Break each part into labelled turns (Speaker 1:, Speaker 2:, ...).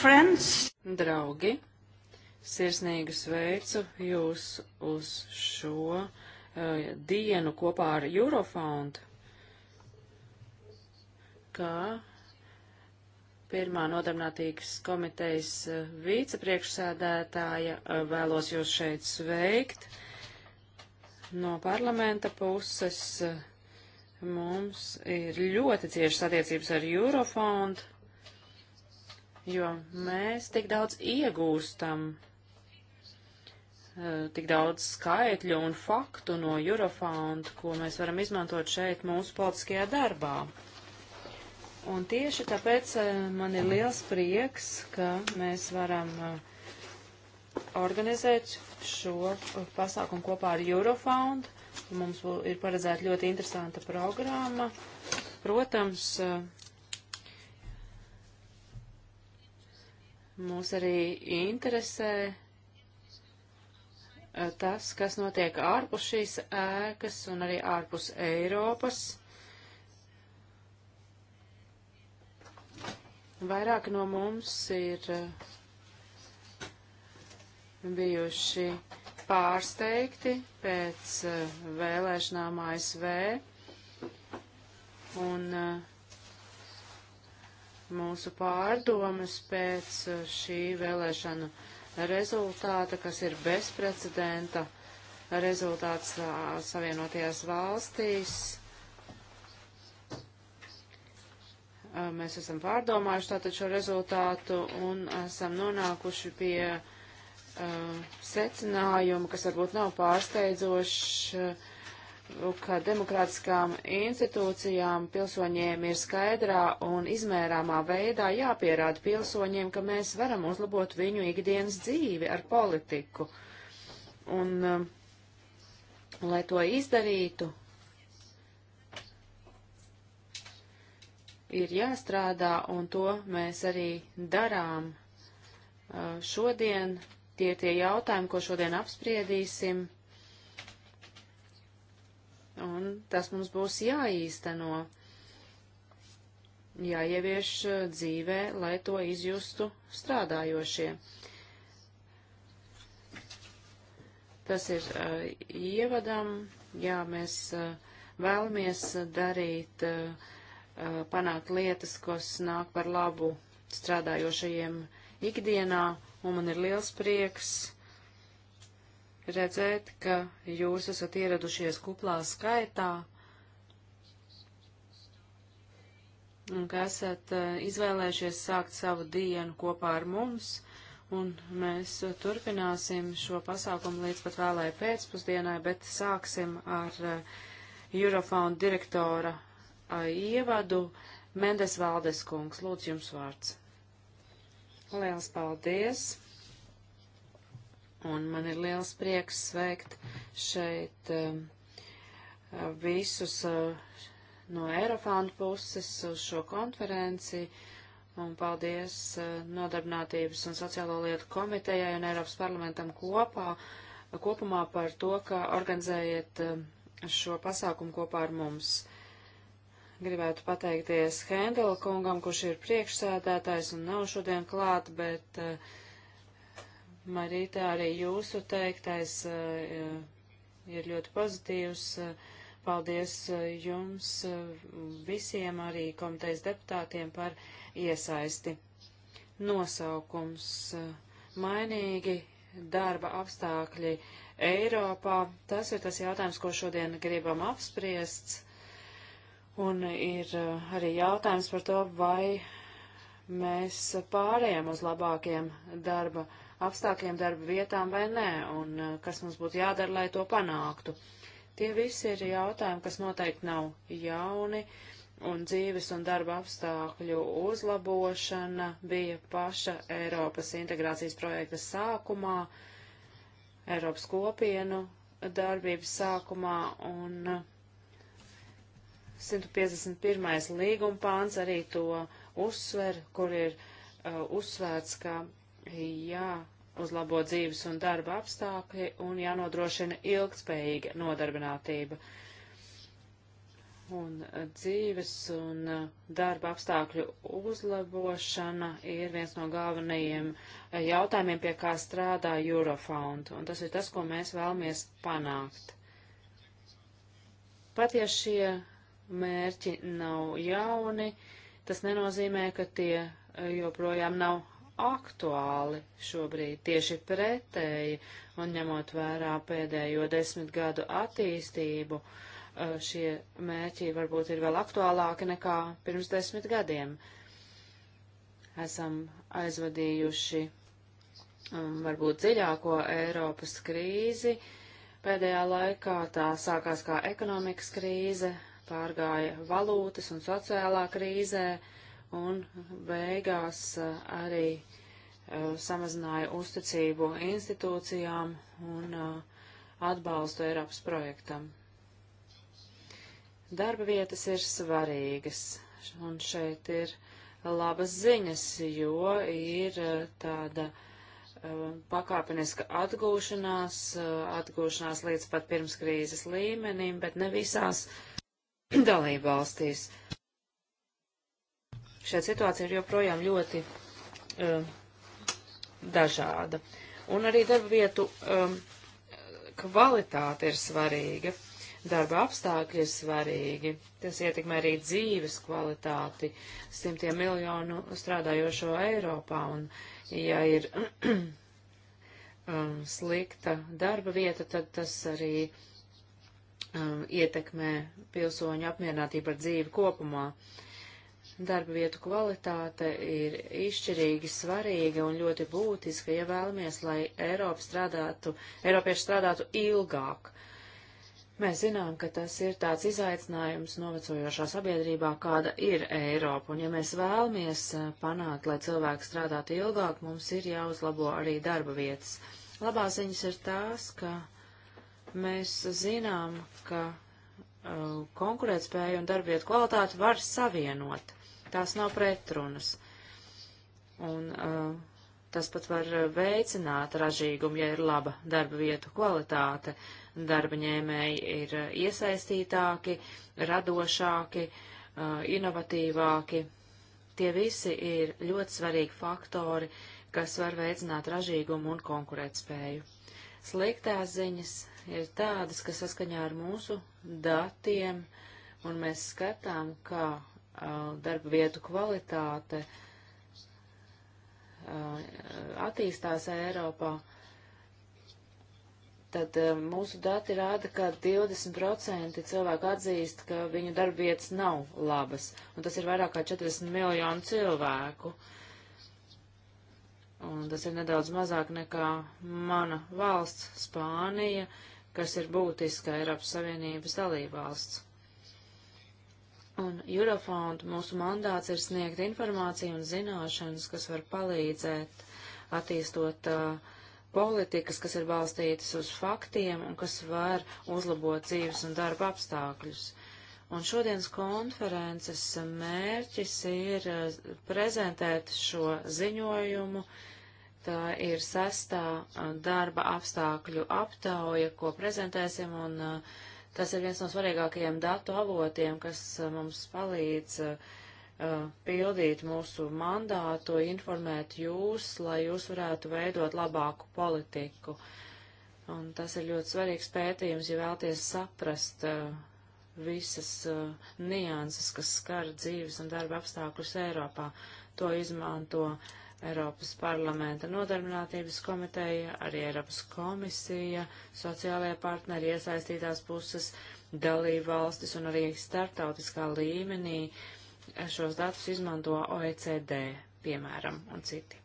Speaker 1: friends. Draugi, sirsnīgi sveicu jūs uz šo uh, dienu kopā ar Eurofound, kā pirmā nodarbinātīgas komitejas uh, vicepriekšsēdētāja uh, vēlos jūs šeit sveikt. No parlamenta puses uh, mums ir ļoti cieši satiecības ar Eurofondu jo mēs tik daudz iegūstam, eh, tik daudz skaitļu un faktu no Eurofound, ko mēs varam izmantot šeit mūsu politiskajā darbā. Un tieši tāpēc eh, man ir liels prieks, ka mēs varam eh, organizēt šo pasākumu kopā ar Eurofound. Mums ir paredzēta ļoti interesanta programma. Protams, Mūs arī interesē eh, tas, kas notiek ārpus šīs ēkas un arī ārpus Eiropas. Vairāk no mums ir eh, bijuši pārsteigti pēc eh, vēlēšanām ASV, un uh, mūsu pārdomas pēc uh, šī vēlēšanu rezultāta, kas ir bezprecedenta rezultāts uh, Savienotajās valstīs. Uh, mēs esam pārdomājuši tātad šo rezultātu un esam nonākuši pie uh, secinājumu, kas varbūt nav pārsteidzošs, ka demokrātiskām institūcijām pilsoņiem ir skaidrā un izmērāmā veidā jāpierāda pilsoņiem, ka mēs varam uzlabot viņu ikdienas dzīvi ar politiku. Un, um, lai to izdarītu, ir jāstrādā, un to mēs arī darām uh, šodien. Tie tie jautājumi, ko šodien apspriedīsim un tas mums būs jāīsteno, jāievieš uh, dzīvē, lai to izjustu strādājošie. Tas ir uh, ievadam, jā, mēs uh, vēlamies darīt, uh, uh panākt lietas, kas nāk par labu strādājošajiem ikdienā, un man ir liels prieks redzēt, ka jūs esat ieradušies kuplā skaitā un ka esat eh, izvēlējušies sākt savu dienu kopā ar mums, un mēs eh, turpināsim šo pasākumu līdz pat vēlai pēcpusdienai, bet sāksim ar eh, Eurofound direktora ievadu. Mendes Valdes kungs, lūdzu jums vārds. Liels paldies! un man ir liels prieks sveikt šeit um, visus uh, no Eirofāna puses uz šo konferenci. Un paldies uh, Nodarbinātības un sociālo lietu komitejai un Eiropas parlamentam kopā, kopumā par to, ka organizējiet uh, šo pasākumu kopā ar mums. Gribētu pateikties Hendela kungam, kurš ir priekšsēdētājs un nav šodien klāt, bet uh, Marītā, arī jūsu teiktais eh, ir ļoti pozitīvs. Paldies eh, jums eh, visiem, arī komitejas deputātiem par iesaisti. Nosaukums mainīgi darba apstākļi Eiropā. Tas ir tas jautājums, ko šodien gribam apspriest. Un ir arī jautājums par to, vai mēs pārējām uz labākiem darba apstākļiem apstākļiem darba vietām vai nē, un eh, kas mums būtu jādara, lai to panāktu. Tie visi ir jautājumi, kas noteikti nav jauni, un dzīves un darba apstākļu uzlabošana bija paša Eiropas integrācijas projekta sākumā, Eiropas kopienu darbības sākumā, un 151. Eh, līguma pāns arī to uzsver, kur ir uh, uzsvērts, ka jāuzlabo dzīves un darba apstākļi un jānodrošina ilgtspējīga nodarbinātība. Un eh, dzīves un eh, darba apstākļu uzlabošana ir viens no galvenajiem eh, jautājumiem, pie kā strādā Eurofound, un tas ir tas, ko mēs vēlamies panākt. Pat ja šie mērķi nav jauni, tas nenozīmē, ka tie joprojām nav aktuāli šobrīd, tieši pretēji, un ņemot vērā pēdējo desmit gadu attīstību, eh, šie mērķi varbūt ir vēl aktuālāki nekā pirms desmit gadiem. Esam aizvadījuši mm, varbūt dziļāko Eiropas krīzi. Pēdējā laikā tā sākās kā ekonomikas krīze, pārgāja valūtas un sociālā krīzē, un beigās eh, arī Eh, samazināja uzticību institūcijām un eh, atbalstu Eiropas projektam. Darba vietas ir svarīgas, un šeit ir labas ziņas, jo ir eh, tāda pakāpeniska atgūšanās, atgūšanās līdz pat pirms krīzes līmenim, bet ne visās dalībvalstīs. Šeit situācija ir joprojām ļoti uh, dažāda. Un arī darba vietu um, kvalitāte ir svarīga, darba apstākļi ir svarīgi. Tas ietekmē arī dzīves kvalitāti simtiem miljonu strādājošo Eiropā. Un, ja ir um, slikta darba vieta, tad tas arī um, ietekmē pilsoņu apmierinātību ar dzīvi kopumā. Uh, Darba vietu kvalitāte ir izšķirīgi svarīga un ļoti būtiska, ja vēlamies, lai Eiropa strādātu, Eiropieši strādātu ilgāk. Mēs zinām, ka tas ir tāds izaicinājums novecojošā sabiedrībā, kāda ir Eiropa, un ja mēs vēlamies eh, panākt, lai cilvēki strādātu ilgāk, mums ir jāuzlabo arī darba vietas. Labā ziņas ir tās, ka mēs zinām, ka uh, konkurētspēja un darbvietu kvalitāte var savienot tās nav pretrunas. Un uh, tas pat var veicināt ražīgumu, ja ir laba darba vietu kvalitāte. Darba ņēmēji ir iesaistītāki, radošāki, uh, inovatīvāki. Tie visi ir ļoti svarīgi faktori, kas var veicināt ražīgumu un konkurētspēju. Sliktās ziņas ir tādas, ka saskaņā ar mūsu datiem, un mēs skatām, ka Uh, darba vietu kvalitāte uh, attīstās Eiropā, tad uh, mūsu dati rāda, ka 20% cilvēku atzīst, ka viņu darba vietas nav labas, un tas ir vairāk kā 40 miljonu cilvēku. Un tas ir nedaudz mazāk nekā mana valsts, Spānija, kas ir būtiska Eiropas Savienības dalībvalsts un Eurofondu mūsu mandāts ir sniegt informāciju un zināšanas, kas var palīdzēt attīstot uh, politikas, kas ir balstītas uz faktiem un kas var uzlabot dzīves un darba apstākļus. Un šodienas konferences mērķis ir prezentēt šo ziņojumu. Tā ir sestā darba apstākļu aptauja, ko prezentēsim, un uh, Tas ir viens no svarīgākajiem datu avotiem, kas uh, mums palīdz uh, uh, pildīt mūsu mandātu, informēt jūs, lai jūs varētu veidot labāku politiku. Un tas ir ļoti svarīgs pētījums, ja vēlties saprast uh, visas uh, nianses, kas skar dzīves un darba apstākļus Eiropā. To izmanto Eiropas parlamenta nodarbinātības komiteja, arī Eiropas komisija, sociālajie partneri, iesaistītās puses, dalība valstis un arī startautiskā līmenī šos datus izmanto OECD, piemēram, un citi.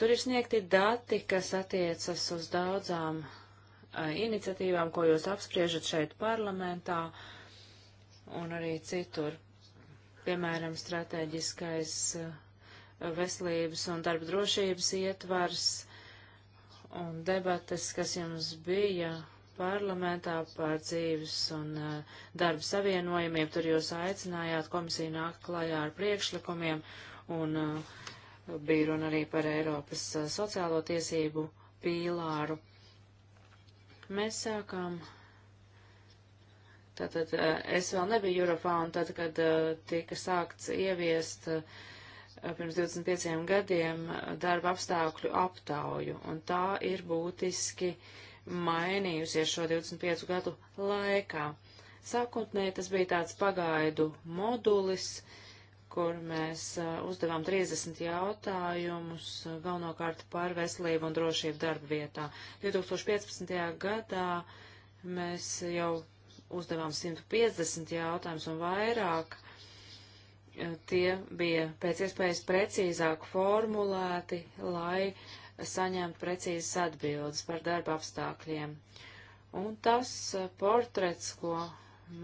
Speaker 1: Tur ir sniegti dati, kas attiecas uz daudzām uh, iniciatīvām, ko jūs apspriežat šeit parlamentā un arī citur. Piemēram, strateģiskais uh, veselības un darba drošības ietvars un debates, kas jums bija parlamentā par dzīves un eh, darba savienojumiem. Tur jūs aicinājāt komisiju nākt klajā ar priekšlikumiem un eh, bija runa arī par Eiropas eh, sociālo tiesību pīlāru. Mēs sākām Tātad es vēl nebiju Eiropā, un tad, kad tika sākts ieviest uh, Eh, pirms 25 gadiem eh, darba apstākļu aptauju, un tā ir būtiski mainījusies šo 25 gadu laikā. Sākotnēji tas bija tāds pagaidu modulis, kur mēs eh, uzdevām 30 jautājumus galvenokārt par veselību un drošību darba vietā. 2015. gadā mēs jau uzdevām 150 jautājumus un vairāk tie bija pēc iespējas precīzāk formulēti, lai saņemtu precīzas atbildes par darba apstākļiem. Un tas eh, portrets, ko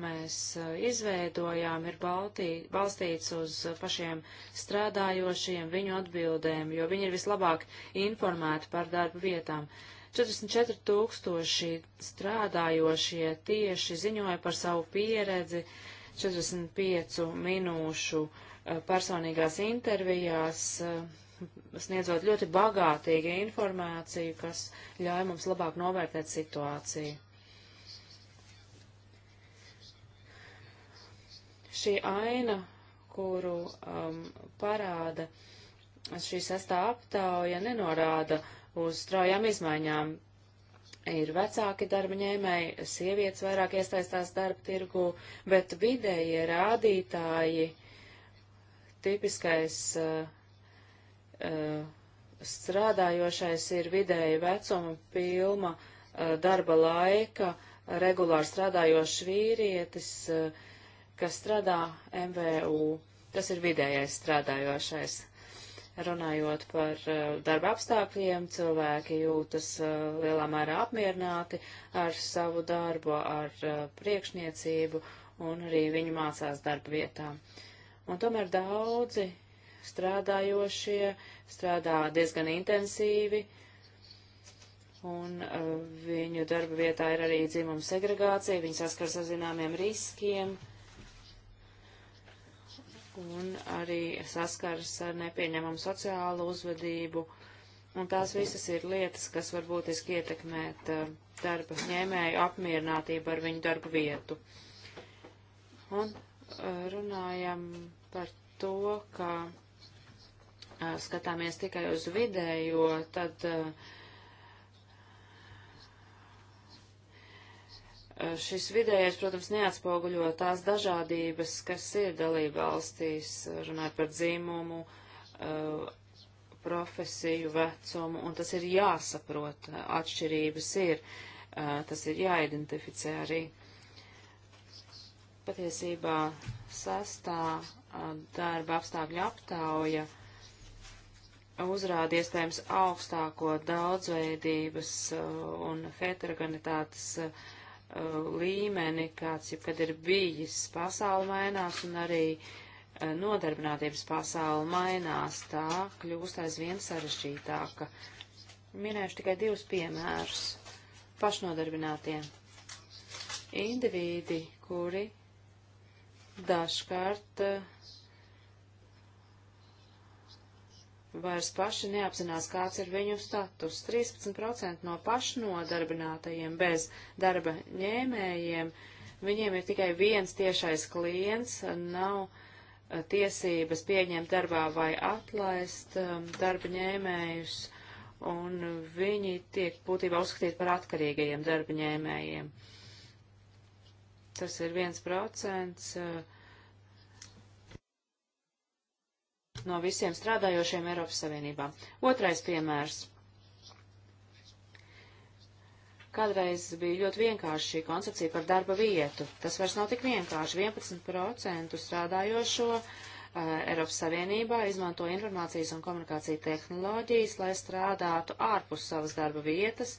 Speaker 1: mēs eh, izveidojām, ir baltī, balstīts uz pašiem strādājošiem, viņu atbildēm, jo viņi ir vislabāk informēti par darba vietām. 44 tūkstoši strādājošie tieši ziņoja par savu pieredzi, uh, 45 minūšu eh, personīgās intervijās, eh, sniedzot ļoti bagātīgu informāciju, kas ļauj mums labāk novērtēt situāciju. Šī aina, kuru um, parāda šī sastā aptauja, nenorāda uz straujām izmaiņām ir vecāki darba ņēmēji, sievietes vairāk iesaistās darba tirgu, bet vidējie rādītāji, tipiskais uh, uh, strādājošais ir vidēji vecuma pilma uh, darba laika, regulāri strādājošs vīrietis, uh, kas strādā MVU. Tas ir vidējais strādājošais runājot par eh, darba apstākļiem, cilvēki jūtas eh, lielā mērā apmierināti ar savu darbu, ar eh, priekšniecību un arī viņi mācās darba vietām. Un tomēr daudzi strādājošie strādā diezgan intensīvi, un viņu darba vietā ir arī dzimuma segregācija, viņi saskars ar zināmiem riskiem. Uh, un arī saskaras ar nepieņemamu sociālu uzvedību. Un tās visas ir lietas, kas var būtiski ietekmēt eh, darba ņēmēju apmierinātību ar viņu darbu vietu. Un eh, runājam par to, ka eh, skatāmies tikai uz vidējo, tad uh, Eh, šis vidējais, protams, neatspoguļo tās dažādības, kas ir dalība valstīs, runājot par dzimumu, eh, profesiju, vecumu, un tas ir jāsaprot, eh, atšķirības ir, tas ir jāidentificē arī. Patiesībā sastā darba apstākļu aptauja uzrāda iespējams augstāko daudzveidības un heterogenitātes uh, līmeni, kāds jebkad ir bijis. Pasauli mainās un arī eh, nodarbinātības pasauli mainās. Tā kļūst aizvien sarežģītāka. Minēšu tikai divus piemērus. Pašnodarbinātie indivīdi, kuri dažkārt uh, vairs paši neapzinās, kāds ir viņu status. 13% no pašnodarbinātajiem bez darba ņēmējiem, viņiem ir tikai viens tiešais klients, nav eh, tiesības pieņemt darbā vai atlaist ehm, darba ņēmējus, un viņi tiek būtībā uzskatīti par atkarīgajiem darba ņēmējiem. Tas ir viens procents. Uh, no visiem strādājošiem Eiropas Savienībā. Otrais piemērs. Kādreiz bija ļoti vienkārši šī koncepcija par darba vietu. Tas vairs nav tik vienkārši. 11% strādājošo uh, Eiropas Savienībā izmanto informācijas un komunikāciju tehnoloģijas, lai strādātu ārpus savas darba vietas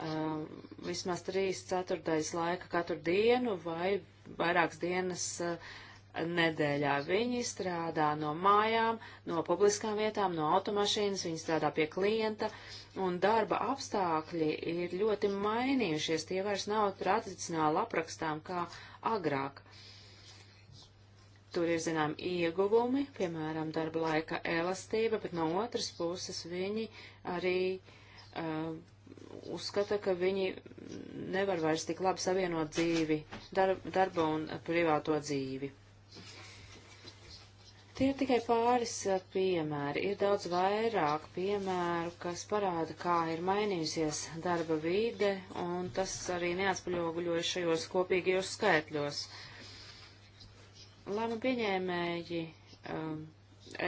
Speaker 1: um, vismaz 3 ceturtais laika katru dienu vai vairākas dienas uh, nedēļā. Viņi strādā no mājām, no publiskām vietām, no automašīnas, viņi strādā pie klienta, un darba apstākļi ir ļoti mainījušies. Tie vairs nav tradicionāli aprakstām kā agrāk. Tur ir, zinām, ieguvumi, piemēram, darba laika elastība, bet no otras puses viņi arī uh, uzskata, ka viņi nevar vairs tik labi savienot dzīvi, dar, darba un privāto dzīvi. Tie ir tikai pāris eh, piemēri. Ir daudz vairāk piemēru, kas parāda, kā ir mainījusies darba vīde, un tas arī neatspaļoguļojas šajos kopīgajos skaitļos. Lēma pieņēmēji um,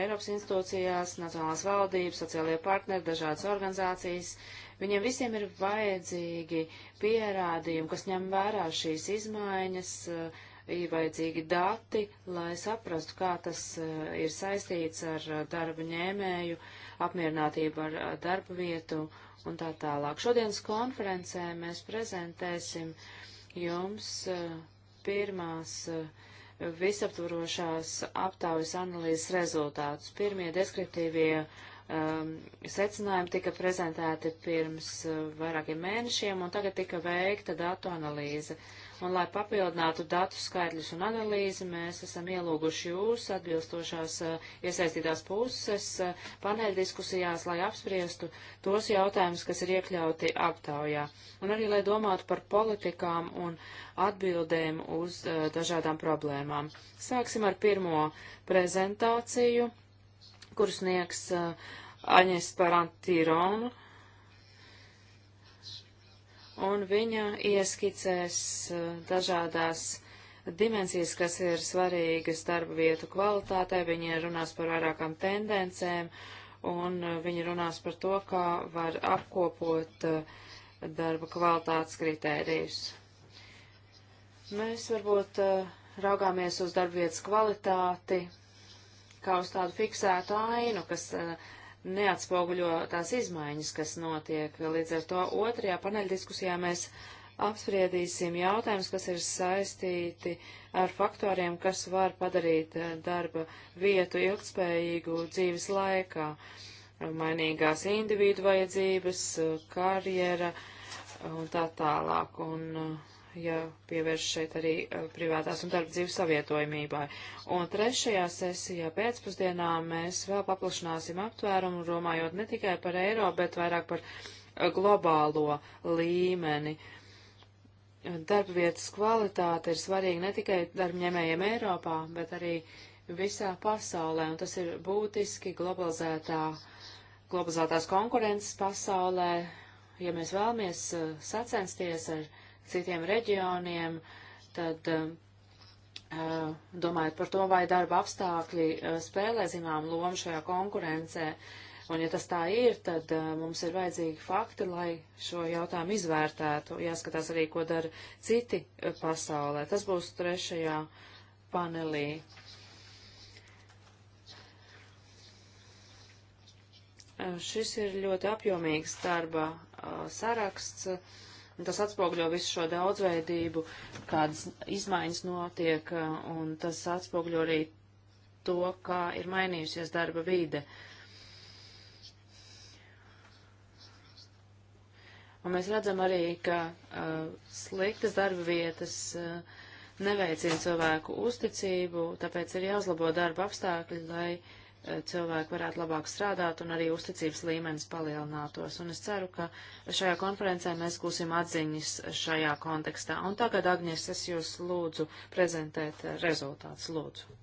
Speaker 1: Eiropas institūcijās, Nacionālās valdības, sociālajie partneri, dažādas organizācijas, viņiem visiem ir vajadzīgi pierādījumi, kas ņem vērā šīs izmaiņas, uh, ir vajadzīgi dati, lai saprastu, kā tas eh, ir saistīts ar eh, darba ņēmēju, apmierinātību ar eh, darba vietu un tā tālāk. Šodienas konferencē mēs prezentēsim jums pirmās visaptvarošās aptaujas analīzes rezultātus. Pirmie deskriptīvie um, secinājumi tika prezentēti pirms vairākiem mēnešiem, un tagad tika veikta datu analīze. Uh, un lai papildinātu datu skaidrļus un analīzi, mēs esam ielūguši jūs atbilstošās eh, iesaistītās puses eh, paneļdiskusijās, lai apspriestu tos jautājumus, kas ir iekļauti aptaujā, un arī lai domātu par politikām un atbildēm uz uh, dažādām problēmām. Sāksim ar pirmo prezentāciju, kuras sniegs uh, Aņes Parantīronu un viņa ieskicēs eh, dažādās dimensijas, kas ir svarīgas darba vietu kvalitātē, viņa runās par vairākām tendencēm, un eh, viņa runās par to, kā var apkopot eh, darba kvalitātes kritērijus. Mēs varbūt raugāmies uz darba vietas kvalitāti kā uz tādu fiksētu ainu, kas uh, neatspoguļo tās izmaiņas, kas notiek. Līdz ar to otrajā paneļdiskusijā mēs apspriedīsim jautājumus, kas ir saistīti ar faktoriem, kas var padarīt eh, darba vietu ilgspējīgu dzīves laikā. Mainīgās individu vajadzības, eh, karjera eh, un tā tālāk. Un, uh, jāpievērš ja šeit arī eh, privātās un darba dzīves savietojumībai. Un trešajā sesijā pēcpusdienā mēs vēl paplašināsim aptvērumu, domājot ne tikai par eiro, bet vairāk par eh, globālo līmeni. Darba vietas kvalitāte ir svarīga ne tikai darbņēmējiem Eiropā, bet arī visā pasaulē, un tas ir būtiski globalizētā, globalizētās konkurences pasaulē, ja mēs vēlamies eh, sacensties ar citiem reģioniem, tad eh, domājot par to, vai darba apstākļi eh, spēlē zinām lomu šajā konkurencē. Un ja tas tā ir, tad eh, mums ir vajadzīgi fakti, lai šo jautājumu izvērtētu. Jāskatās arī, ko dara citi pasaulē. Tas būs trešajā panelī. Šis ir ļoti apjomīgs darba saraksts un tas atspogļo visu šo daudzveidību, kādas izmaiņas notiek, un tas atspogļo arī to, kā ir mainījusies darba vīde. Un mēs redzam arī, ka uh, sliktas darba vietas uh, neveicina cilvēku uzticību, tāpēc ir jāuzlabo darba apstākļi, lai uh, cilvēki varētu labāk strādāt un arī uzticības līmenis palielinātos. Un es ceru, ka šajā konferencē mēs gūsim atziņas šajā kontekstā. Un tagad, Agnies, es jūs lūdzu prezentēt rezultātus. Lūdzu.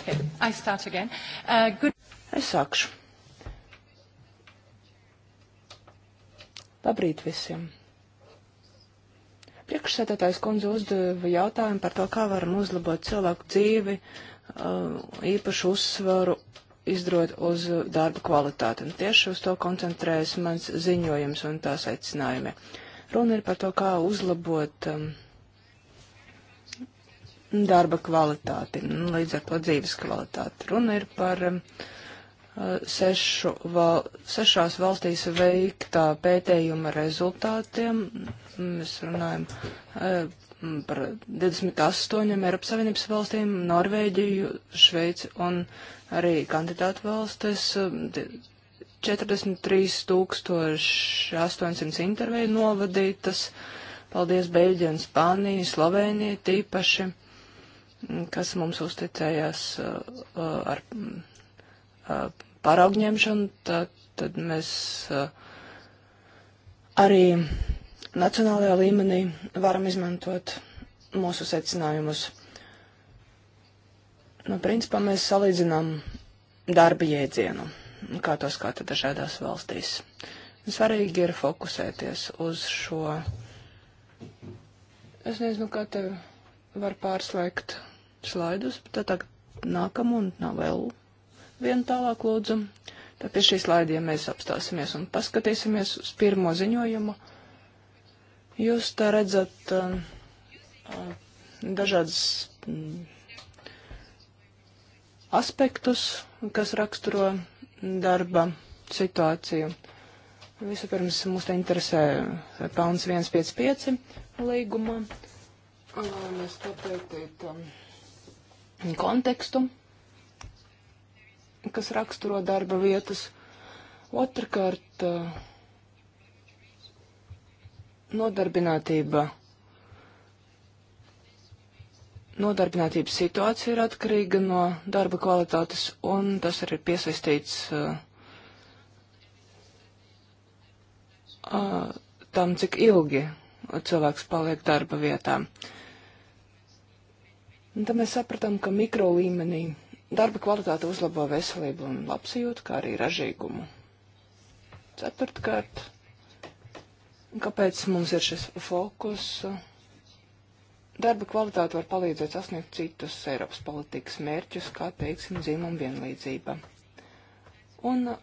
Speaker 2: Okay, I start again. Uh, good. Es sākšu. Labrīt visiem! Priekšsēdētājs kundze uzdeva jautājumu par to, kā varam uzlabot cilvēku dzīvi, uh, īpašu uzsvaru izdrot uz darba kvalitāti. Un tieši uz to koncentrējas mans ziņojums un tās aicinājumi. Runa ir par to, kā uzlabot um, darba kvalitāti, līdz ar to dzīves kvalitāti. Runa ir par um, sešu val, sešās valstīs veiktā pētījuma rezultātiem. Mēs runājam eh, par 28 Eiropas Savienības valstīm, Norvēģiju, Šveici un arī kandidātu valstis. 43,800 interviju novadītas. Paldies Beļģija un Spānija, Slovēnija tīpaši, kas mums uzticējās eh, ar Uh, paraugņemšanu, tad, tad mēs uh, arī nacionālajā līmenī varam izmantot mūsu secinājumus. Nu, principā mēs salīdzinām darba jēdzienu, kā to skata dažādās valstīs. Svarīgi ir fokusēties uz šo. Es nezinu, kā te var pārslēgt slaidus, bet tā tagad nākam un nav vēl vienu tālāk lūdzu. Tā pie šī slaidiem mēs apstāsimies un paskatīsimies uz pirmo ziņojumu. Jūs tā redzat uh, uh, dažādas um, aspektus, kas raksturo darba situāciju. Vispirms mums te interesē pelns 155 līguma. Mēs um, papētītu um, kontekstu kas raksturo darba vietas. Otrakārt, nodarbinātība. Nodarbinātības situācija ir atkarīga no darba kvalitātes, un tas arī ir piesaistīts uh, uh, tam, cik ilgi cilvēks paliek darba vietā. Un tad mēs sapratām, ka mikro līmenī Darba kvalitāte uzlabo veselību un labsajūtu, kā arī ražīgumu. Ceturtkārt, kāpēc mums ir šis fokus? Darba kvalitāte var palīdzēt sasniegt citus Eiropas politikas mērķus, kā teiksim dzimuma vienlīdzība. Un a,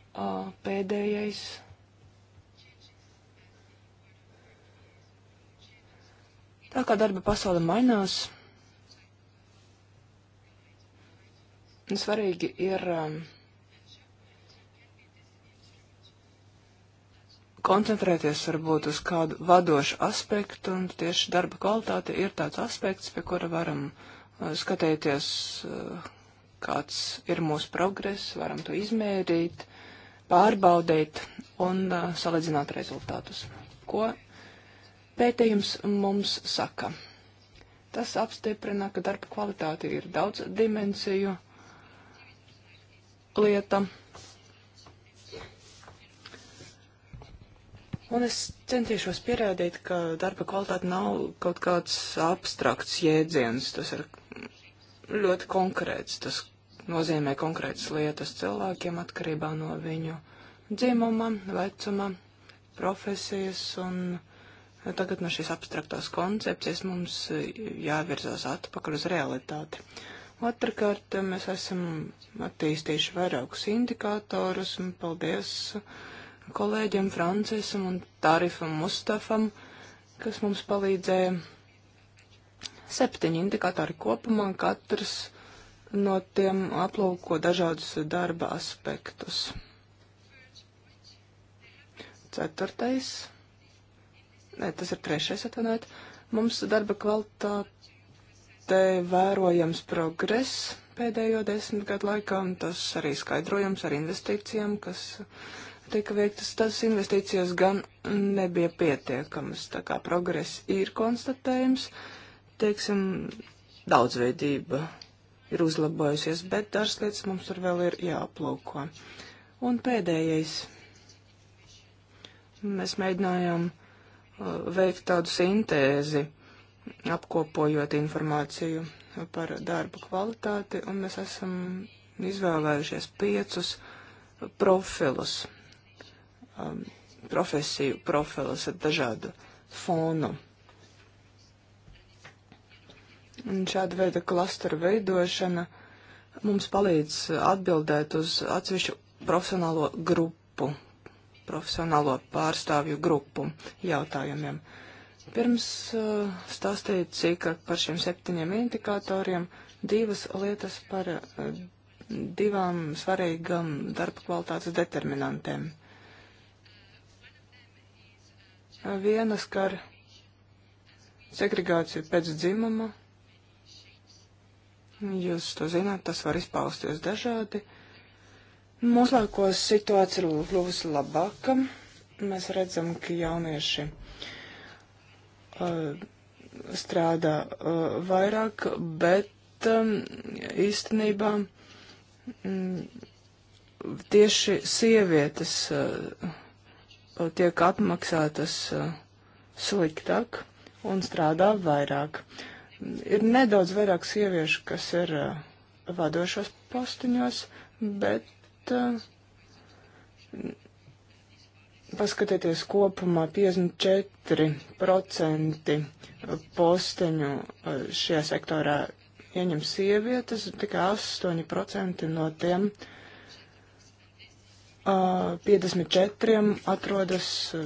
Speaker 2: pēdējais. Tā kā darba pasaule mainās, Svarīgi ir um, koncentrēties varbūt uz kādu vadošu aspektu, un tieši darba kvalitāte ir tāds aspekts, pie kura varam uh, skatīties, uh, kāds ir mūsu progress, varam to izmērīt, pārbaudīt un uh, salīdzināt rezultātus. Ko pētījums mums saka? Tas apstiprina, ka darba kvalitāte ir daudz dimensiju lieta. Un es centīšos pierādīt, ka darba kvalitāte nav kaut kāds abstrakts jēdziens. Tas ir ļoti konkrēts. Tas nozīmē konkrētas lietas cilvēkiem atkarībā no viņu dzimuma, vecuma, profesijas. Un tagad no šīs abstraktās koncepcijas mums jāvirzās atpakaļ uz realitāti. Uh, Otrakārt, mēs esam attīstījuši vairākus indikātorus, un paldies kolēģiem Francesam un Tarifam Mustafam, kas mums palīdzēja. Septiņi indikātori kopumā, katrs no tiem aplūko dažādus darba aspektus. Ceturtais, ne, tas ir trešais atvainojiet, mums darba kvalitāte te vērojams progress pēdējo desmit gadu laikā, un tas arī skaidrojams ar investīcijām, kas tika veiktas. Tas investīcijas gan nebija pietiekamas, tā kā progress ir konstatējams, teiksim, daudzveidība ir uzlabojusies, bet dažas lietas mums tur vēl ir jāaplūko. Un pēdējais. Mēs mēģinājām uh, veikt tādu sintēzi apkopojot informāciju par darba kvalitāti, un mēs esam izvēlējušies piecus profilus, um, profesiju profilus ar dažādu fonu. Un šāda veida klasteru veidošana mums palīdz atbildēt uz atsevišķu profesionālo grupu, profesionālo pārstāvju grupu jautājumiem. Uh, Pirms uh, stāstīju cīkāk par šiem septiņiem indikatoriem, divas lietas par uh, divām svarīgām darba kvalitātes determinantēm. Viena skar segregāciju pēc dzimuma. Jūs to zināt, tas var izpausties dažādi. Mūslākos situācija ir kļuvusi labāka. Mēs redzam, ka jaunieši uh, Eh, strādā eh, vairāk, bet ehm, īstenībā mm, tieši sievietes eh, tiek apmaksātas sliktāk un strādā vairāk. Ir nedaudz vairāk sieviešu, kas ir vadošos postiņos, bet Paskatieties kopumā 54% posteņu e, šajā sektorā ieņem sievietes, tikai 8% no tiem uh, e, 54 atrodas uh,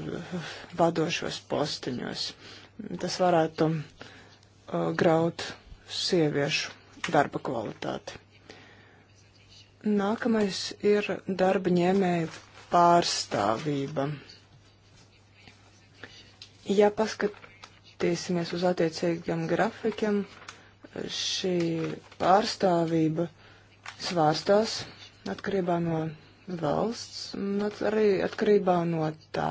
Speaker 2: vadošos posteņos. Tas varētu uh, graut sieviešu darba kvalitāti. Nākamais ir darba ņēmēju pārstāvība. Ja paskatīsimies uz attiecīgiem grafikiem, šī pārstāvība svārstās atkarībā no valsts, arī atkarībā no tā,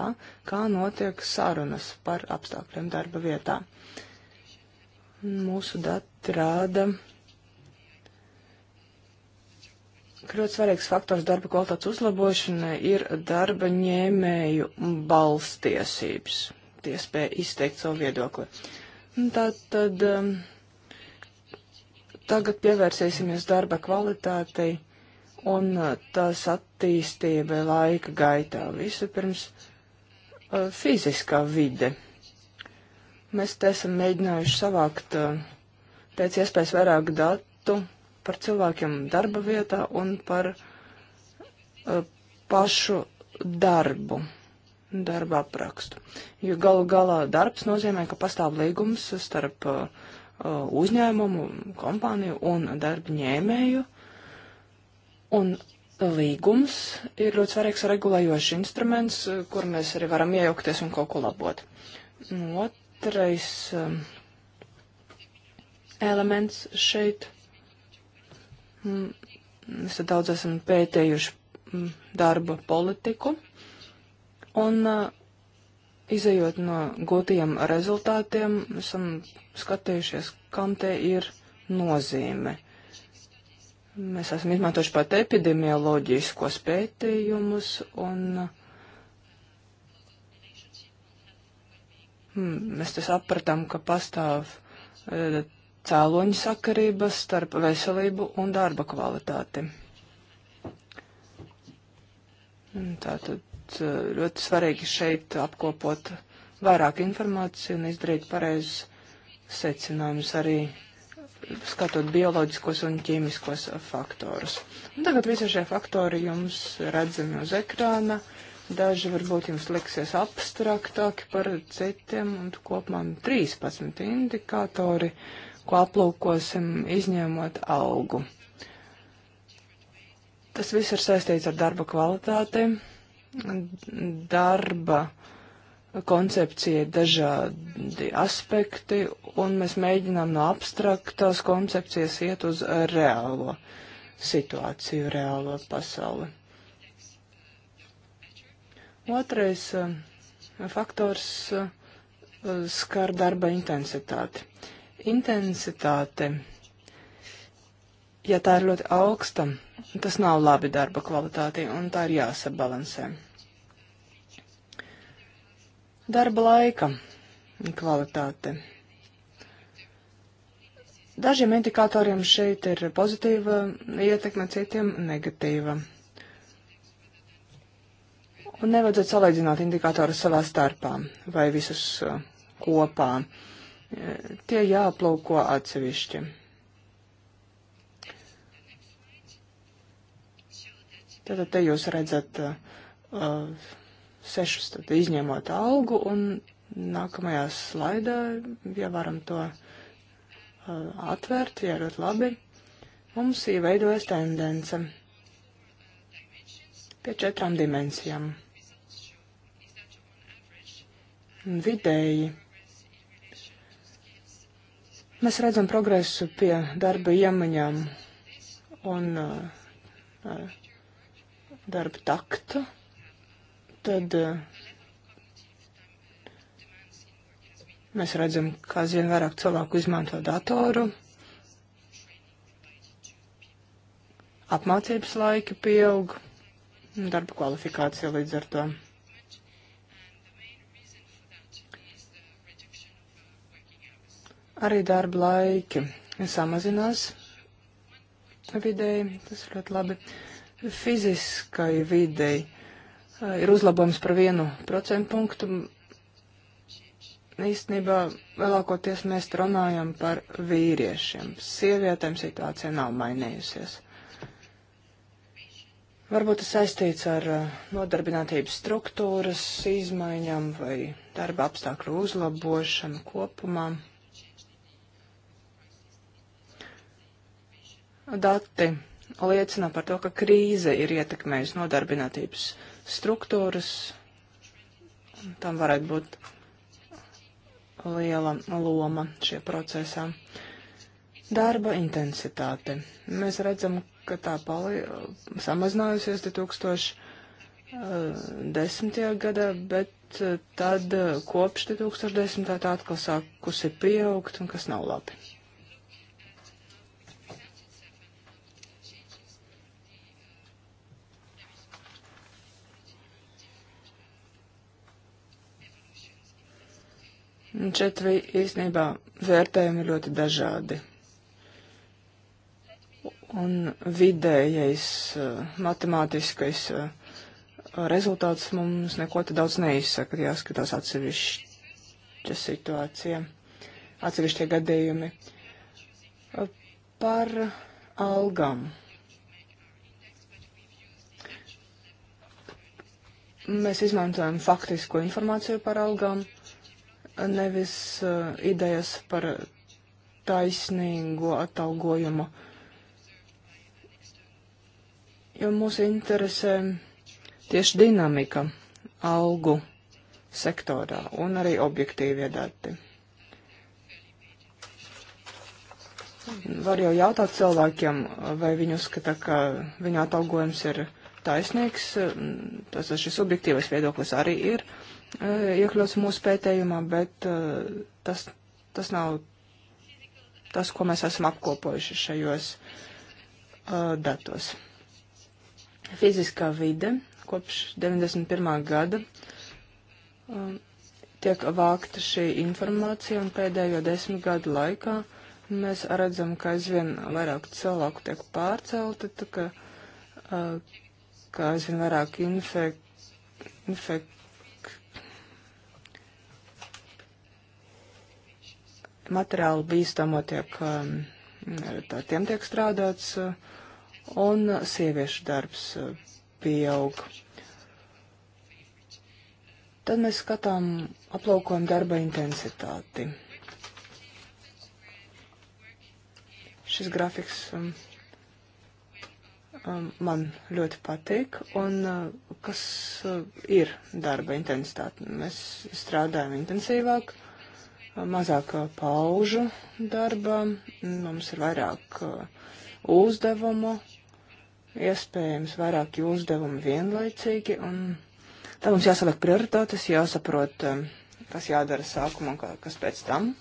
Speaker 2: kā notiek sarunas par apstākļiem darba vietā. Mūsu dati rāda, Ļoti svarīgs faktors darba kvalitātes uzlabošanai ir darba ņēmēju balstiesības, iespēja izteikt savu viedokli. Tātad um, tagad pievērsīsimies darba kvalitātei un uh, tās attīstībai laika gaitā. Vispirms uh, fiziskā vide. Mēs te esam mēģinājuši savākt uh, pēc iespējas vairāk datu par cilvēkiem darba vietā un par uh, pašu darbu, darba aprakstu. Jo galu galā darbs nozīmē, ka pastāv līgums starp uh, uh uzņēmumu, kompāniju un darba ņēmēju. Un līgums ir ļoti svarīgs regulējošs instruments, uh, kur mēs arī varam iejaukties un kaut ko labot. Otrais um, elements šeit Mēs mm, daudz esam pētējuši mm, darba politiku. Un uh, izējot no gūtajiem rezultātiem, esam skatījušies, kam te ir nozīme. Mēs esam izmantojuši pat epidemioloģiskos pētījumus un mm, mēs te sapratām, ka pastāv eh, cēloņu sakarības starp veselību un darba kvalitāti. Tātad eh, ļoti svarīgi šeit apkopot vairāk informāciju un izdarīt pareizus secinājumus arī skatot bioloģiskos un ķīmiskos faktorus. Un tagad visi šie faktori jums redzami uz ekrāna. Daži varbūt jums liksies abstraktāki par citiem, un kopumā 13 indikatori. Uh, ko aplūkosim, izņemot algu. Tas viss ir saistīts ar darba kvalitāti. Darba koncepcija ir dažādi aspekti, un mēs mēģinām no abstraktās koncepcijas iet uz reālo situāciju, reālo pasauli. Otrais eh, faktors eh, skar darba intensitāti. Intensitāte, ja tā ir ļoti augsta, tas nav labi darba kvalitātei, un tā ir jāsabalansē. Darba laika kvalitāte. Dažiem indikatoriem šeit ir pozitīva ietekme, citiem negatīva. Un nevajadzētu salīdzināt indikātorus savā starpā vai visus uh, kopā tie jāaplūko atsevišķi. Tātad te jūs redzat uh, sešus, tad izņemot algu, un nākamajā slaidā, ja varam to uh, atvērt, ja ļoti labi, mums ieveidojas tendence pie četrām dimensijām. Vidēji Mēs redzam progresu pie darba iemaņām un uh, uh, darba takta. Tad uh, mēs redzam, ka aizvien vairāk cilvēku izmanto datoru. Apmācības laiki pieaug, darba kvalifikācija līdz ar to. Arī darba laiki samazinās vidēji, tas ir ļoti labi. Fiziskai videi eh, ir uzlabojums par vienu procentu punktu. Īstenībā lielākoties mēs runājam par vīriešiem. Sievietēm situācija nav mainījusies. Varbūt tas saistīts ar eh, nodarbinātības struktūras izmaiņām vai darba apstākļu uzlabošanu kopumā. Dati liecina par to, ka krīze ir ietekmējusi nodarbinātības struktūras. Tam varētu būt liela loma šie procesā. Darba intensitāte. Mēs redzam, ka tā pali, samazinājusies 2010. gadā, bet eh, tad eh, kopš 2010. tā atkal sākusi pieaugt un kas nav labi. Un šeit īstenībā vērtējumi ļoti dažādi. Un vidējais eh, matemātiskais eh, rezultāts mums neko te daudz neizsaka, jāskatās atsevišķa situācija, atsevišķie gadījumi. Par algām. Mēs izmantojam faktisko informāciju par algām nevis uh, idejas par taisnīgo atalgojumu. Jo mūs interesē tieši dinamika algu sektorā un arī objektīvie dati. Var jau jautāt cilvēkiem, vai viņi uzskata, ka viņa atalgojums ir taisnīgs, tas ir šis objektīvais viedoklis arī ir. Uh, Eh, iekļauts mūsu pētījumā, bet eh, tas, tas nav tas, ko mēs esam apkopojuši šajos eh, datos. Fiziskā vide kopš 91. gada tiek vākta šī informācija, un pēdējo desmit gadu laikā mēs redzam, ka aizvien vairāk cilvēku tiek pārcelti, tā, ka, ka aizvien vairāk infek, infek, materiālu bīstamo tiek, um, tā, tiem tiek strādāts, uh, un sieviešu darbs uh, pieaug. Tad mēs skatām, aplaukojam darba intensitāti. Šis grafiks um, um man ļoti patīk, un uh, kas ir darba intensitāte. Mēs strādājam intensīvāk, mazāk paužu darba, mums ir vairāk uzdevumu, iespējams vairāki uzdevumi vienlaicīgi, un tad mums jāsaliek prioritātes, jāsaprot, kas jādara sākumā un kas pēc tam.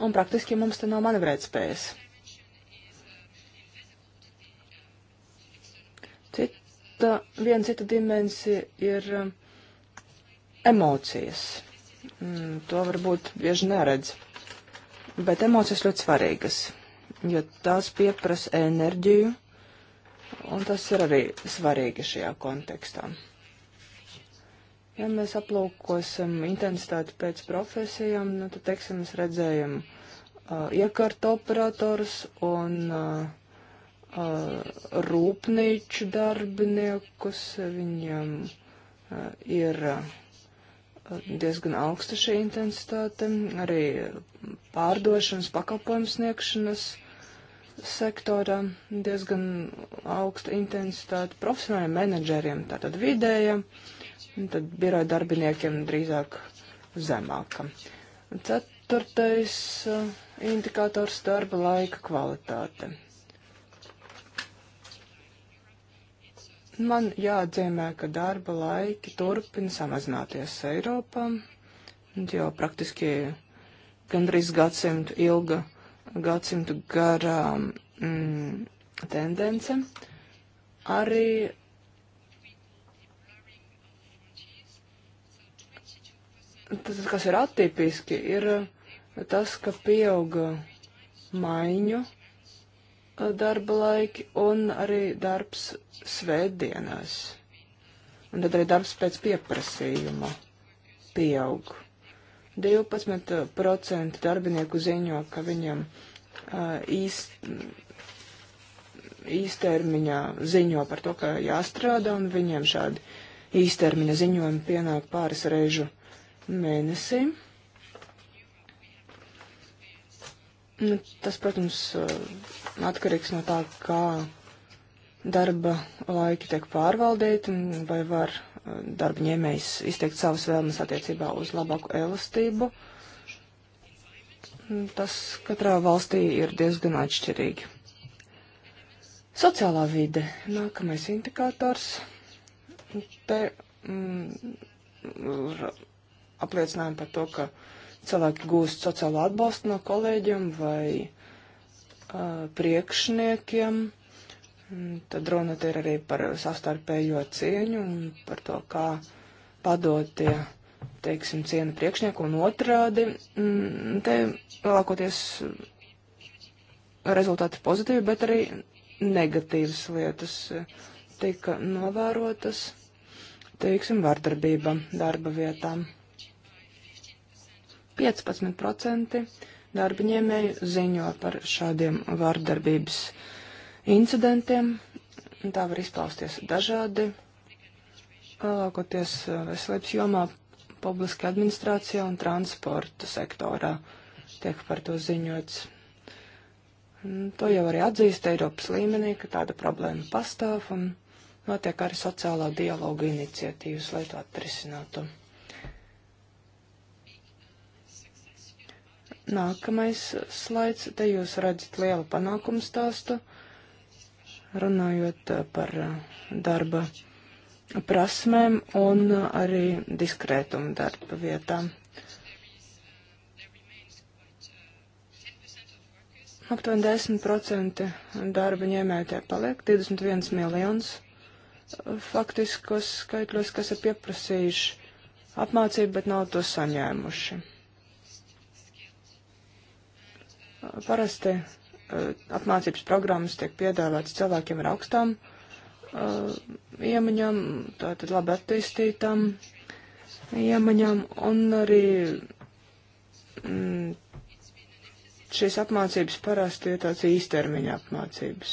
Speaker 2: Un praktiski mums te nav manevrēt spējas. Cita, viena cita dimensija ir emocijas Mm, to varbūt bieži neredz. Bet emocijas ļoti svarīgas, jo tās pieprasa enerģiju, un tas ir arī svarīgi šajā kontekstā. Ja mēs aplūkosim intensitāti pēc profesijām, nu, tad, teiksim, mēs redzējam uh, iekārta operators un uh, uh, rūpnīču darbiniekus. Viņam uh, ir. Uh, diezgan augsta šī intensitāte, arī pārdošanas, pakalpojumu sniegšanas sektorā diezgan augsta intensitāte profesionāliem menedžeriem, tātad vidēja, tad biroja darbiniekiem drīzāk zemāka. Ceturtais eh, indikators darba laika kvalitāte. Man jāatzīmē, ka darba laiki turpina samazināties Eiropā, jo praktiski gandrīz gadsimtu ilga, gadsimtu garā mm, tendence. Arī tas, kas ir atipiski, ir tas, ka pieauga maiņu darba laiki un arī darbs svētdienās. Un tad arī darbs pēc pieprasījuma pieaug. 12% darbinieku ziņo, ka viņam uh, īst, īstermiņā ziņo par to, ka jāstrādā, un viņiem šādi īstermiņa ziņojumi pienāk pāris reižu mēnesī. Nu, tas, protams, uh, atkarīgs no tā, kā darba laiki tiek pārvaldīti un vai var uh, darba ņēmējs izteikt savas vēlmes attiecībā uz labāku elastību. Tas katrā valstī ir diezgan atšķirīgi. Sociālā vide - nākamais indikators. Te mm, apliecinājumi par to, ka uh, cilvēki gūst sociālo atbalstu no kolēģiem vai uh, priekšniekiem. Tad runa ir arī par sastarpējo cieņu un par to, kā padotie, teiksim, cienu priekšnieku un otrādi. Mm, te lielākoties rezultāti pozitīvi, bet arī negatīvas lietas tika novērotas, teiksim, vardarbība darba vietām. 15% darbaņēmēju ziņo par šādiem vārdarbības incidentiem. Tā var izpausties dažādi, lielākoties uh, veselības jomā, publiska administrācijā un transporta sektorā tiek par to ziņots. To jau arī atzīst Eiropas līmenī, ka tāda problēma pastāv un notiek arī sociālā dialoga iniciatīvas, lai to atrisinātu. Nākamais slaids, te jūs redzat lielu panākumu stāstu, runājot eh, par eh, darba prasmēm un eh, arī diskrētumu darba vietām. Aptuveni 10% darba ņēmēji tie paliek, 21 miljonus faktiskos skaitļos, kas ir pieprasījuši apmācību, bet nav to saņēmuši. Parasti eh, apmācības programmas tiek piedāvātas cilvēkiem ar augstām eh, iemaņām, tātad labi attīstītām iemaņām, un arī mm, šīs apmācības parasti ir tāds īstermiņa apmācības.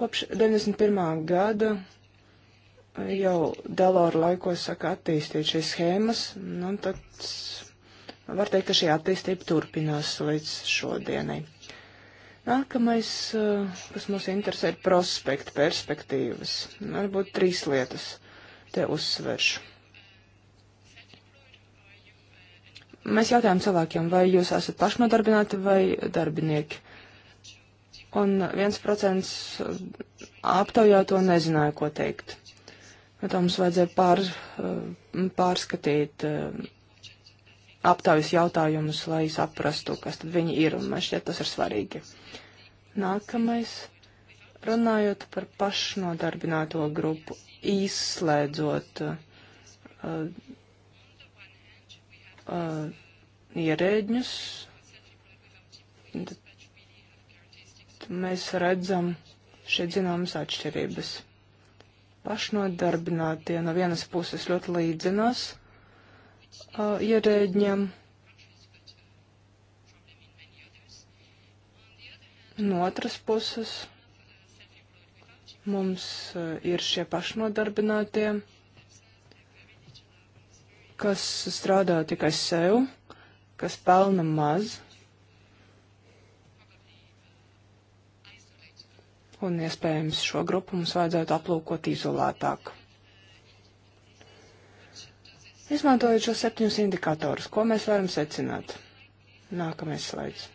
Speaker 2: Kopš 91. gada eh, jau Delora laikos saka attīstīt šīs schēmas, un nu, tad Var teikt, ka šī attīstība turpinās līdz šodienai. Nākamais, eh, kas mūs interesē, ir prospekta perspektīvas. Varbūt trīs lietas te uzsveršu. Mēs jautājām cilvēkiem, vai jūs esat pašnodarbināti vai darbinieki. Un viens procents aptaujā to nezināja, ko teikt. Bet mums vajadzēja pār, eh, pārskatīt eh, aptaujas jautājumus, lai saprastu, kas tad viņi ir, un man šķiet tas ir svarīgi. Nākamais, runājot par pašnodarbināto grupu, izslēdzot uh, uh, ierēģņus, mēs redzam šeit zināmas atšķirības. Pašnodarbinātie no vienas puses ļoti līdzinās ierēģiem. No otras puses mums e, ir šie pašnodarbinātie, kas strādā tikai sev, kas pelna maz. Un iespējams šo grupu mums vajadzētu aplūkot izolētāk. Izmantojot šos septiņus indikatorus, ko mēs varam secināt? Nākamais slaids.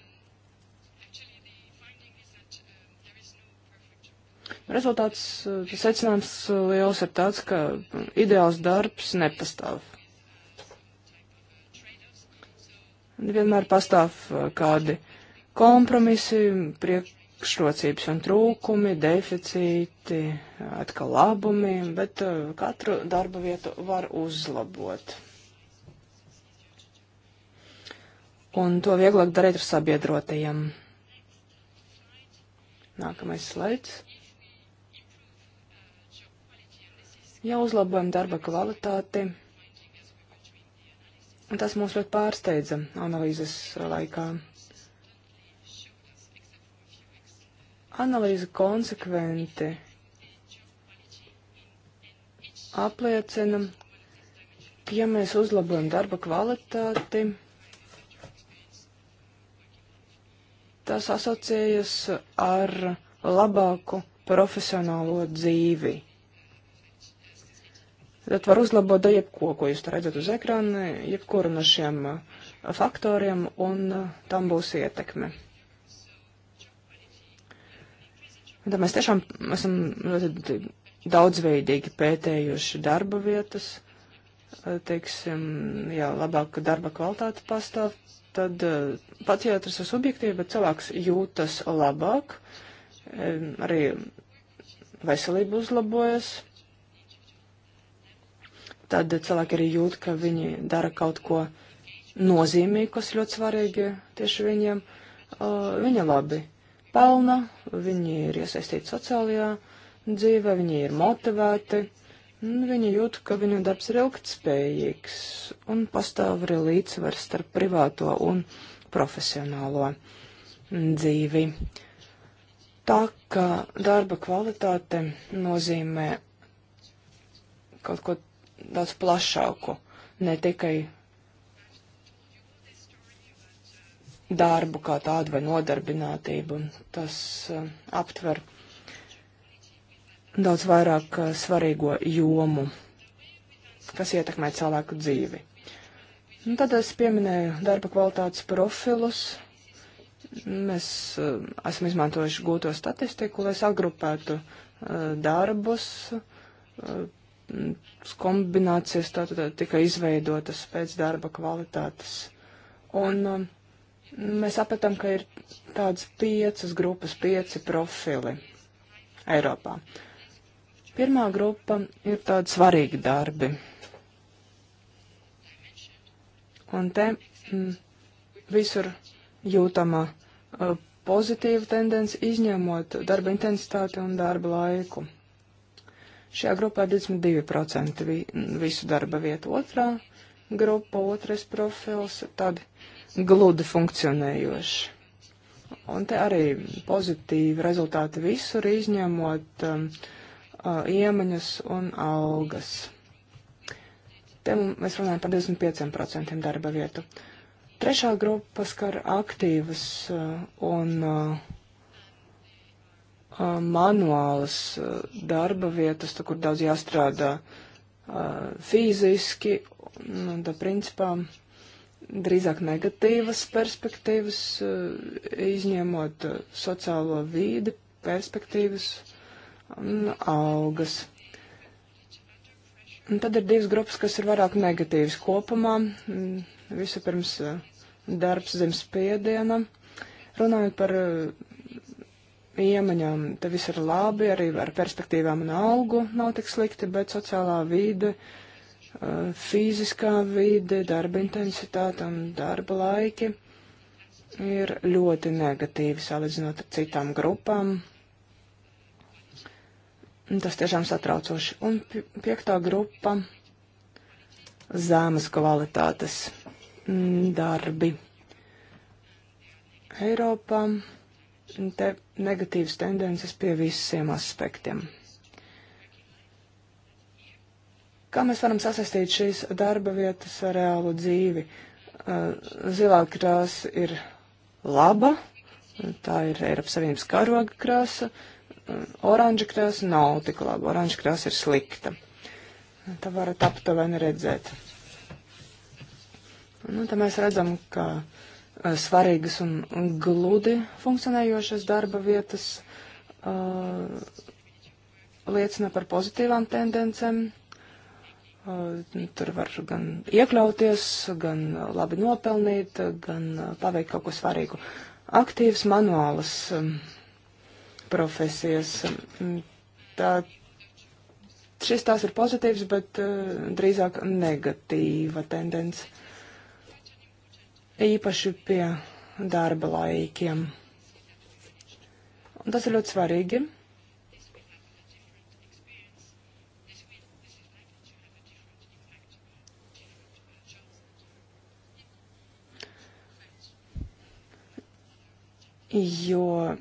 Speaker 2: Rezultāts, eh, secinājums eh, liels ir tāds, ka mm, ideāls darbs nepastāv. Vienmēr pastāv eh, kādi kompromisi, priek, priekšrocības un trūkumi, deficīti, atkal labumi, bet uh, katru darba vietu var uzlabot. Un to vieglāk darīt ar sabiedrotajiem. Nākamais slaids. Ja uzlabojam darba kvalitāti, tas mūs ļoti pārsteidza analīzes laikā. Analīze konsekventi apliecina, ka ja mēs uzlabojam darba kvalitāti, tas asociējas ar labāku profesionālo dzīvi. Tad var uzlabot da jebko, ko jūs redzat uz ekrāna, jebkuru no šiem faktoriem, un tam būs ietekme. Un tad mēs tiešām esam daudzveidīgi pētējuši darba vietas, teiksim, jā, labāka darba kvalitāte pastāv, tad psihiatrs ir subjektīvi, bet cilvēks jūtas labāk, arī veselība uzlabojas. Tad cilvēki arī jūt, ka viņi dara kaut ko nozīmīgu, kas ļoti svarīgi tieši viņiem. Viņa labi pelna, viņi ir iesaistīti sociālajā dzīvē, viņi ir motivēti, viņi jūt, ka viņu darbs ir ilgtspējīgs un pastāv arī līdzsvars starp privāto un profesionālo dzīvi. Tā kā darba kvalitāte nozīmē kaut ko daudz plašāku, ne tikai darbu kā tādu vai nodarbinātību. Tas uh, aptver daudz vairāk uh, svarīgo jomu, kas ietekmē cilvēku dzīvi. Un tad es pieminēju darba kvalitātes profilus. Mēs uh, esam izmantojuši gūto statistiku, lai sagrupētu uh, darbus. Uh, kombinācijas tātad tika izveidotas pēc darba kvalitātes. Un um, Mēs sapratām, ka ir tādas piecas grupas, pieci profili Eiropā. Pirmā grupa ir tādi svarīgi darbi. Un te m, mm, visur jūtama uh, pozitīva tendence, izņemot darba intensitāti un darba laiku. Šajā grupā 22% vi, visu darba vietu. Otrā grupa, otrais profils, tādi gludi funkcionējoši. Un te arī pozitīvi rezultāti visur izņemot um, uh, iemaņas un algas. Te mēs runājam par 25% darba vietu. Trešā grupa skar aktīvas uh, un uh, uh manuālas darba vietas, tur, kur daudz jāstrādā uh, fiziski, un, un tā principā uh, drīzāk negatīvas perspektīvas, eh, izņemot eh, sociālo vīdi, perspektīvas un algas. Un tad ir divas grupas, kas ir vairāk negatīvas kopumā. Mm, Vispirms eh, darbs zem spiediena. Runājot par iemaņām, te viss ir labi, arī ar perspektīvām un algu nav tik slikti, bet sociālā vīde uh, Uh, fiziskā vide, darba intensitāte un darba laiki ir ļoti negatīvi salīdzinot ar citām grupām. Tas tiešām satraucoši. Un piektā grupa - zemes kvalitātes darbi. Eiropā te negatīvas tendences pie visiem aspektiem. Kā mēs varam sasastīt šīs darba vietas ar reālu dzīvi? Eh, zilā krāsa ir laba, tā ir Eiropas Savienības karoga krāsa, eh, oranža krāsa nav tik laba, oranža krāsa ir slikta. Tā varat aptuveni redzēt. Nu, tā mēs redzam, ka eh, svarīgas un gludi funkcionējošas darba vietas uh, liecina par pozitīvām tendencēm Tur var gan iekļauties, gan labi nopelnīt, gan paveikt kaut ko svarīgu. Aktīvs manuālas profesijas. Tā, šis tās ir pozitīvs, bet drīzāk negatīva tendence. Īpaši pie darba laikiem. Un tas ir ļoti svarīgi jo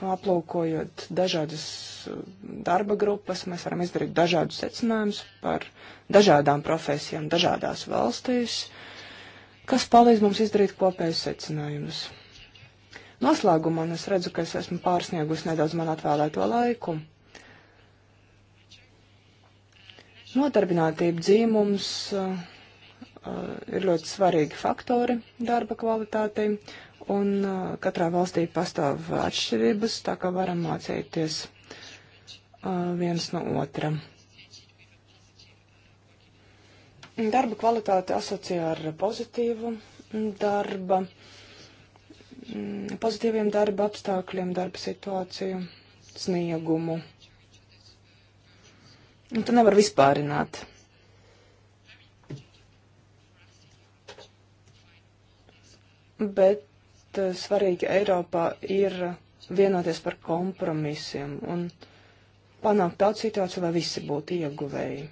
Speaker 2: aplūkojot dažādas eh, darba grupas, mēs varam izdarīt dažādus secinājumus par dažādām profesijām dažādās valstīs, kas palīdz mums izdarīt kopējus secinājumus. Noslēgumā es redzu, ka es esmu pārsniegusi nedaudz man atvēlēto laiku. Nodarbinātība dzīmums. Uh, eh, Eh, ir ļoti svarīgi faktori darba kvalitātei, un eh, katrā valstī pastāv atšķirības, tā kā varam mācīties eh, viens no otra. Darba kvalitāte asociē ar pozitīvu darba, mm, pozitīviem darba apstākļiem, darba situāciju, sniegumu. Un tu nevar vispārināt bet eh, svarīgi Eiropā ir vienoties par kompromisiem un panākt tādu situāciju, lai visi būtu ieguvēji.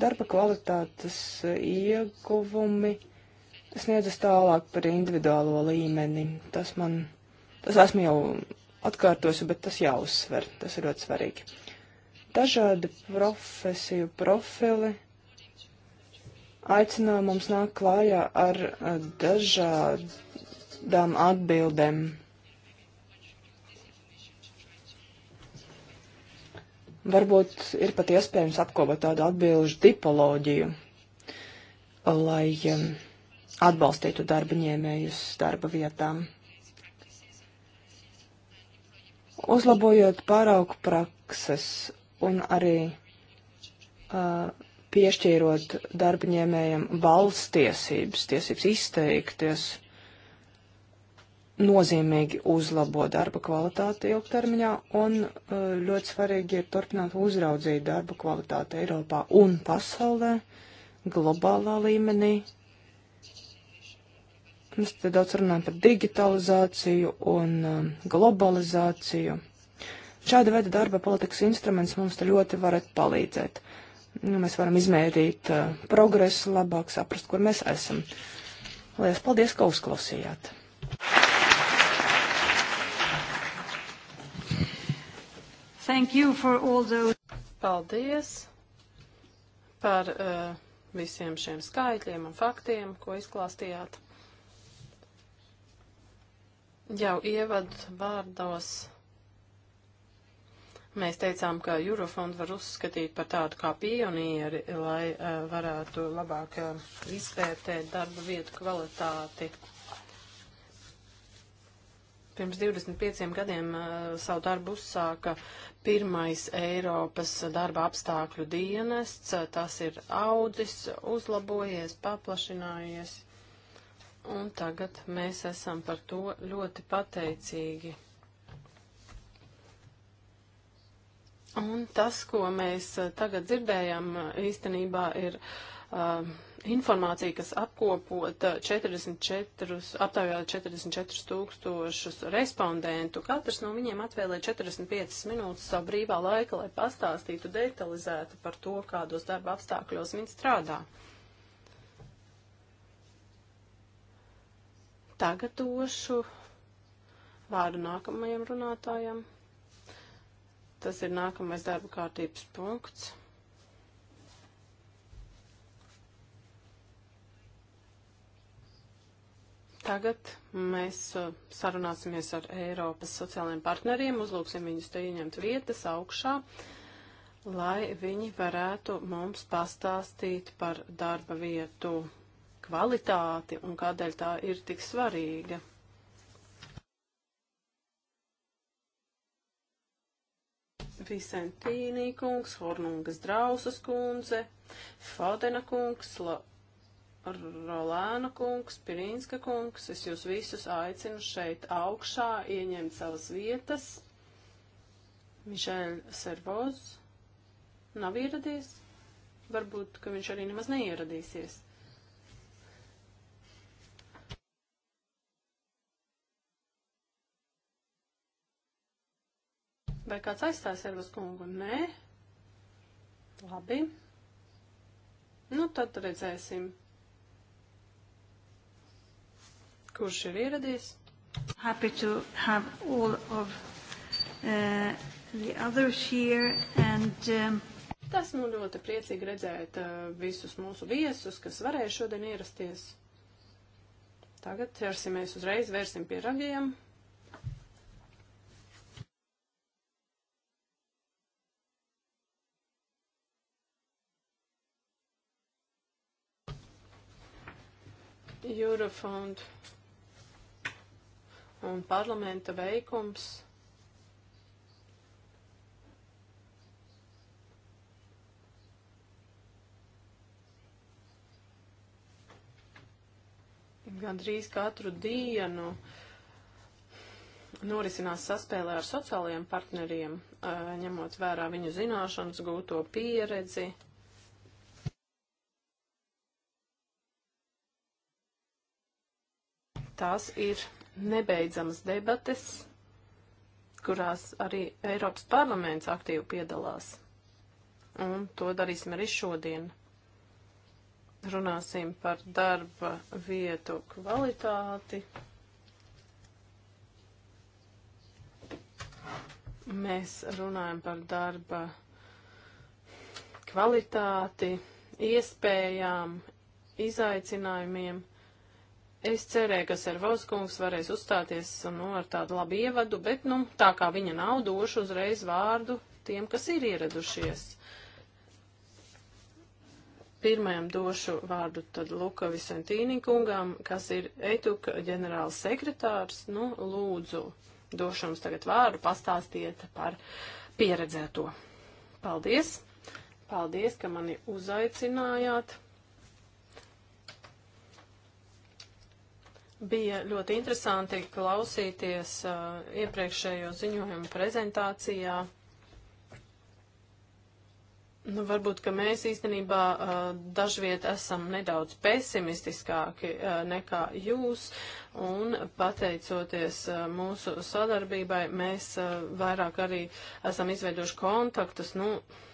Speaker 2: Darba kvalitātes eh, ieguvumi sniedzas tālāk par individuālo līmeni. Tas man, tas esmu jau atkārtosi, bet tas jāuzsver, tas ir ļoti svarīgi. Dažādi profesiju profili aicināja mums nākt klājā ar eh, dažādām atbildēm. Varbūt ir pat iespējams apkopot tādu atbilžu tipoloģiju, lai eh, atbalstītu darba ņēmējus darba vietām. Uzlabojot pārauku prakses un arī uh, piešķīrot darbņēmējiem balss tiesības, tiesības izteikties, nozīmīgi uzlabo darba kvalitāti ilgtermiņā, un e, ļoti svarīgi ir turpināt uzraudzīt darba kvalitāti Eiropā un pasaulē, globālā līmenī. Mēs te daudz runājam par digitalizāciju un e, globalizāciju. Šāda veida darba politikas instruments mums te ļoti varat palīdzēt. Nu, mēs varam izmērīt uh, progresu, labāk saprast, kur mēs esam. Lielas paldies, ka uzklausījāt!
Speaker 3: Thank you for all those. Paldies par uh, visiem šiem skaitļiem un faktiem, ko izklāstījāt. Jau ievad vārdos Mēs teicām, ka Eurofondu var uzskatīt par tādu kā pionieri, lai uh, varētu labāk uh, izvērtēt darba vietu kvalitāti. Pirms 25 gadiem uh, savu darbu uzsāka pirmais Eiropas darba apstākļu dienests. Tas ir audzis, uzlabojies, paplašinājies. Un tagad mēs esam par to ļoti pateicīgi. Un tas, ko mēs uh, tagad dzirdējam, uh, īstenībā ir uh, informācija, kas apkopot 44, aptaujāt 44 tūkstošus respondentu. Katrs no viņiem atvēlē 45 minūtes savu brīvā laika, lai pastāstītu detalizēti par to, kādos darba apstākļos viņi strādā. Tagad došu vārdu nākamajam runātājam. Tas ir nākamais darba kārtības punkts. Tagad mēs uh, sarunāsimies ar Eiropas sociālajiem partneriem, uzlūksim viņus te ieņemt vietas augšā, lai viņi varētu mums pastāstīt par darba vietu kvalitāti un kādēļ tā ir tik svarīga. Visentīnī kungs, Hornungas drausas kundze, Fodena kungs, La Rolēna kungs, Pirinska kungs. Es jūs visus aicinu šeit augšā ieņemt savas vietas. Mišēļ Servoz nav ieradies. Varbūt, ka viņš arī nemaz neieradīsies. Vai kāds aizstās Ervas kungu? Nē. Labi. Nu, tad redzēsim. Kurš ir ieradies? Happy to have all of uh, the others here and um, Tas nu ļoti priecīgi redzēt uh, visus mūsu viesus, kas varēja šodien ierasties. Tagad ķersimies uzreiz, vērsim pie ragiem. Eurofondu un parlamenta veikums. gandrīz katru dienu norisinās saspēlē ar sociālajiem partneriem, ņemot vērā viņu zināšanas, gūto pieredzi. tās ir nebeidzamas debates, kurās arī Eiropas parlaments aktīvi piedalās. Un to darīsim arī šodien. Runāsim par darba vietu kvalitāti. Mēs runājam par darba kvalitāti, iespējām, izaicinājumiem. Es cerēju, ka Servaus kungs varēs uzstāties nu, ar tādu labu ievadu, bet nu, tā kā viņa nav došu uzreiz vārdu tiem, kas ir ieradušies. Pirmajam došu vārdu tad Luka Visentīni kungam, kas ir ETUK ģenerāls sekretārs. Nu, lūdzu, došu jums tagad vārdu, pastāstiet par pieredzēto. Paldies! Paldies, ka mani uzaicinājāt! Bija ļoti interesanti klausīties uh, iepriekšējo ziņojumu prezentācijā. Nu, varbūt, ka mēs īstenībā uh, dažviet esam nedaudz pesimistiskāki uh, nekā jūs, un pateicoties uh, mūsu sadarbībai, mēs uh, vairāk arī esam izveidojuši kontaktus. Nu, uh,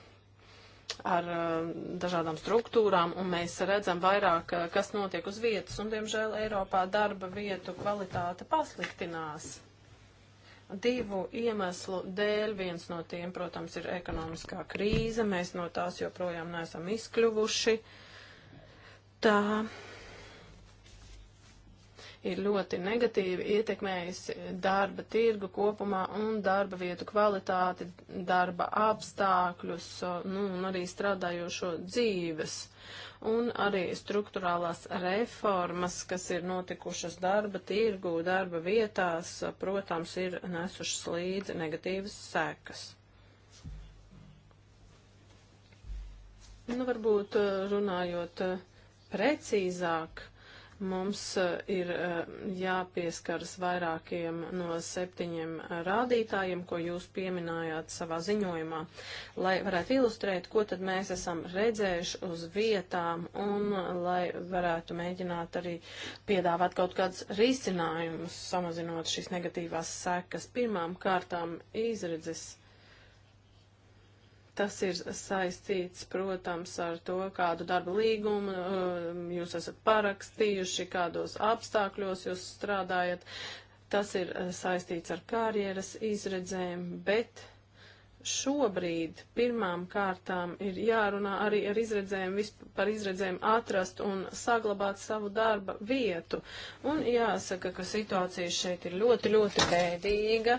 Speaker 3: ar um, dažādām struktūrām, un mēs redzam vairāk, uh, kas notiek uz vietas, un, diemžēl, Eiropā darba vietu kvalitāte pasliktinās. Divu iemeslu dēļ viens no tiem, protams, ir ekonomiskā krīze, mēs no tās joprojām neesam izkļuvuši. Tā ir ļoti negatīvi ietekmējusi darba tirgu kopumā un darba vietu kvalitāti, darba apstākļus nu, un arī strādājošo dzīves. Un arī struktūrālās reformas, kas ir notikušas darba tirgu, darba vietās, protams, ir nesušas līdzi negatīvas sekas. Nu, varbūt runājot precīzāk Mums eh, ir eh, jāpieskaras vairākiem no septiņiem rādītājiem, ko jūs pieminājāt savā ziņojumā, lai varētu ilustrēt, ko tad mēs esam redzējuši uz vietām un lai varētu mēģināt arī piedāvāt kaut kādus risinājumus, samazinot šīs negatīvās sekas. Pirmām kārtām izredzes Tas ir saistīts, protams, ar to, kādu darba līgumu um, jūs esat parakstījuši, kādos apstākļos jūs strādājat. Tas ir uh, saistīts ar karjeras izredzēm, bet šobrīd pirmām kārtām ir jārunā arī ar izredzēm, par izredzēm atrast un saglabāt savu darba vietu. Un jāsaka, ka situācija šeit ir ļoti, ļoti bēdīga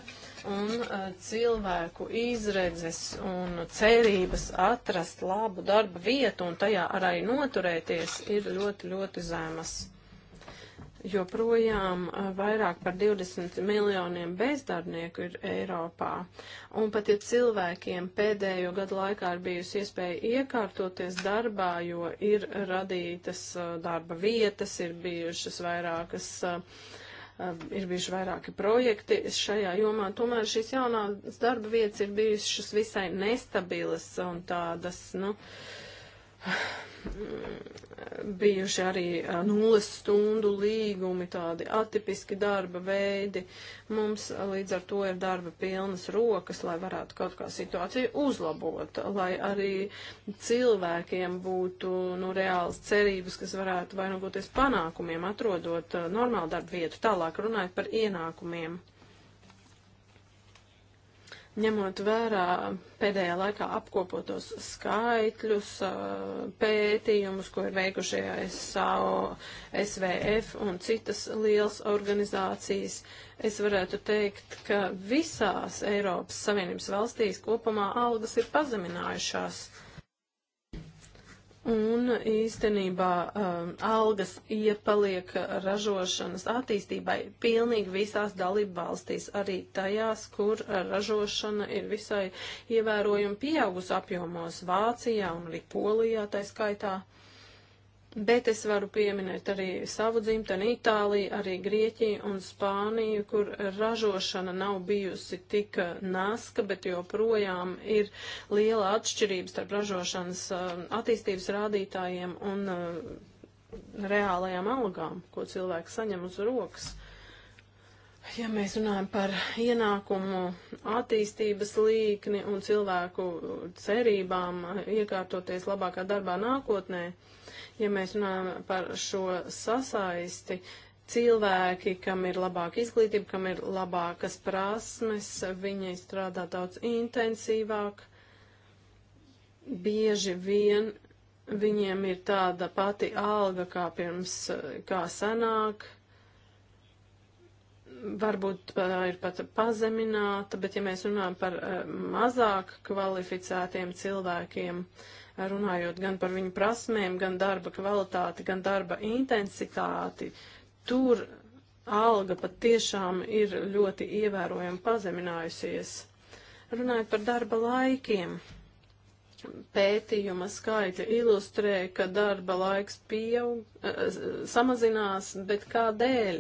Speaker 3: un uh, cilvēku izredzes un cerības atrast labu darba vietu un tajā arī noturēties ir ļoti, ļoti zemas joprojām vairāk par 20 miljoniem bezdarbnieku ir Eiropā. Un pat ja cilvēkiem pēdējo gadu laikā ir bijusi iespēja iekārtoties darbā, jo ir radītas darba vietas, ir bijušas vairākas. Ir bijuši vairāki projekti šajā jomā, tomēr šīs jaunās darba vietas ir bijušas visai nestabilas un tādas, nu, uh, bijuši arī nulles stundu līgumi, tādi atipiski darba veidi. Mums līdz ar to ir darba pilnas rokas, lai varētu kaut kā situāciju uzlabot, lai arī cilvēkiem būtu nu, reāls cerības, kas varētu vainagoties panākumiem, atrodot normālu darbu vietu. Tālāk runājot par ienākumiem ņemot vērā pēdējā laikā apkopotos skaitļus, pētījumus, ko ir veikuši ASAO, SVF un citas liels organizācijas, es varētu teikt, ka visās Eiropas Savienības valstīs kopumā algas ir pazeminājušās. Uh, Un īstenībā um, algas iepaliek ražošanas attīstībai pilnīgi visās dalību valstīs, arī tajās, kur ražošana ir visai ievērojumi pieaugus apjomos Vācijā un arī Polijā tā skaitā. Uh, Bet es varu pieminēt arī savu dzimteni Itāliju, arī Grieķiju un Spāniju, kur ražošana nav bijusi tik eh, naska, bet joprojām ir liela atšķirība starp ražošanas eh, attīstības rādītājiem un eh, reālajām algām, ko cilvēks saņem uz rokas. Ja mēs runājam par ienākumu attīstības līkni un cilvēku cerībām iekārtoties labākā darbā nākotnē, uh, Ja mēs runājam par šo sasaisti, cilvēki, kam ir labāka izglītība, kam ir labākas prasmes, viņi strādā daudz intensīvāk, bieži vien viņiem ir tāda pati alga kā pirms, kā senāk, varbūt ir pat pazemināta, bet ja mēs runājam par eh, mazāk kvalificētiem cilvēkiem, uh, runājot gan par viņu prasmēm, gan darba kvalitāti, gan darba intensitāti, tur alga pat tiešām ir ļoti ievērojami pazeminājusies. Runājot par darba laikiem, pētījuma skaita ilustrē, ka darba laiks pieaug, Eh, samazinās, bet kādēļ?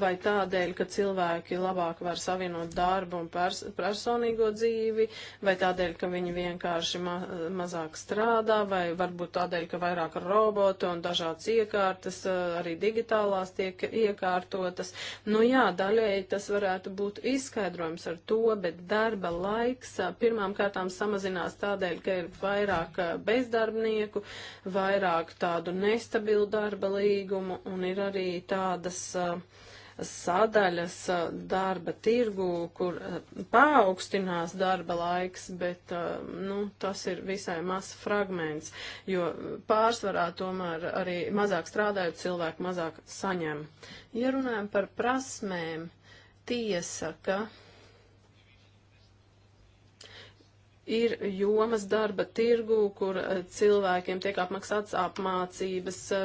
Speaker 3: Vai tādēļ, ka cilvēki labāk var savienot darbu un pers personīgo dzīvi, vai tādēļ, ka viņi vienkārši ma mazāk strādā, vai varbūt tādēļ, ka vairāk robotu un dažādas iekārtas, eh, arī digitālās tiek iekārtotas. Nu jā, daļēji tas varētu būt izskaidrojums ar to, bet darba laiks eh, pirmām kārtām samazinās tādēļ, ka ir vairāk bezdarbnieku, vairāk tādu nestabilu darbu darba līgumu, un ir arī tādas uh, sadaļas uh, darba tirgu, kur uh, paaugstinās darba laiks, bet nu, tas ir visai maz fragments, jo pārsvarā tomēr arī mazāk strādājot cilvēki mazāk saņem. Ja runājam par prasmēm, tiesa, ka ir jomas darba tirgu, kur eh, cilvēkiem tiek apmaksāts apmācības, eh,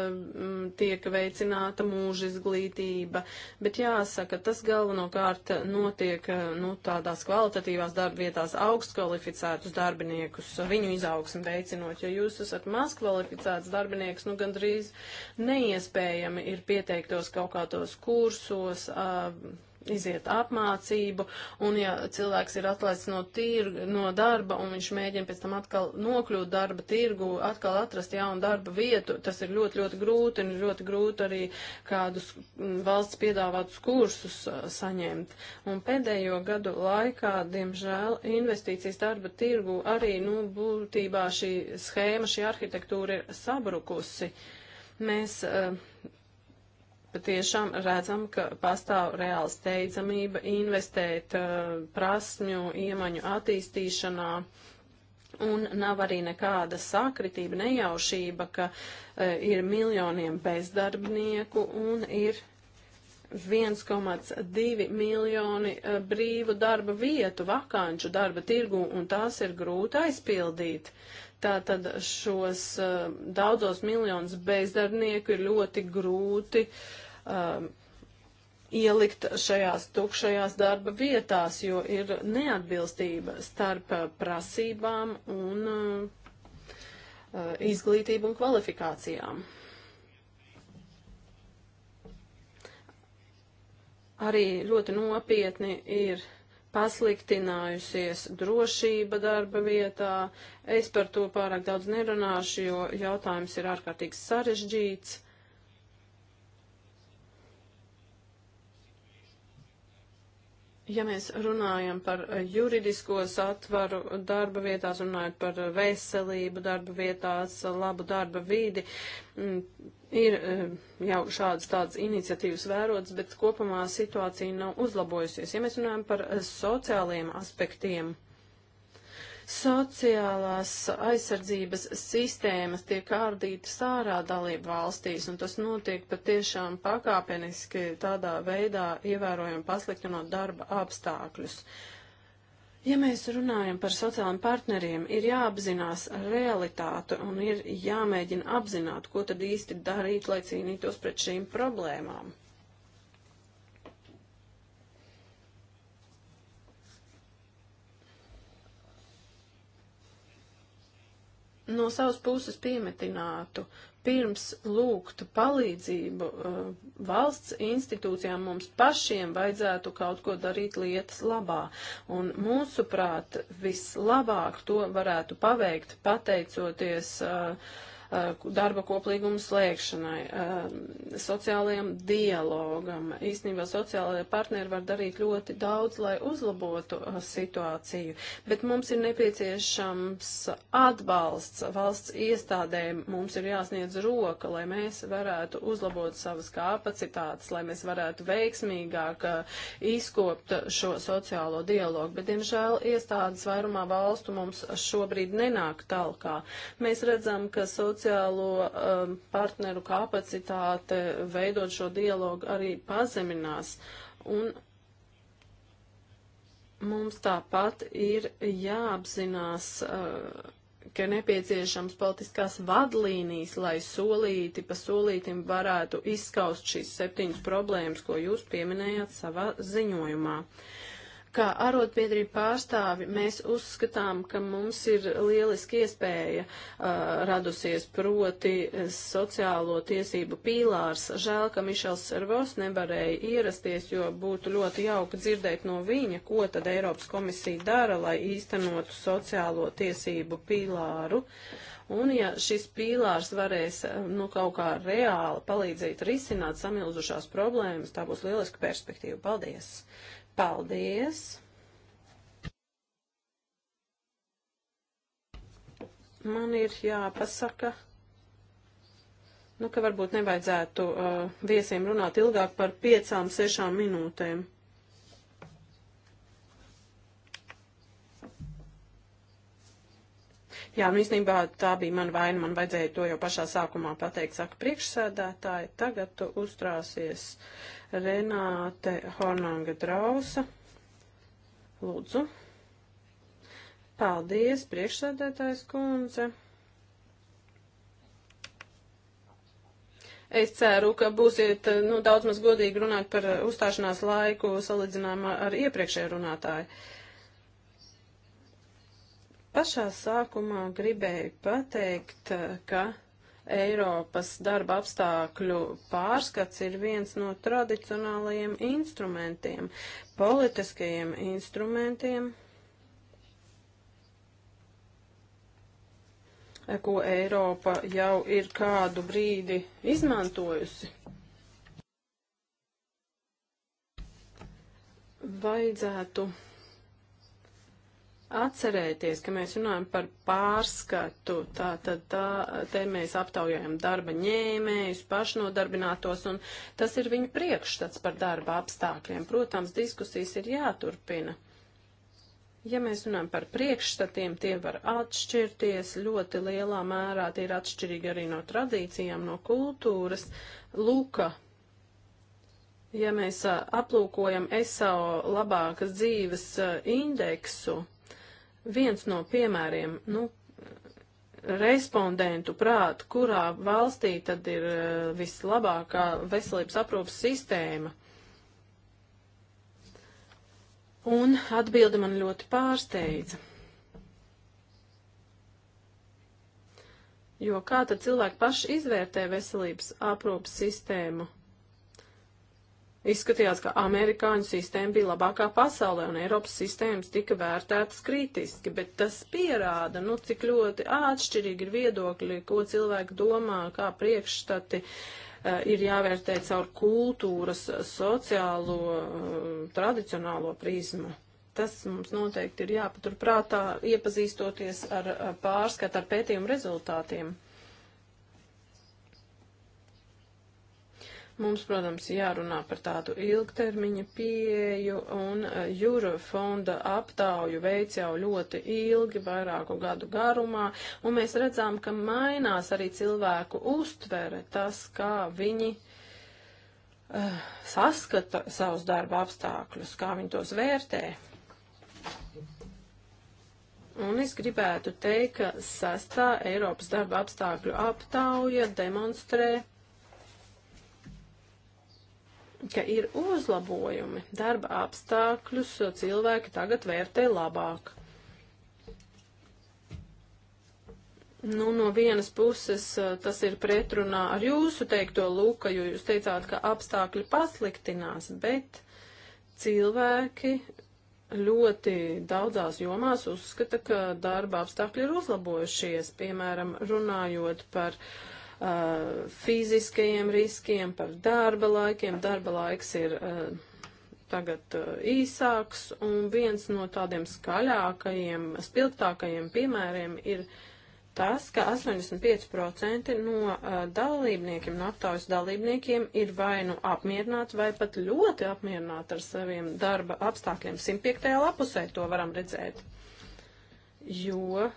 Speaker 3: tiek veicināta mūža izglītība, bet jāsaka, tas galvenokārt notiek eh, nu, tādās kvalitatīvās darba vietās augstkvalificētus darbiniekus, viņu izaugsmu veicinot, jo jūs esat maz kvalificēts darbinieks, nu gandrīz neiespējami ir pieteiktos kaut kādos kursos, iziet apmācību, un ja cilvēks ir atlaists no, tirga, no darba, un viņš mēģina pēc tam atkal nokļūt darba tirgu, atkal atrast jaunu darba vietu, tas ir ļoti, ļoti grūti, un ļoti grūti arī kādus mm, valsts piedāvātus kursus uh, saņemt. Un pēdējo gadu laikā, diemžēl, investīcijas darba tirgu arī, nu, būtībā šī schēma, šī arhitektūra ir sabrukusi. Mēs uh, patiešām redzam, ka pastāv reāla steidzamība investēt uh, prasmju, iemaņu attīstīšanā. Un nav arī nekāda sakritība, nejaušība, ka e, ir miljoniem bezdarbnieku un ir 1,2 miljoni e, brīvu darba vietu, vakanču darba tirgu, un tās ir grūti aizpildīt. Tātad šos e, daudzos miljonus bezdarbnieku ir ļoti grūti uh, um, ielikt šajās tukšajās darba vietās, jo ir neatbilstība starp uh, prasībām un uh, uh, izglītību un kvalifikācijām. Arī ļoti nopietni ir pasliktinājusies drošība darba vietā. Es par to pārāk daudz nerunāšu, jo jautājums ir ārkārtīgi sarežģīts Ja mēs runājam par eh, juridisko satvaru darba vietās, runājot par eh, veselību darba vietās, labu darba vīdi, mm, ir eh, jau šādas tādas iniciatīvas vērotas, bet kopumā situācija nav uzlabojusies. Ja mēs runājam par sociālajiem aspektiem, Sociālās aizsardzības sistēmas tiek ārdītas ārā dalību valstīs, un tas notiek patiešām pakāpeniski tādā veidā ievērojami pasliktinot darba apstākļus. Ja mēs runājam par sociālajiem partneriem, ir jāapzinās realitāte un ir jāmēģina apzināt, ko tad īsti darīt, lai cīnītos pret šīm problēmām. no savas puses piemetinātu, pirms lūgtu palīdzību eh, valsts institūcijām, mums pašiem vajadzētu kaut ko darīt lietas labā. Un mūsuprāt, vislabāk to varētu paveikt pateicoties uh, Uh, darba koplīgumu slēgšanai, uh, sociālajam dialogam. Īsnībā sociālajie partneri var darīt ļoti daudz, lai uzlabotu uh, situāciju, bet mums ir nepieciešams atbalsts valsts iestādēm, mums ir jāsniedz roka, lai mēs varētu uzlabot savas kapacitātes, lai mēs varētu veiksmīgāk izkopt šo sociālo dialogu, bet, diemžēl, iestādes vairumā valstu mums šobrīd nenāk talkā. Mēs redzam, ka sociālajie sociālo um, partneru kapacitāte veidot šo dialogu arī pazeminās. Un mums tāpat ir jāapzinās. Uh, ka nepieciešams politiskās vadlīnijas, lai solīti pa solītim varētu izskaust šīs septiņas problēmas, ko jūs pieminējāt savā ziņojumā. Uh, Kā arotbiedrība pārstāvi mēs uzskatām, ka mums ir lieliski iespēja uh, radusies proti sociālo tiesību pīlārs. Žēl, ka Mišels Servos nevarēja ierasties, jo būtu ļoti jauki dzirdēt no viņa, ko tad Eiropas komisija dara, lai īstenotu sociālo tiesību pīlāru. Un ja šis pīlārs varēs nu, kaut kā reāli palīdzēt risināt samilzušās problēmas, tā būs lieliska perspektīva. Paldies! Paldies! Man ir jāpasaka, nu, ka varbūt nevajadzētu uh, viesiem runāt ilgāk par piecām, sešām minūtēm. Jā, nu īstenībā tā bija mana vaina, man vajadzēja to jau pašā sākumā pateikt, saka priekšsēdētāji, tagad tu uztrāsies. Uh, Renāte Hornanga Drausa. Lūdzu. Paldies, priekšsēdētājs kundze. Es ceru, ka būsiet nu, daudz maz godīgi runāt par uzstāšanās laiku salīdzinājumā ar iepriekšēju runātāju. Pašā sākumā gribēju pateikt, ka Eiropas darba apstākļu pārskats ir viens no tradicionālajiem instrumentiem, politiskajiem instrumentiem, ko Eiropa jau ir kādu brīdi izmantojusi. Vajadzētu Atcerēties, ka mēs runājam par pārskatu, tā tad tā, te mēs aptaujājam darba ņēmējus, pašnodarbinātos, un tas ir viņu priekšstats par darba apstākļiem. Protams, diskusijas ir jāturpina. Ja mēs runājam par priekšstatiem, tie var atšķirties ļoti lielā mērā, tie ir atšķirīgi arī no tradīcijām, no kultūras. Luka, ja mēs aplūkojam ESO labākas dzīves indeksu, viens no piemēriem, nu, respondentu prāt, kurā valstī tad ir eh, vislabākā veselības aprūpas sistēma. Un atbildi man ļoti pārsteidza. Jo kā tad cilvēki paši izvērtē veselības aprūpas sistēmu? Izskatījās, ka amerikāņu sistēma bija labākā pasaulē un Eiropas sistēmas tika vērtētas kritiski, bet tas pierāda, nu, cik ļoti atšķirīgi ir viedokļi, ko cilvēki domā, kā priekšstati uh, ir jāvērtē caur kultūras, sociālo, uh, tradicionālo prizmu. Tas mums noteikti ir jāpaturprātā, iepazīstoties ar eh, pārskatu ar pētījumu rezultātiem. Mums, protams, jārunā par tādu ilgtermiņa pieeju, un e, jūra fonda aptauju veic jau ļoti ilgi, vairāku gadu garumā, un mēs redzām, ka mainās arī cilvēku uztvere, tas, kā viņi uh, saskata savus darba apstākļus, kā viņi tos vērtē. Un es gribētu teikt, ka sastā Eiropas darba apstākļu aptauja demonstrē ka ir uzlabojumi. Darba apstākļus eh, cilvēki tagad vērtē labāk. Nu, no vienas puses eh, tas ir pretrunā ar jūsu teikto lūka, jo jūs teicāt, ka apstākļi pasliktinās, bet cilvēki ļoti daudzās jomās uzskata, ka darba apstākļi ir uzlabojušies, piemēram, runājot par uh, uh, fiziskajiem riskiem, par darba laikiem. Darba laiks ir uh, tagad uh, īsāks, un viens no tādiem skaļākajiem, spilgtākajiem piemēriem ir tas, ka 85% no uh, dalībniekiem, no aptaujas dalībniekiem ir vai nu apmierināti, vai pat ļoti apmierināti ar saviem darba apstākļiem. 105. lapusē to varam redzēt. Jo uh,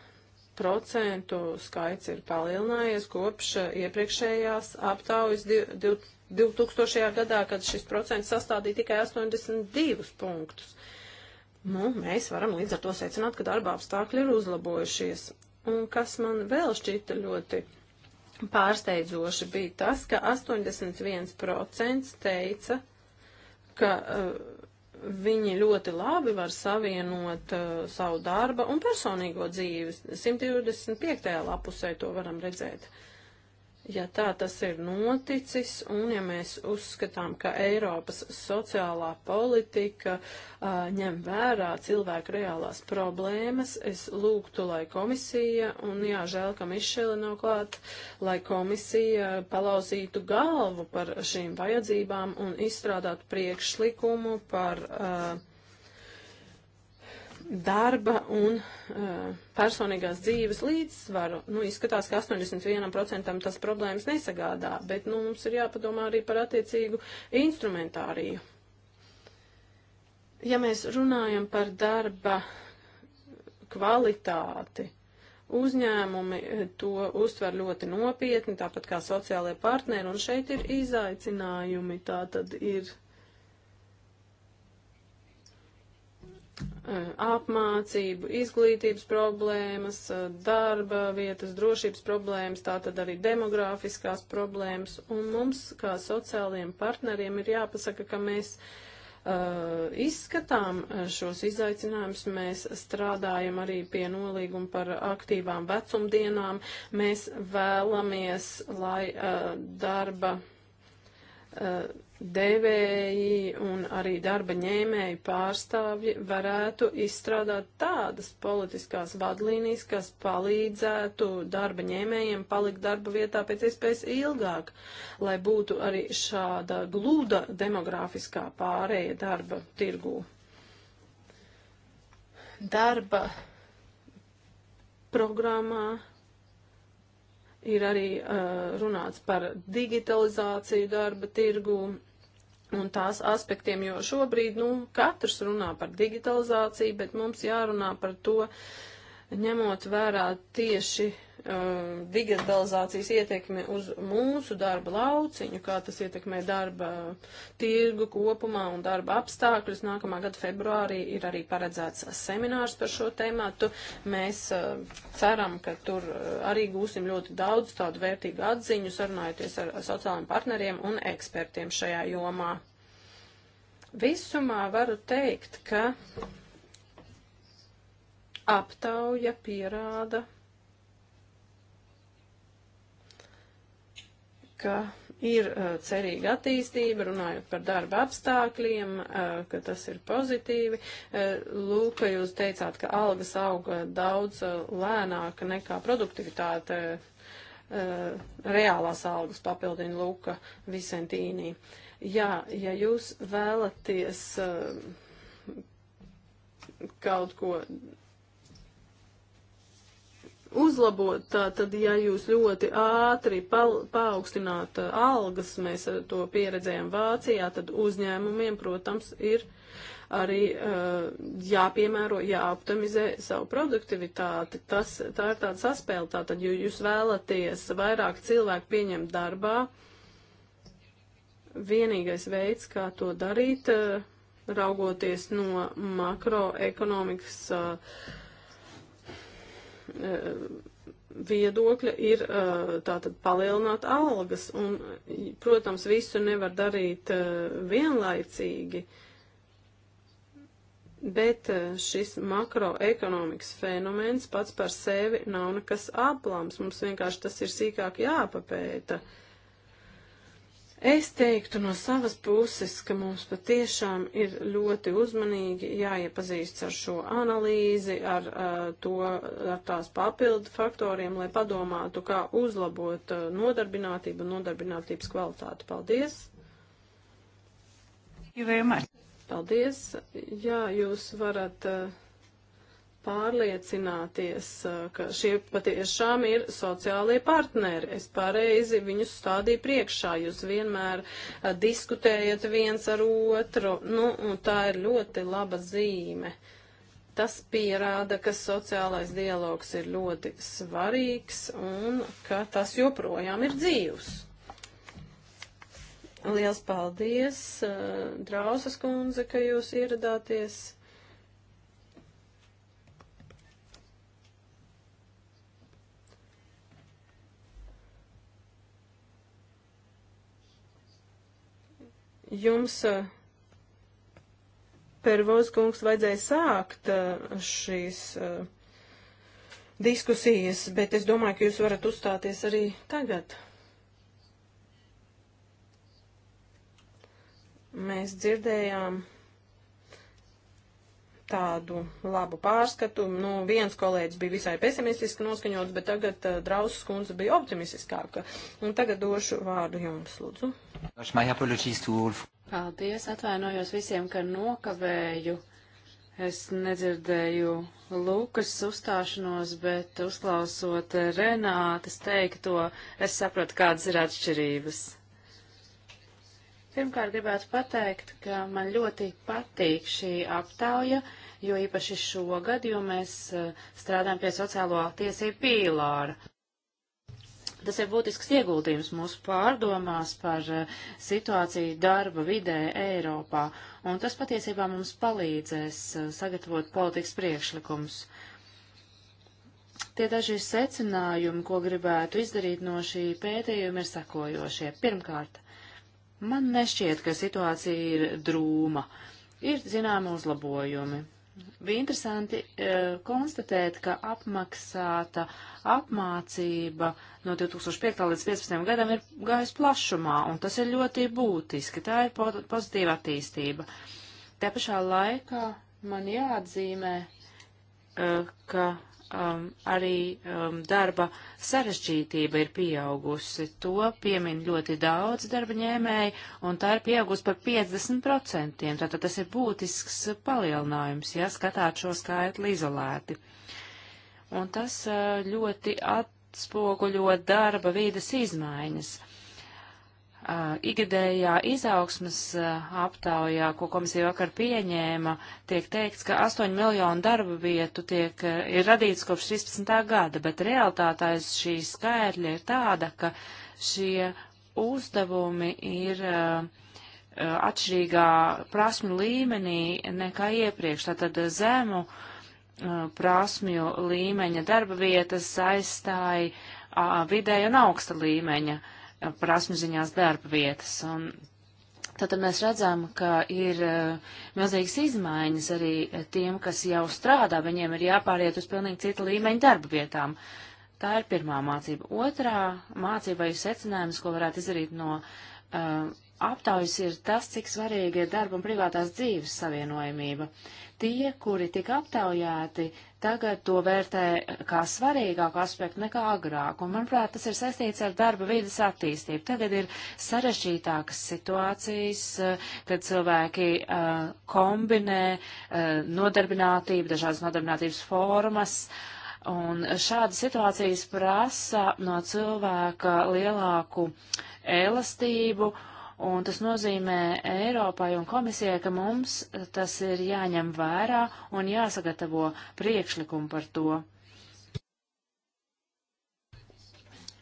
Speaker 3: procentu skaits ir palielinājies kopš eh, iepriekšējās aptaujas 2000. gadā, kad šis procents sastādīja tikai 82 punktus. Nu, mēs varam līdz ar to secināt, ka darba apstākļi ir uzlabojušies. Un kas man vēl šķita ļoti pārsteidzoši bija tas, ka 81% teica, ka uh, viņi ļoti labi var savienot uh, savu darba un personīgo dzīvi. 125. lapusē to varam redzēt. Uh, Ja tā tas ir noticis, un ja mēs uzskatām, ka Eiropas sociālā politika uh, ņem vērā cilvēku reālās problēmas, es lūgtu, lai komisija, un jā, žēl, ka Mišela nav klāt, lai komisija palauzītu galvu par šīm vajadzībām un izstrādātu priekšlikumu par. Uh, darba un uh, personīgās dzīves līdzsvaru. Nu, izskatās, ka 81% tas problēmas nesagādā, bet nu, mums ir jāpadomā arī par attiecīgu instrumentāriju. Ja mēs runājam par darba kvalitāti, uzņēmumi eh, to uztver ļoti nopietni, tāpat kā sociālajie partneri, un šeit ir izaicinājumi, tā tad ir apmācību, izglītības problēmas, darba vietas, drošības problēmas, tātad arī demografiskās problēmas. Un mums, kā sociālajiem partneriem, ir jāpasaka, ka mēs uh, izskatām šos izaicinājumus, mēs strādājam arī pie nolīguma par aktīvām vecumdienām, mēs vēlamies, lai uh, darba. Uh, devēji un arī darba ņēmēji pārstāvji varētu izstrādāt tādas politiskās vadlīnijas, kas palīdzētu darba ņēmējiem palikt darba vietā pēc iespējas ilgāk, lai būtu arī šāda glūda demografiskā pārēja darba tirgū. Darba programmā ir arī uh, runāts par digitalizāciju darba tirgū un tās aspektiem, jo šobrīd, nu, katrs runā par digitalizāciju, bet mums jārunā par to, ņemot vērā tieši um, digitalizācijas ietekme uz mūsu darba lauciņu, kā tas ietekmē darba tirgu kopumā un darba apstākļus. Nākamā gada februārī ir arī paredzēts seminārs par šo tēmātu. Mēs uh, ceram, ka tur uh, arī gūsim ļoti daudz tādu vērtīgu atziņu, sarunājoties ar sociālajiem partneriem un ekspertiem šajā jomā. Visumā varu teikt, ka aptauja pierāda ka ir uh, cerīga attīstība, runājot par darba apstākļiem, uh, ka tas ir pozitīvi. Uh, lūk, jūs teicāt, ka algas auga daudz lēnāk nekā produktivitāte reālās algas papildina Luka Visentīnī. Jā, ja jūs vēlaties kaut ko uzlabot. Tātad, ja jūs ļoti ātri paaugstināt algas, mēs to pieredzējām Vācijā, tad uzņēmumiem, protams, ir arī uh, jāpiemēro, jāoptimizē savu produktivitāti. Tas, tā ir tāda saspēle. Tātad, ja jūs vēlaties vairāk cilvēku pieņemt darbā, vienīgais veids, kā to darīt, uh, raugoties no makroekonomikas uh, Eh, viedokļa ir eh, tātad palielināt algas, un, protams, visu nevar darīt eh, vienlaicīgi, bet šis makroekonomikas fenomens pats par sevi nav nekas aplams, mums vienkārši tas ir sīkāk jāpapēta. Uh, Es teiktu no savas puses, ka mums patiešām ir ļoti uzmanīgi jāiepazīstas ar šo analīzi, ar, uh, to, ar tās papildu faktoriem, lai padomātu, kā uzlabot uh, nodarbinātību un nodarbinātības kvalitāti. Paldies! Paldies! Jā, jūs varat. Uh, pārliecināties, ka šie patiešām ir sociālie partneri. Es pareizi viņus stādīju priekšā, jūs vienmēr diskutējat viens ar otru, nu, un tā ir ļoti laba zīme. Tas pierāda, ka sociālais dialogs ir ļoti svarīgs un ka tas joprojām ir dzīvs. Liels paldies, Drausas kundze, ka jūs ieradāties. jums, eh, Pervoz kungs, vajadzēja sākt eh, šīs eh, diskusijas, bet es domāju, ka jūs varat uzstāties arī tagad. Mēs dzirdējām tādu labu pārskatu. Nu, viens kolēģis bija visai pesimistiski noskaņots, bet tagad uh, Drausas kundze bija optimistiskāka. Un tagad došu vārdu jums, lūdzu.
Speaker 2: Paldies,
Speaker 1: atvainojos visiem, ka nokavēju. Es nedzirdēju Lukas uzstāšanos, bet uzklausot Renātas teikto, es sapratu, kādas ir atšķirības. Pirmkārt, gribētu pateikt, ka man ļoti patīk šī aptauja, jo īpaši šogad, jo mēs eh, strādājam pie sociālo tiesību pīlāra. Tas ir būtisks ieguldījums mūsu pārdomās par uh, situāciju darba vidē Eiropā, un tas patiesībā mums palīdzēs uh, sagatavot politikas priekšlikums. Tie daži secinājumi, ko gribētu izdarīt no šī pētījuma, ir sekojošie. Pirmkārt, man nešķiet, ka situācija ir drūma. Ir zināmi uzlabojumi bija interesanti uh, konstatēt, ka apmaksāta apmācība no 2005. līdz 2015. gadam ir gājusi plašumā, un tas ir ļoti būtiski. Tā ir po pozitīva attīstība. Te pašā laikā man jāatzīmē, uh, ka um, arī um, darba sarežģītība ir pieaugusi. To piemin ļoti daudz darba ņēmēji, un tā ir pieaugusi par 50%. Tātad tas ir būtisks palielinājums, ja skatāt šo skaitli izolēti. Un tas uh, ļoti atspoguļo darba vīdes izmaiņas. Igadējā izaugsmas aptaujā, ko komisija vakar pieņēma, tiek teikts, ka 8 miljonu darba vietu tiek, ir radīts kopš 13. gada, bet realitātais šī skaitļa ir tāda, ka šie uzdevumi ir atšķirīgā prasmju līmenī nekā iepriekš, tātad zemu prasmju līmeņa darba vietas aizstāja vidēja un augsta līmeņa prasmu ziņās darba vietas. Un Tātad mēs redzam, ka ir eh, milzīgas izmaiņas arī tiem, kas jau strādā, viņiem ir jāpāriet uz pilnīgi cita līmeņa darba vietām. Tā ir pirmā mācība. Otrā mācība vai secinājums, ko varētu izdarīt no uh, aptaujas, ir tas, cik svarīga ir darba un privātās dzīves savienojamība. Tie, kuri tika aptaujāti, uh, tagad to vērtē kā svarīgāku aspektu nekā agrāk, un, manuprāt, tas ir saistīts ar darba vidas attīstību. Tagad ir sarežģītākas situācijas, eh, kad cilvēki uh, kombinē uh, nodarbinātību, dažādas nodarbinātības formas, un šādas situācijas prasa no cilvēka lielāku elastību Un tas nozīmē Eiropai un komisijai, ka mums tas ir jāņem vērā un jāsagatavo priekšlikumu par to.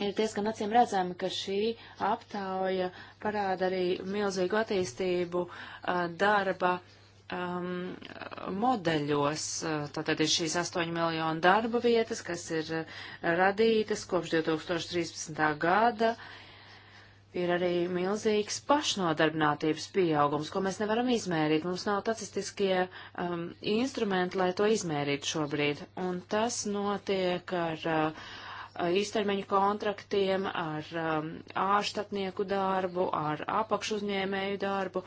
Speaker 1: Ir diezgan acīm redzami, ka šī aptauja parāda arī milzīgu attīstību darba um, modeļos. Tātad ir šīs 8 miljonu darba vietas, kas ir radītas kopš 2013. gada ir arī milzīgs pašnodarbinātības pieaugums, ko mēs nevaram izmērīt. Mums nav tacistiskie um, instrumenti, lai to izmērītu šobrīd. Un tas notiek ar uh, īstermeņu kontraktiem, ar um, ārštatnieku darbu, ar apakšuzņēmēju darbu.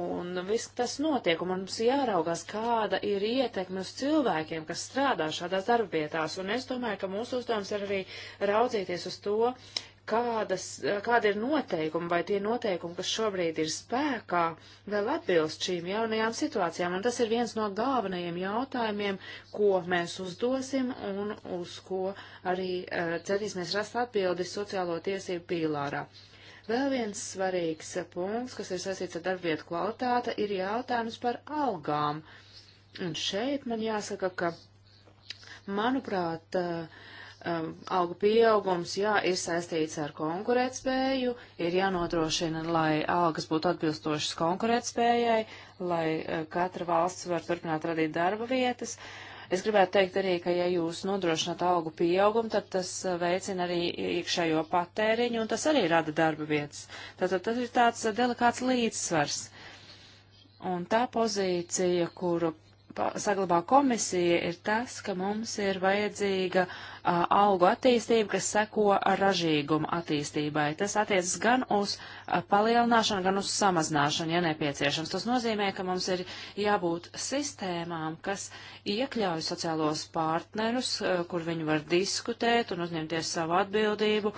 Speaker 1: Un viss tas notiek, un mums jāraugās, kāda ir ietekme uz cilvēkiem, kas strādā šādās darbvietās. Un es domāju, ka mūsu uzdevums ir arī raudzīties uz to, kādas, kāda ir noteikuma vai tie noteikumi, kas šobrīd ir spēkā, vēl atbilst šīm jaunajām situācijām. Un tas ir viens no galvenajiem jautājumiem, ko mēs uzdosim un uz ko arī uh, centīsimies rast atbildi sociālo tiesību pīlārā. Vēl viens svarīgs punkts, kas ir saistīts ar darbvietu kvalitāte, ir jautājums par algām. Un šeit man jāsaka, ka, manuprāt, uh, um, algu pieaugums, jā, ir saistīts ar konkurētspēju, ir jānodrošina, lai algas būtu atbilstošas konkurētspējai, lai uh, katra valsts var turpināt radīt darba vietas. Es gribētu teikt arī, ka ja jūs nodrošināt algu pieaugumu, tad tas uh, veicina arī iekšējo patēriņu, un tas arī rada darba vietas. Tātad tas ir tāds uh, delikāts līdzsvars. Un tā pozīcija, kuru saglabā komisija, ir tas, ka mums ir vajadzīga a, algu attīstība, kas seko ražīguma attīstībai. Tas attiecas gan uz a, palielināšanu, gan uz samazināšanu, ja nepieciešams. Tas nozīmē, ka mums ir jābūt sistēmām, kas iekļauj sociālos partnerus, a, kur viņi var diskutēt un uzņemties savu atbildību,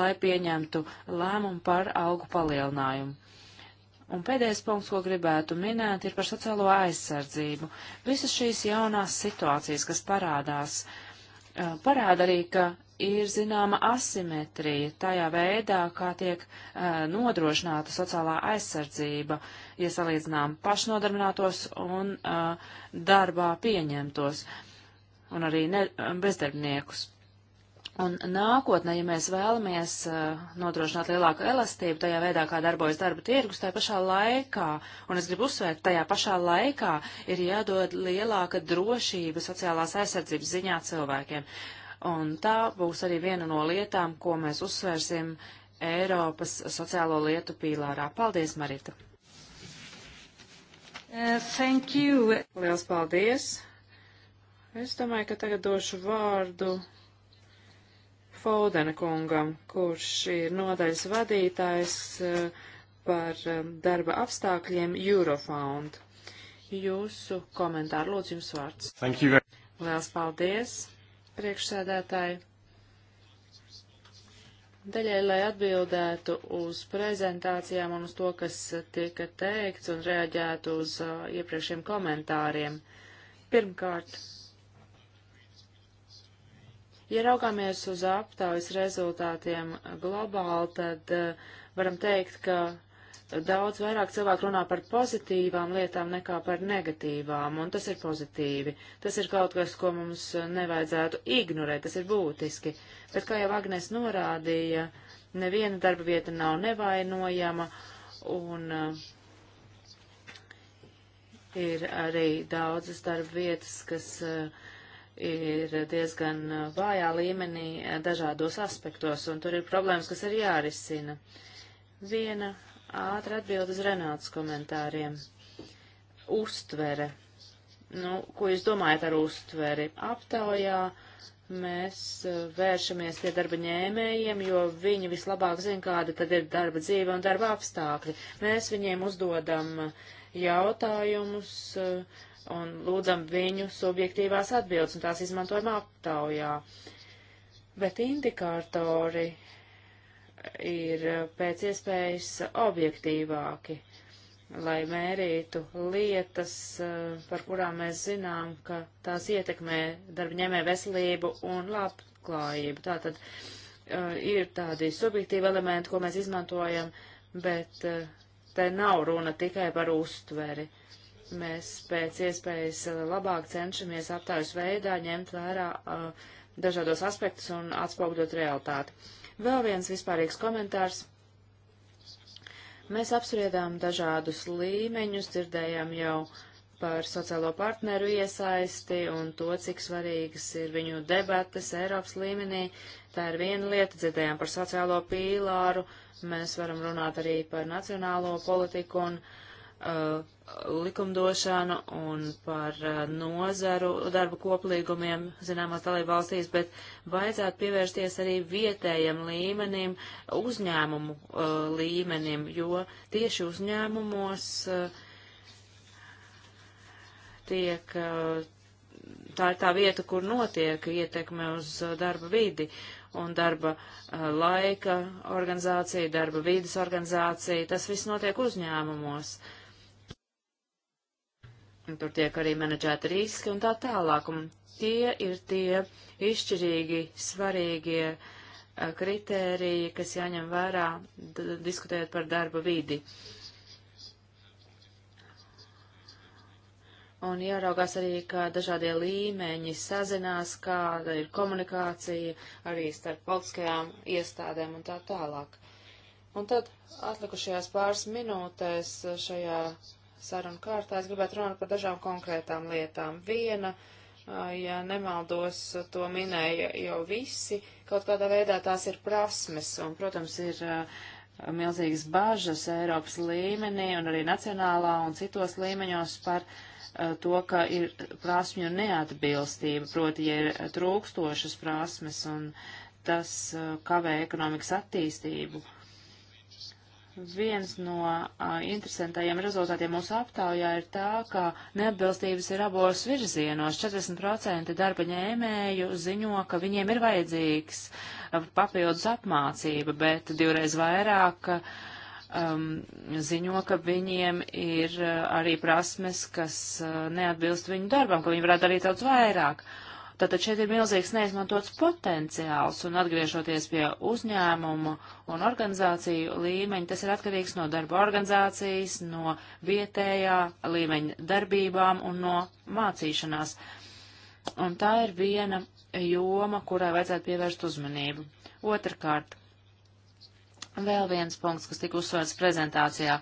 Speaker 1: lai pieņemtu lēmumu par algu palielinājumu. Un pēdējais punkts, ko gribētu minēt, ir par sociālo aizsardzību. Visas šīs jaunās situācijas, kas parādās, parāda arī, ka ir zināma asimetrija tajā veidā, kā tiek nodrošināta sociālā aizsardzība, ja salīdzinām pašnodarbinātos un darbā pieņemtos, un arī ne, bezdarbniekus. Un nākotnē, ja mēs vēlamies uh, nodrošināt lielāku elastību tajā veidā, kā darbojas darba tirgus, tajā pašā laikā, un es gribu uzsvērt, tajā pašā laikā ir jādod lielāka drošība sociālās aizsardzības ziņā cilvēkiem. Un tā būs arī viena no lietām, ko mēs uzsvērsim Eiropas sociālo lietu pīlārā. Paldies, Marita! Uh, thank you! Liels paldies! Es domāju, ka tagad došu vārdu Fodena kungam, kurš ir nodaļas vadītājs eh, par eh, darba apstākļiem Eurofound. Jūsu komentāru lūdzu jums vārds. Thank you. Liels paldies, priekšsēdētāji. Daļai, lai atbildētu uz prezentācijām un uz to, kas tika teikts un reaģētu uz uh, eh, iepriekšiem komentāriem. Pirmkārt, Ja raugāmies uz aptaujas rezultātiem globāli, tad eh, varam teikt, ka daudz vairāk cilvēku runā par pozitīvām lietām nekā par negatīvām, un tas ir pozitīvi. Tas ir kaut kas, ko mums nevajadzētu ignorēt, tas ir būtiski. Bet, kā jau Agnes norādīja, neviena darba vieta nav nevainojama, un uh, ir arī daudzas darba vietas, kas uh, ir diezgan vājā līmenī dažādos aspektos, un tur ir problēmas, kas ir jārisina. Viena ātra atbild uz Renāts komentāriem. Uztvere. Nu, ko jūs domājat ar uztveri? Aptaujā mēs vēršamies pie darba ņēmējiem, jo viņi vislabāk zina, kāda tad ir darba dzīve un darba apstākļi. Mēs viņiem uzdodam jautājumus, uh, un lūdzam viņu subjektīvās atbildes, un tās izmantojam aptaujā. Bet indikātori ir pēc iespējas objektīvāki, lai mērītu lietas, eh, par kurām mēs zinām, ka tās ietekmē darbņēmē veselību un labklājību. Tātad eh, ir tādi subjektīvi elementi, ko mēs izmantojam, bet eh, te nav runa tikai par uztveri. Uh, Mēs pēc iespējas uh, labāk cenšamies aptājas veidā ņemt vērā uh, dažādos aspektus un atspoguļot realitāti. Vēl viens vispārīgs komentārs. Mēs apspriedām dažādus līmeņus, dzirdējām jau par sociālo partneru iesaisti un to, cik svarīgas ir viņu debates Eiropas līmenī. Tā ir viena lieta, dzirdējām par sociālo pīlāru, mēs varam runāt arī par nacionālo politiku un uh, Uh, likumdošanu un par uh, nozaru darba koplīgumiem zināmās dalība valstīs, bet vajadzētu pievērsties arī vietējiem līmenim, uzņēmumu uh, līmenim, jo tieši uzņēmumos uh, tiek, uh, tā ir tā vieta, kur notiek ietekme uz uh, darba vidi un darba laika organizācija, darba vidas organizācija, tas viss notiek uzņēmumos. Uh, Tur tiek arī menedžēta riski un tā tālāk. Un tie ir tie izšķirīgi svarīgie a, eh, kritēriji, kas jāņem vērā, diskutējot par darba vidi. Un jāraugās arī, kā dažādie līmeņi sazinās, kāda ir komunikācija arī starp politiskajām iestādēm un tā tālāk. Un tad atlikušajās pāris minūtēs eh, šajā sarunu kārtā. Es gribētu runāt par dažām konkrētām lietām. Viena, ja nemaldos, to minēja jau visi, kaut kādā veidā tās ir prasmes un, protams, ir milzīgas bažas Eiropas līmenī un arī nacionālā un citos līmeņos par to, ka ir prasmju neatbilstība, proti, ja ir trūkstošas prasmes un tas kavē ekonomikas attīstību. Uh, viens no uh, interesantajiem rezultātiem mūsu aptaujā ir tā, ka neatbilstības ir abos virzienos. 40% darba ņēmēju ziņo, ka viņiem ir vajadzīgs uh, papildus apmācība, bet divreiz vairāk um, ziņo, ka viņiem ir uh, arī prasmes, kas uh, neatbilst viņu darbam, ka viņi varētu darīt daudz vairāk. Uh, Tātad šeit ir milzīgs neizmantots potenciāls, un atgriežoties pie uzņēmumu un organizāciju līmeņa, tas ir atkarīgs no darba organizācijas, no vietējā līmeņa darbībām un no mācīšanās. Un tā ir viena joma, kurai vajadzētu pievērst uzmanību. Otrakārt, vēl viens punkts, kas tika uzsvērts prezentācijā.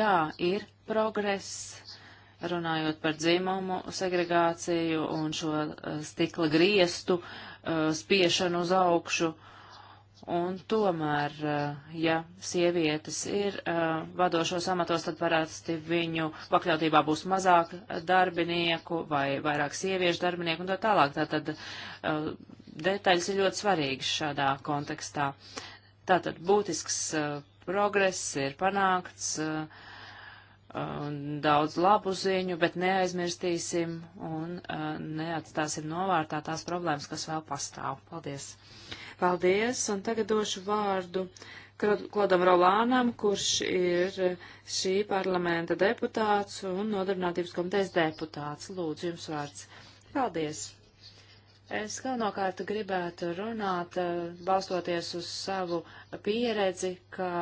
Speaker 1: Jā, ir progress runājot par dzimumu segregāciju un šo eh, stikla griestu eh, spiešanu uz augšu. Un tomēr, eh, ja sievietes ir vadošos amatos, tad parasti viņu pakļautībā būs mazāk darbinieku vai vairāk sieviešu darbinieku un tā tālāk. Tātad detaļas ir ļoti svarīgas šādā kontekstā. Tātad būtisks progress ir panākts. Uh, daudz labu ziņu, bet neaizmirstīsim un uh, neatstāsim novārtā tās problēmas, kas vēl pastāv. Paldies! Paldies! Un tagad došu vārdu Klodam Rolānam, kurš ir šī parlamenta deputāts un nodarbinātības komitejas deputāts. Lūdzu, jums vārds. Paldies! Es galvenokārt gribētu runāt, uh, balstoties uz savu pieredzi, kā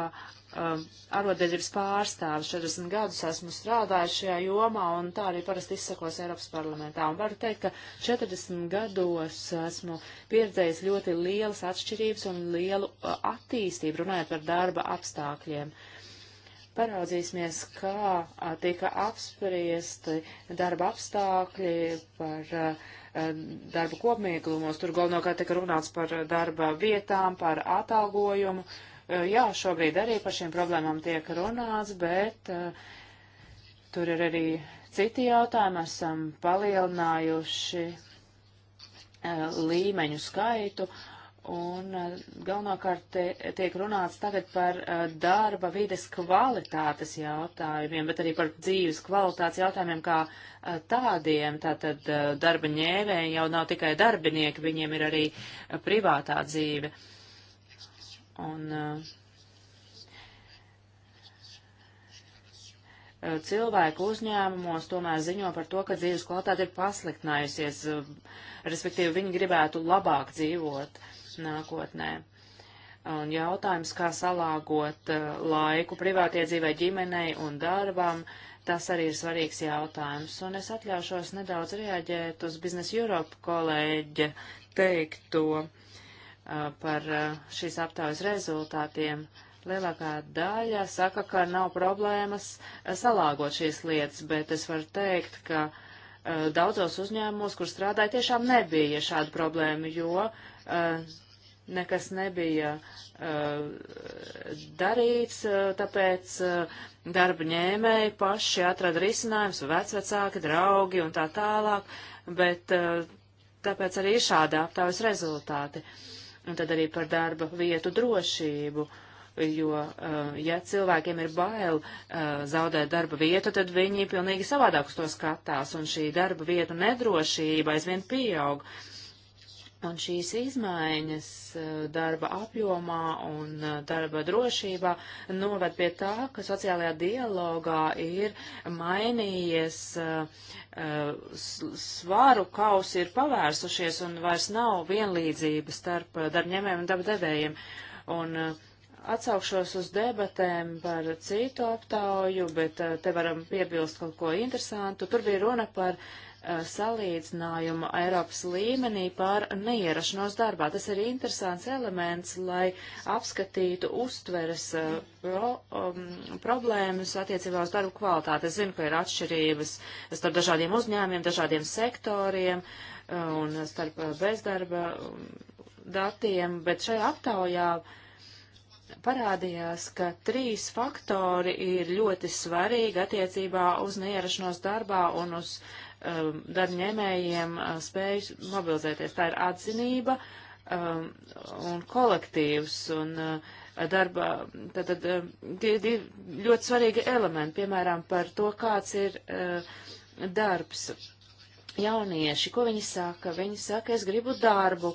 Speaker 1: um, arotbiedrības pārstāvis. 40 gadus esmu strādājis šajā jomā un tā arī parasti izsakos Eiropas parlamentā. Un varu teikt, ka 40 gados esmu pieredzējis ļoti lielas atšķirības un lielu uh, attīstību runājot par darba apstākļiem. Paraudzīsimies, kā uh, tika apspriesti darba apstākļi par uh, uh darba kopmīklumos. Tur galvenokārt tika runāts par uh, darba vietām, par atalgojumu. Uh, Eh, jā, šobrīd arī par šīm problēmām tiek runāts, bet eh, tur ir arī citi jautājumi. Esam palielinājuši eh, līmeņu skaitu un galvenokārt tiek runāts tagad par darba vides kvalitātes jautājumiem, bet arī par dzīves kvalitātes jautājumiem kā tādiem. Tātad darba ņēvēji jau nav tikai darbinieki, viņiem ir arī privātā dzīve. Uh, Un uh, cilvēku uzņēmumos tomēr ziņo par to, ka dzīves kvalitāte ir pasliktinājusies, eh, respektīvi viņi gribētu labāk dzīvot nākotnē. Un jautājums, kā salāgot laiku privātie dzīvē ģimenei un darbam, tas arī ir svarīgs jautājums. Un es atļaušos nedaudz reaģēt uz Biznes Europe kolēģa teikto. Uh, par uh, šīs aptaujas rezultātiem. Lielākā daļa saka, ka nav problēmas uh, salāgot šīs lietas, bet es varu teikt, ka daudzos uzņēmumos, kur strādāja, tiešām nebija šāda problēma, jo nekas nebija darīts, tāpēc darba ņēmēji paši atrada risinājums, vecvecāki, draugi un tā tālāk, bet tāpēc arī šādi aptaujas rezultāti. Uh, Un tad arī par darba vietu drošību jo, eh, ja cilvēkiem ir bail eh, zaudēt darba vietu, tad viņi pilnīgi savādāk uz to skatās, un šī darba vietu nedrošība aizvien pieaug. Un šīs izmaiņas eh, darba apjomā un eh, darba drošībā noved pie tā, ka sociālajā dialogā ir mainījies eh, svaru kausi ir pavērsušies un vairs nav vienlīdzība starp darbņēmējiem un darba devējiem. Un atsaukšos uz debatēm par citu aptauju, bet te varam piebilst kaut ko interesantu. Tur bija runa par uh, Eh, salīdzinājumu Eiropas līmenī par neierašanos darbā. Tas ir interesants elements, lai apskatītu uztveres eh, pro, um, problēmas attiecībā uz darbu kvalitāti. Es zinu, ka ir atšķirības starp dažādiem uzņēmiem, dažādiem sektoriem eh, un starp bezdarba um, datiem, bet šajā aptaujā parādījās, ka trīs faktori ir ļoti svarīgi attiecībā uz neierašanos darbā un uz uh, um, darbņēmējiem uh, spēju mobilizēties. Tā ir atzinība um, un kolektīvs un uh, darba, tad, tad um, tie ir ļoti svarīgi elementi, piemēram, par to, kāds ir uh, darbs. Jaunieši, ko viņi saka? Viņi saka, es gribu darbu,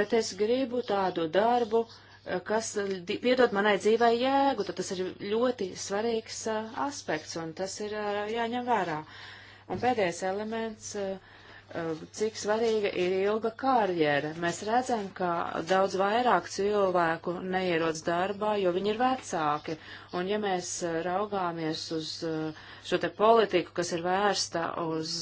Speaker 1: bet es gribu tādu darbu, uh, kas uh, piedod manai dzīvai jēgu, tad tas ir ļoti svarīgs uh, aspekts, un tas ir uh, jāņem vērā. Un pēdējais elements, eh, eh, cik svarīga ir ilga karjera. Mēs redzam, ka daudz vairāk cilvēku neierodas darbā, jo viņi ir vecāki. Un ja mēs eh, raugāmies uz šo te politiku, kas ir vērsta uz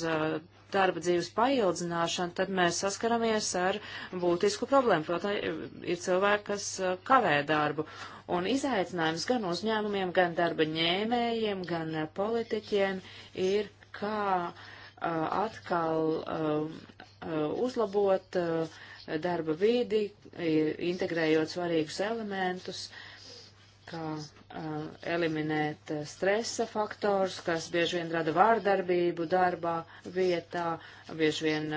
Speaker 1: darba dzīves paildzināšanu, tad mēs saskaramies ar būtisku problēmu. Protams, ir cilvēki, kas kavē darbu. Un izaicinājums gan uzņēmumiem, gan darba ņēmējiem, gan politiķiem ir kā atkal uzlabot darba vidi, integrējot svarīgus elementus, kā eliminēt stresa faktors, kas bieži vien rada vārdarbību darbā vietā, bieži vien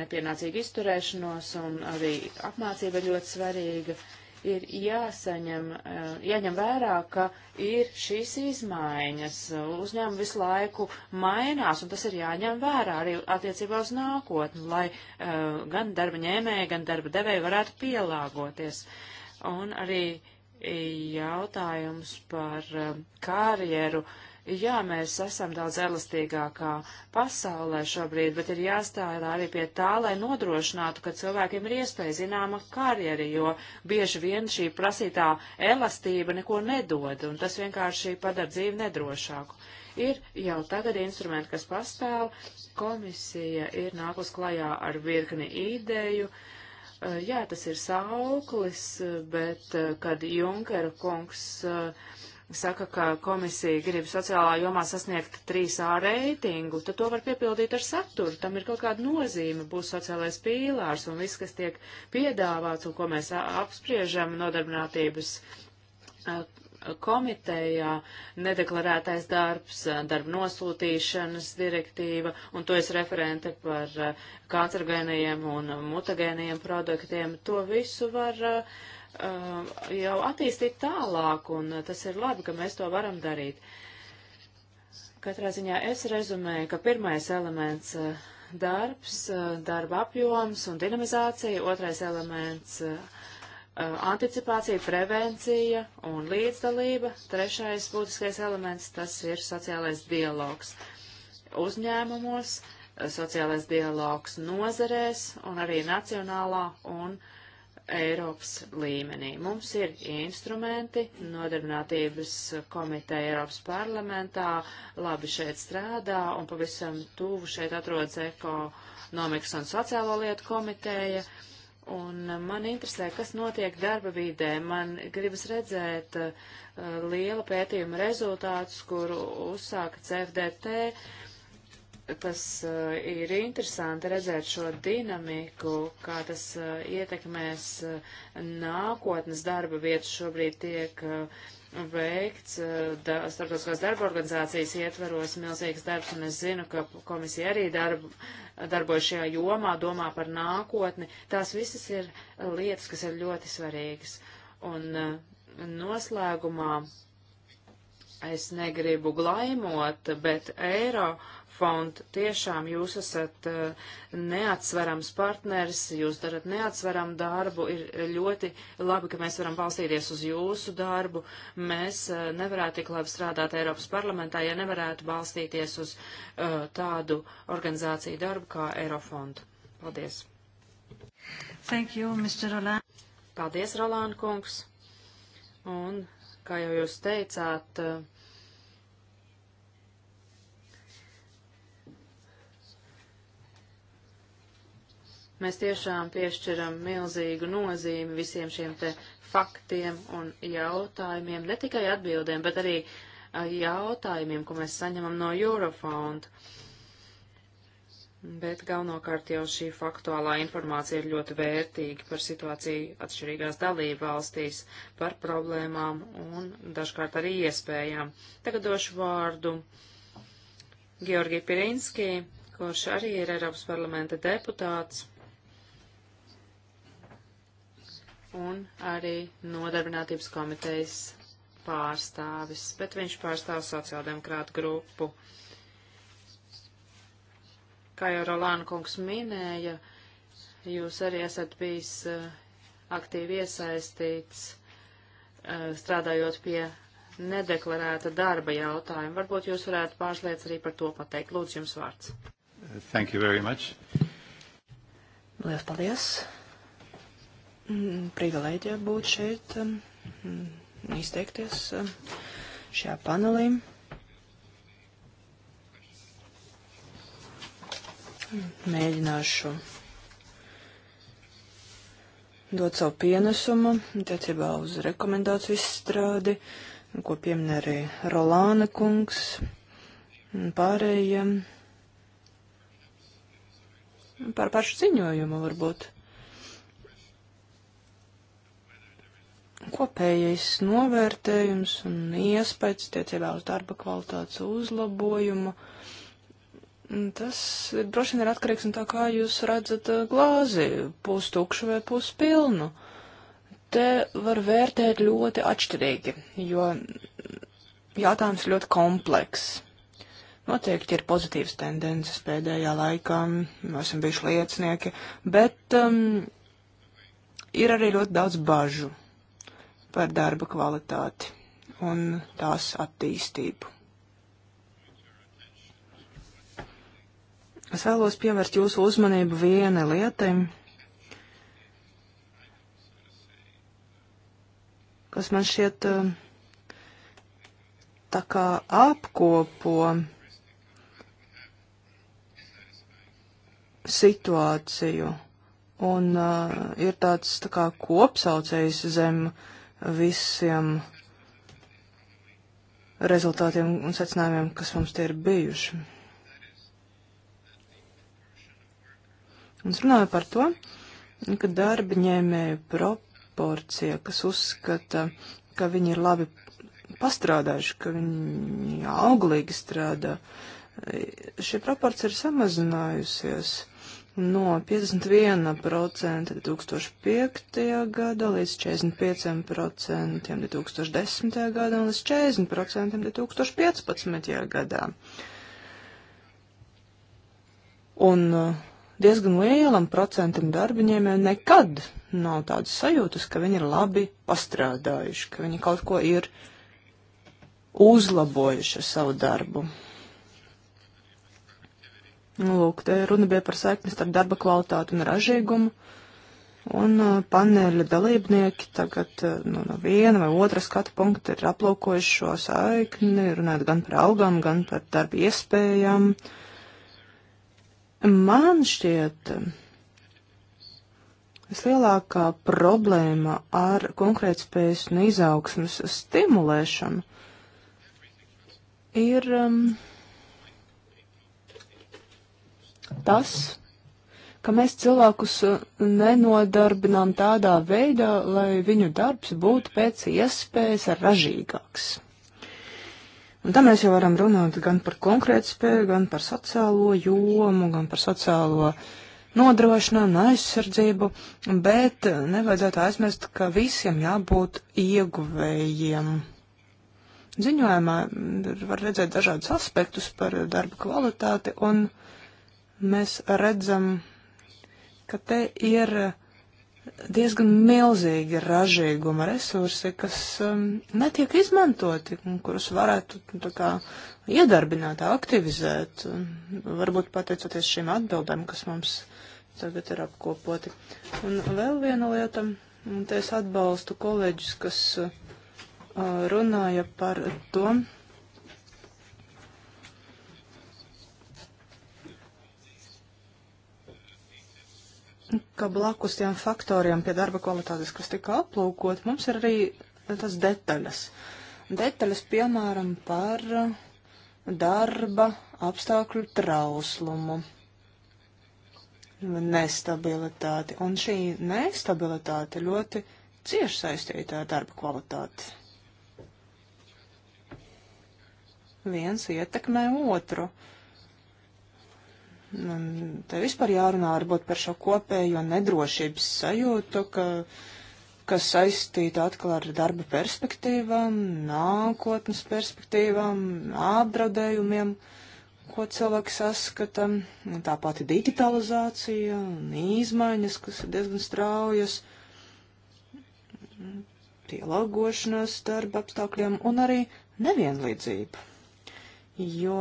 Speaker 1: nepienācīgu izturēšanos, un arī apmācība ļoti svarīga. Uh, ir jāsaņem, eh, jāņem vērā, ka ir šīs izmaiņas. Uzņēmumi visu laiku mainās, un tas ir jāņem vērā arī attiecībā uz nākotni, lai uh, gan darba ņēmēji, gan darba devēji varētu pielāgoties. Un arī jautājums par eh, karjeru Jā, mēs esam daudz elastīgākā pasaulē šobrīd, bet ir jāstādā arī pie tā, lai nodrošinātu, ka cilvēkiem ir iespēja zināma karjeri, jo bieži vien šī prasītā elastība neko nedod, un tas vienkārši padara dzīvi nedrošāku. Ir jau tagad instrumenti, kas pastāv, komisija ir nākus klajā ar virkni ideju. Uh, jā, tas ir sauklis, uh, bet uh, kad Junkera kungs uh, saka, ka komisija grib sociālā jomā sasniegt 3A reitingu, tad to var piepildīt ar saturu. Tam ir kaut kāda nozīme, būs sociālais pīlārs un viss, kas tiek piedāvāts un ko mēs apspriežam nodarbinātības komitejā, nedeklarētais darbs, darba nosūtīšanas direktīva, un to es referente par kancergēniem un mutagēniem produktiem. To visu var uh, Uh, jau attīstīt tālāk, un uh, tas ir labi, ka mēs to varam darīt. Katrā ziņā es rezumēju, ka pirmais elements uh, - darbs, darba apjoms un dinamizācija, otrais elements - anticipācija, prevencija un līdzdalība, trešais būtiskais elements - tas ir sociālais dialogs uzņēmumos, sociālais dialogs nozerēs un arī nacionālā un uh, Eiropas līmenī. Mums ir instrumenti, nodarbinātības komiteja Eiropas parlamentā, labi šeit strādā un pavisam tuvu šeit atrodas ekonomikas un sociālo lietu komiteja. Un man interesē, kas notiek darba vidē. Man gribas redzēt uh, liela pētījuma rezultātus, kuru uzsāka CFDT. Uh, kas eh, ir interesanti redzēt šo dinamiku, kā tas eh, ietekmēs eh, nākotnes darba vietas šobrīd tiek veikts da, starptautiskās darba organizācijas ietveros milzīgs darbs, un es zinu, ka komisija arī darb, darbojas šajā jomā, domā par nākotni. Tās visas ir lietas, kas ir ļoti svarīgas. Un noslēgumā es negribu glaimot, bet eiro Fond. Tiešām jūs esat uh, neatsverams partneris, jūs darat neatsveram darbu, ir ļoti labi, ka mēs varam balstīties uz jūsu darbu. Mēs uh, nevarētu tik labi strādāt Eiropas parlamentā, ja nevarētu balstīties uz uh, tādu organizāciju darbu kā Eirofond. Paldies! Thank you, Mr. Roland. Paldies, Rolāna kungs! Un, kā jau jūs teicāt, uh, Mēs tiešām piešķiram milzīgu nozīmi visiem šiem te faktiem un jautājumiem, ne tikai atbildēm, bet arī jautājumiem, ko mēs saņemam no Eurofonda. Bet galvenokārt jau šī faktuālā informācija ir ļoti vērtīga par situāciju atšķirīgās dalību valstīs, par problēmām un dažkārt arī iespējām. Tagad došu vārdu Georgi Pirinski, kurš arī ir Eiropas parlamenta deputāts. un arī nodarbinātības komitejas pārstāvis, bet viņš pārstāv sociāldemokrātu grupu. Kā jau Rolāna kungs minēja, jūs arī esat bijis uh, aktīvi iesaistīts uh, strādājot pie nedeklarēta darba jautājuma. Varbūt jūs varētu pāris lietas arī par to pateikt. Lūdzu, jums vārds.
Speaker 3: Thank you very much.
Speaker 2: Lielas paldies. Mm, privilēģija būt šeit, mm, mm, izteikties šajā panelī. Mēģināšu dot savu pienesumu attiecībā uz rekomendāciju izstrādi, ko piemin arī Rolāna kungs un pārējiem. Par pašu ziņojumu varbūt. kopējais novērtējums un iespējas tiecībā uz darba kvalitātes uzlabojumu. Tas droši vien ir atkarīgs no tā, kā jūs redzat uh, glāzi, pustukšu vai puspilnu. Te var vērtēt ļoti atšķirīgi, jo jautājums ļoti kompleks. Noteikti ir pozitīvas tendences pēdējā laikā, mēs esam bijuši liecinieki, bet um, ir arī ļoti daudz bažu par darba kvalitāti un tās attīstību. Es vēlos pievērst jūsu uzmanību vienai lietai, kas man šķiet eh, tā kā apkopo situāciju un uh, ir tāds tā kā kopsaucējs zem uh, visiem rezultātiem un secinājumiem, kas mums tie ir bijuši. Un es runāju par to, ka darba ņēmēju proporcija, kas uzskata, ka viņi ir labi pastrādājuši, ka viņi auglīgi strādā, šī proporcija ir samazinājusies no 51% 2005. gada līdz 45% 2010. gada un līdz 40% 2015. gadā. Un uh, diezgan lielam procentam darbiņēmēju nekad nav tādas sajūtas, ka viņi ir labi pastrādājuši, ka viņi kaut ko ir uzlabojuši ar savu darbu. Nu, lūk, te runa bija par saiknes ar darba kvalitāti un ražīgumu. Un uh, paneļa dalībnieki tagad uh, nu, no viena vai otra skatu punkta ir aplūkojuši šo saikni, runājot gan par algām, gan par darba iespējām. Man šķiet, uh, vislielākā problēma ar konkrētspējas un izaugsmas stimulēšanu ir. Um, tas, ka mēs cilvēkus uh, nenodarbinām tādā veidā, lai viņu darbs būtu pēc iespējas ražīgāks. Un tā mēs jau varam runāt gan par konkrētu spēju, gan par sociālo jomu, gan par sociālo nodrošinājumu, aizsardzību, bet uh, nevajadzētu aizmirst, ka visiem jābūt ieguvējiem. Ziņojumā var redzēt dažādus aspektus par darba kvalitāti un uh, mēs redzam, ka te ir diezgan milzīgi ražīguma resursi, kas um, netiek izmantoti un kurus varētu nu, kā, iedarbināt, aktivizēt, varbūt pateicoties šīm atbildēm, kas mums tagad ir apkopoti. Un vēl viena lieta, un te es atbalstu kolēģis, kas uh, runāja par to, ka blakus tiem faktoriem pie darba kvalitātes, kas tika aplūkot, mums ir arī tas detaļas. Detaļas, piemēram, par darba apstākļu trauslumu, nestabilitāti. Un šī nestabilitāte ļoti cieši saistīta ar darba kvalitāti. Viens ietekmē otru. Uh, Un te vispār jārunā varbūt par šo kopējo nedrošības sajūtu, ka, kas saistīta atkal ar darba perspektīvām, nākotnes perspektīvām, apdraudējumiem, ko cilvēki saskata, tā pati digitalizācija un izmaiņas, kas ir diezgan straujas pielāgošanās darba apstākļiem un arī nevienlīdzība. Jo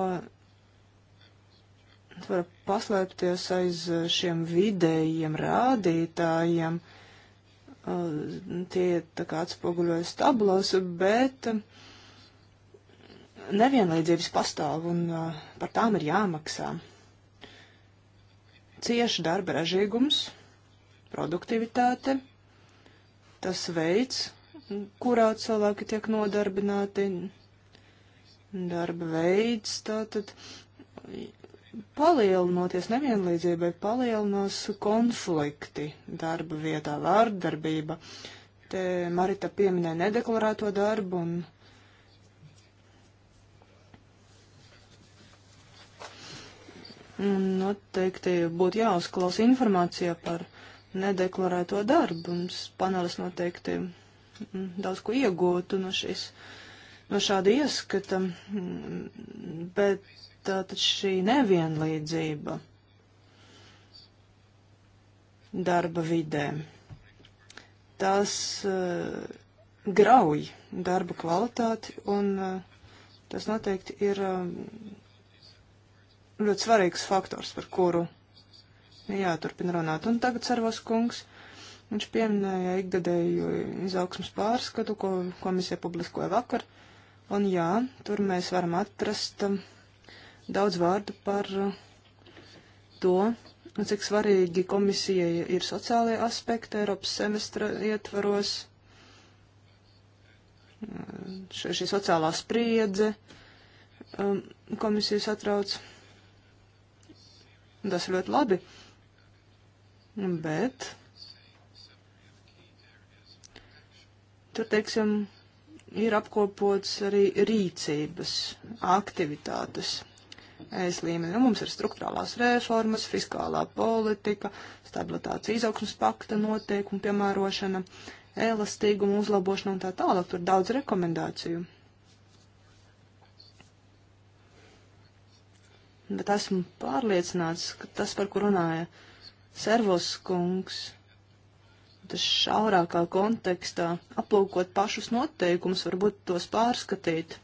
Speaker 2: var paslēpties aiz šiem vidējiem rādītājiem. Uh, tie tā kā atspoguļojas tablos, bet uh, nevienlīdzības pastāv un uh, par tām ir jāmaksā. Cieši darba ražīgums, produktivitāte, tas veids, kurā cilvēki tiek nodarbināti, darba veids, tātad palielinoties nevienlīdzībai, palielinās konflikti darba vietā, vārdarbība. Te Marita pieminēja nedeklarēto darbu un. Noteikti būtu jāuzklausa informācija par nedeklarēto darbu. Mums panelis noteikti mm, daudz ko iegūtu no šīs, no šāda ieskata, mm, bet tātad šī nevienlīdzība darba vidē, tas uh, grauj darba kvalitāti un uh, tas noteikti ir uh, ļoti svarīgs faktors, par kuru jāturpina runāt. Un tagad Sarvas kungs, viņš pieminēja ikgadēju izaugsmas pārskatu, ko komisija publiskoja vakar, un jā, tur mēs varam atrast. Uh, daudz vārdu par uh, to, cik svarīgi komisijai ir sociālajie aspekti Eiropas semestra ietvaros, uh, šī, šī sociālā spriedze um, komisijas atrauc. Tas ir ļoti labi, bet tur, teiksim, ir apkopots arī rīcības, aktivitātes es līmeni. Nu, mums ir struktūrālās reformas, fiskālā politika, stabilitātes izaugsmas pakta noteikuma piemērošana, elastīguma uzlabošana un tā tālāk. Tur daudz rekomendāciju. Bet esmu pārliecināts, ka tas, par kur runāja Servos kungs, tas šaurākā kontekstā, aplūkot pašus noteikumus, varbūt tos pārskatīt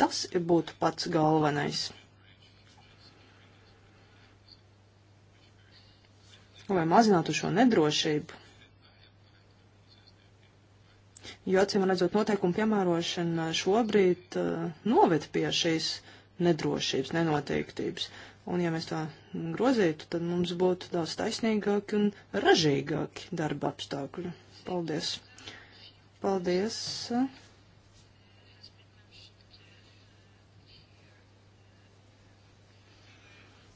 Speaker 2: Tas būtu pats galvenais. Lai mazinātu šo nedrošību, jo acīm redzot noteikumu piemērošana šobrīd uh, noved pie šīs nedrošības, nenoteiktības. Un ja mēs to grozītu, tad mums būtu daudz taisnīgāki un ražīgāki darba apstākļi. Paldies! Paldies! Uh,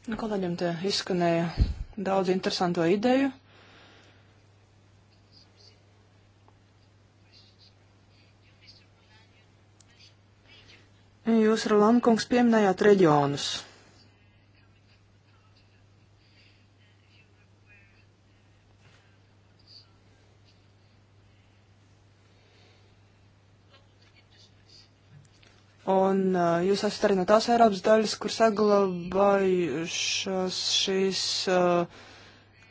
Speaker 2: Nu, kolēģiem te izskanēja daudz interesanto ideju. Jūs, Roland, kungs, pieminējāt reģionus. Un uh, jūs esat arī no tās Eiropas daļas, kur saglabājušas šīs, uh,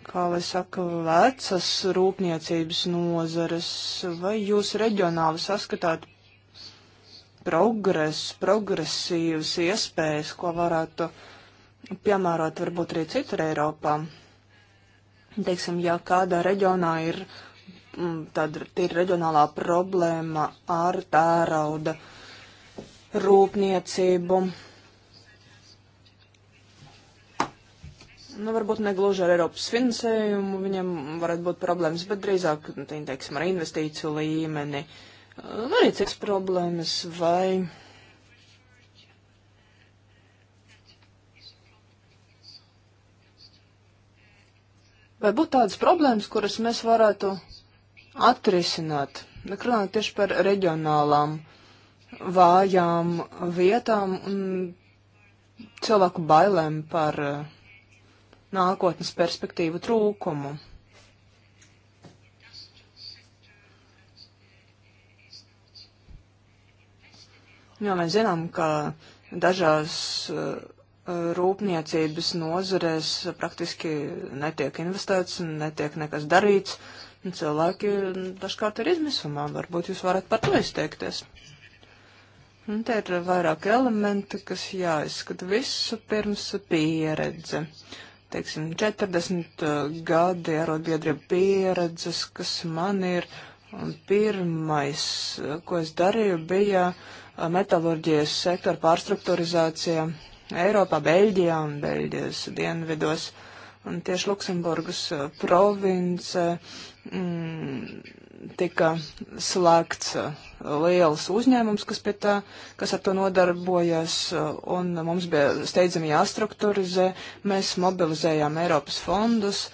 Speaker 2: kā lai saka, vecas rūpniecības nozares, vai jūs reģionāli saskatāt progresu, progresīvas iespējas, ko varētu piemērot varbūt arī citur Eiropā? Teiksim, ja kādā reģionā ir, mm, tad ir reģionālā problēma ar tērauda. Uh, rūpniecību. Nu, varbūt negluži ar Eiropas finansējumu viņam varētu būt problēmas, bet drīzāk, nu, teiksim, ar investīciju līmeni. Arī cits problēmas vai. Vai būtu tādas problēmas, kuras mēs varētu atrisināt? Runājot tieši par reģionālām uh, vājām vietām un cilvēku bailēm par eh, nākotnes perspektīvu trūkumu. Jo mēs zinām, ka dažās eh, rūpniecības nozarēs praktiski netiek investēts un netiek nekas darīts. Cilvēki mm, dažkārt ir izmisumā. Varbūt jūs varat par to izteikties. Un nu, te ir vairāk elementi, kas jāizskata visu pirms pieredze. Teiksim, 40 uh, gadi arotbiedrība pieredzes, kas man ir. Un pirmais, uh, ko es darīju, bija uh, metalurģijas sektora pārstruktūrizācija Eiropā, Beļģijā un Beļģijas dienvidos. Un tieši Luksemburgas province mm, tika slēgts uh, liels uzņēmums, kas, tā, kas ar to nodarbojās, uh, un mums bija steidzami jāstrukturizē. Mēs mobilizējām Eiropas fondus,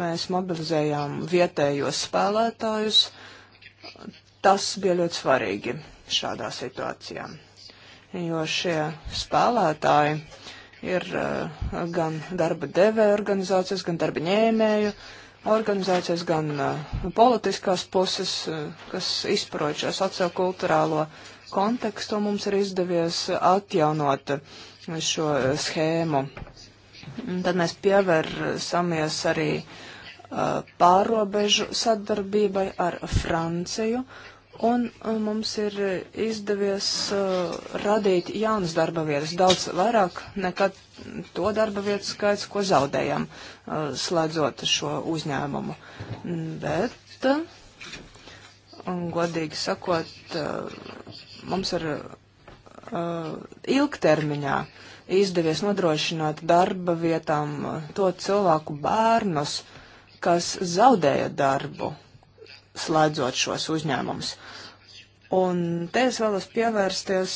Speaker 2: mēs mobilizējām vietējos spēlētājus. Tas bija ļoti svarīgi šādā situācijā, jo šie spēlētāji ir uh, gan darba devēja organizācijas, gan darba ņēmēju organizācijas organizācijas, gan uh, politiskās puses, uh, kas izprot šo sociokulturālo kontekstu, mums ir izdevies atjaunot šo uh, schēmu. Tad mēs pievērsamies arī pārobežu sadarbībai ar Franciju. Uh, Un uh, mums ir uh, izdevies uh, radīt jaunas darba vietas, daudz vairāk nekā to darba vietu skaits, ko zaudējam, uh, slēdzot šo uzņēmumu. Mm, bet, uh, godīgi sakot, uh, mums ir uh, ilgtermiņā izdevies nodrošināt darba vietām uh, to cilvēku bērnus, kas zaudēja darbu slēdzot šos uzņēmumus. Un te es vēlos pievērsties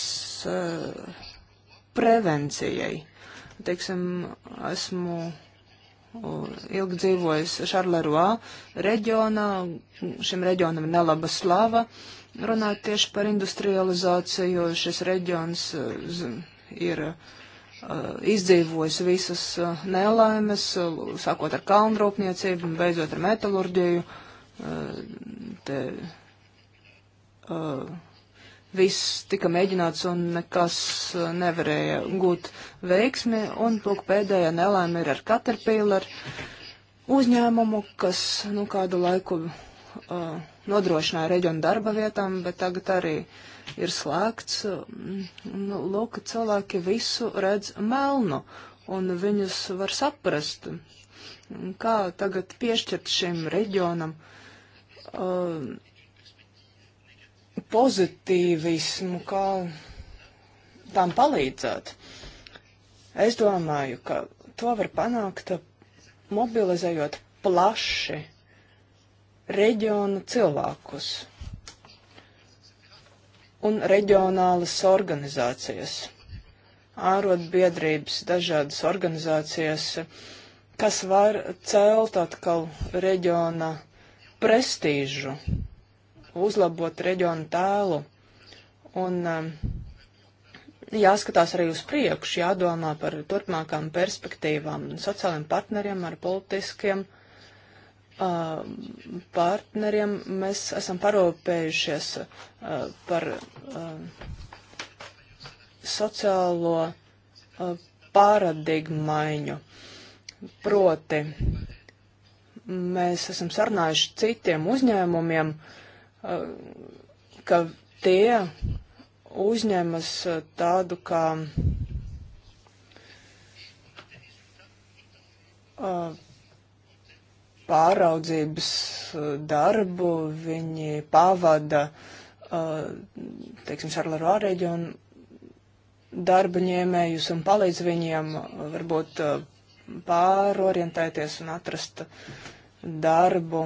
Speaker 2: uh, prevencijai. Teiksim, esmu eh, ilgi dzīvojis Šarleroā reģionā, šim reģionam ir nelaba slava runāt tieši par industrializāciju, jo šis reģions eh, ir uh, izdzīvojis visas nelaimes, sākot ar kalnrūpniecību un beidzot ar metalurģiju. Uh, te viss tika mēģināts un nekas nevarēja gūt veiksmi, un lūk pēdējā nelēma ir ar Caterpillar uzņēmumu, kas, nu, kādu laiku uh, nodrošināja reģionu darba vietām, bet tagad arī ir slēgts. Nu, lūk, cilvēki visu redz melnu, un viņus var saprast, kā tagad piešķirt šim reģionam uh, um, pozitīvismu, kā tām palīdzēt. Es domāju, ka to var panākt mobilizējot plaši reģionu cilvēkus un reģionālas organizācijas, ārotbiedrības, dažādas organizācijas, kas var celt atkal reģiona prestīžu, uzlabot reģionu tēlu. Un um, jāskatās arī uz priekšu, jādomā par turpmākām perspektīvām, sociāliem partneriem, ar politiskiem uh, partneriem. Mēs esam parūpējušies uh, par um, uh, sociālo paradigmaiņu. Proti, Mēs esam sarunājuši citiem uzņēmumiem, eh, ka tie uzņemas eh, tādu kā eh, pāraudzības darbu, viņi pavada, teiksim, Šarlerā reģionu darba ņēmējus un palīdz viņiem varbūt pārorientēties un atrast uh, darbu,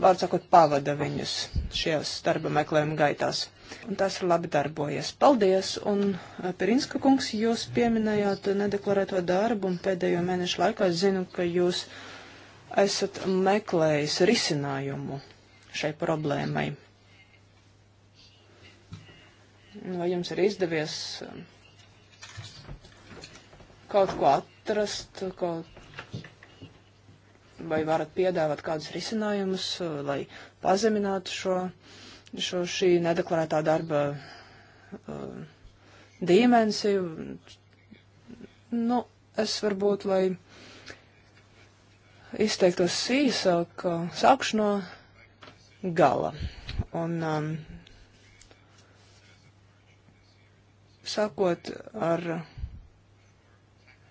Speaker 2: vārds sakot, pavada viņus šajās darba meklējuma gaitās. Un tas ir labi darbojies. Paldies! Un eh, Pirinska kungs, jūs pieminējāt nedeklarēto darbu un pēdējo mēnešu laikā es zinu, ka jūs esat meklējis risinājumu šai problēmai. Vai jums ir izdevies eh, kaut ko atrast, kaut vai varat piedāvāt kādus risinājumus, uh, lai pazeminātu šo, šo šī nedeklarētā darba uh, dimensiju? Nu, es varbūt, lai izteiktos īsāk, uh, sākšu no gala. Un um, sākot ar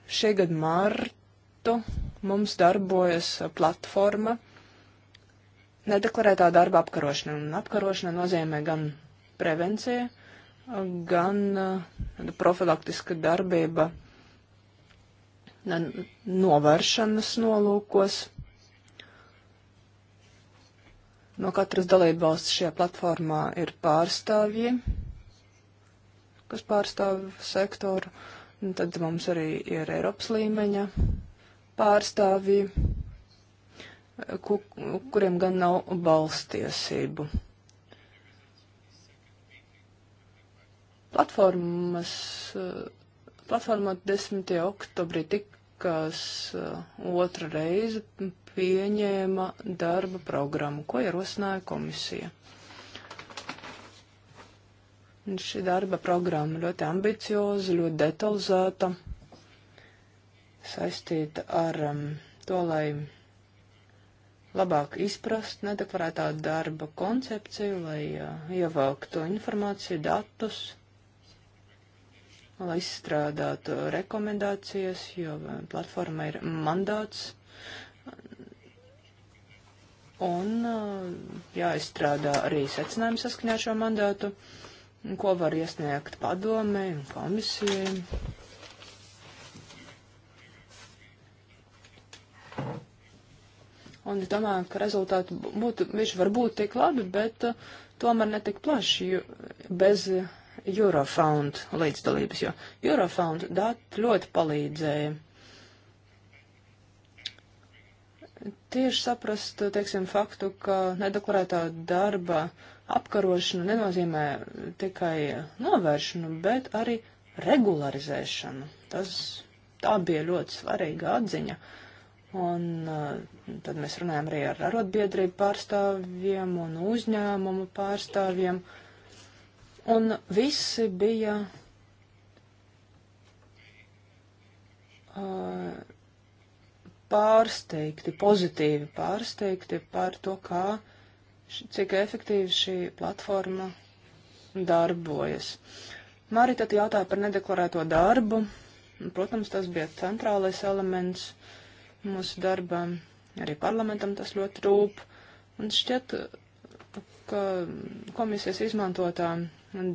Speaker 2: šī gada martu lietu mums darbojas platforma nedeklarētā darba apkarošana. Un apkarošana nozīmē gan prevencija, gan uh, profilaktiska darbība novēršanas nolūkos. No katras dalībvalsts šajā platformā ir pārstāvji, kas pārstāv sektoru. Un tad mums arī ir Eiropas līmeņa pārstāvji, ku, kuriem gan nav balstiesību. Platformas, platformā 10. oktobrī tikās otra reize pieņēma darba programmu, ko ierosināja komisija. Un šī darba programma ļoti ambicioza, ļoti detalizēta saistīta ar um, to, lai labāk izprast nedeklarētā darba koncepciju, lai uh, ievāktu informāciju, datus, lai izstrādātu rekomendācijas, jo um, platforma ir mandāts un uh, jāizstrādā arī secinājumi saskaņā ar šo mandātu, ko var iesniegt padomē un komisijai. Un es domāju, ka rezultāti būtu, viņš var būt tik labi, bet uh, tomēr netik plaši ju, bez Eurofound līdzdalības, jo Eurofound dati ļoti palīdzēja. Tieši saprast, teiksim, faktu, ka nedeklarētā darba apkarošana nenozīmē tikai novēršanu, bet arī regularizēšanu. Tas tā bija ļoti svarīga atziņa. Uh, Un uh, tad mēs runājam arī ar arotbiedrību pārstāvjiem un uzņēmumu pārstāvjiem. Un visi bija uh, pārsteigti, pozitīvi pārsteigti par to, kā, cik efektīvi šī platforma darbojas. Marita, tad jautāja par nedeklarēto darbu. Protams, tas bija centrālais elements mūsu darbam. Arī parlamentam tas ļoti rūp. Un šķiet, ka komisijas izmantotā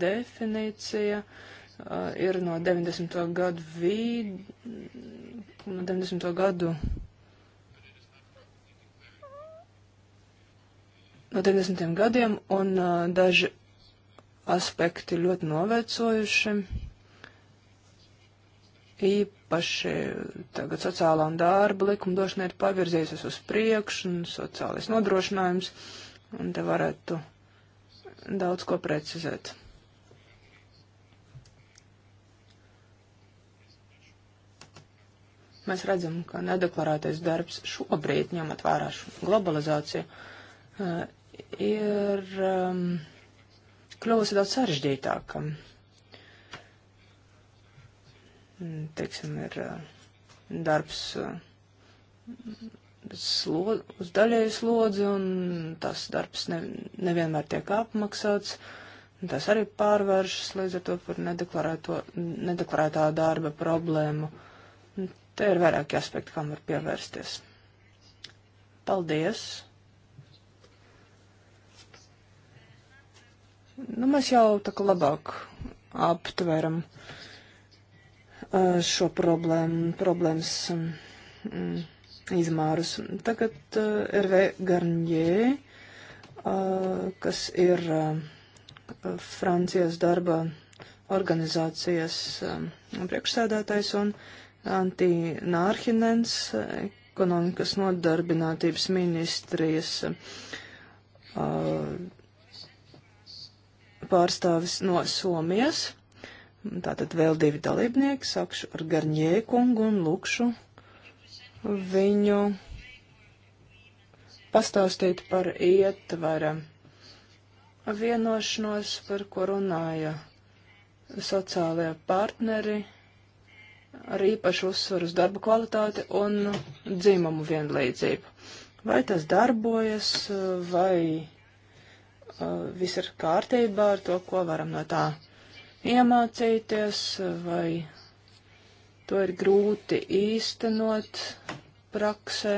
Speaker 2: definīcija uh, ir no 90. gadu vīd, no 90. gadu. No 90. gadiem un uh, daži aspekti ļoti novecojuši īpaši tagad sociālā un darba likumdošana ir pavirzījusies uz priekšu, un sociālais nodrošinājums, un te varētu daudz ko precizēt. Mēs redzam, ka nedeklarētais darbs šobrīd, ņemot vērā globalizāciju, eh, ir um, kļuvusi daudz sarežģītāka teiksim, ir eh, darbs eh, slo, uz daļēju slodzi, un tas darbs ne, nevienmēr tiek apmaksāts. Tas arī pārvēršas līdz ar to par nedeklarētā darba problēmu. Te ir vairāki aspekti, kam var pievērsties. Paldies! Nu, mēs jau tā kā labāk aptveram. Uh, šo problēmu, problēmas mm, izmērus. Tagad RV Garnie, kas ir Francijas darba organizācijas priekšsēdētājs un Antinārhinens, ekonomikas nodarbinātības ministrijas pārstāvis no Somijas. Tātad vēl divi dalībnieki, sākšu ar Garņē kungu un lūkšu viņu pastāstīt par ietvara vienošanos, par ko runāja sociālajie partneri, ar īpašu uzsvaru uz darba kvalitāti un dzimumu vienlīdzību. Vai tas darbojas, vai uh, viss ir kārtībā ar to, ko varam no tā iemācīties, vai to ir grūti īstenot praksē.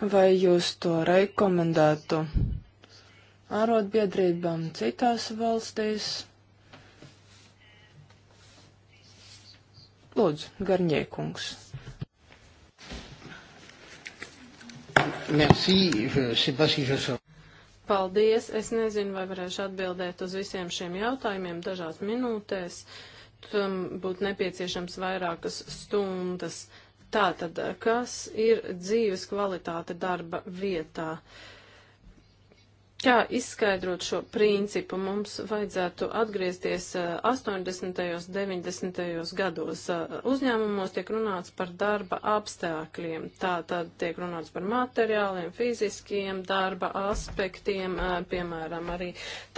Speaker 2: Vai jūs to rekomendētu ārotbiedrībām citās valstīs? Lūdzu, Garņiekungs.
Speaker 3: Merci, je sais pas si je sors. Paldies! Es nezinu, vai varēšu atbildēt uz visiem šiem jautājumiem dažās minūtēs. Tam būtu nepieciešams vairākas stundas. Tātad, kas ir dzīves kvalitāte darba vietā? Uh, Kā izskaidrot šo principu, mums vajadzētu atgriezties 80. un 90. gados. Eh, uzņēmumos tiek runāts par darba apstākļiem, tā tad tiek runāts par materiāliem, fiziskiem darba aspektiem, eh, piemēram, arī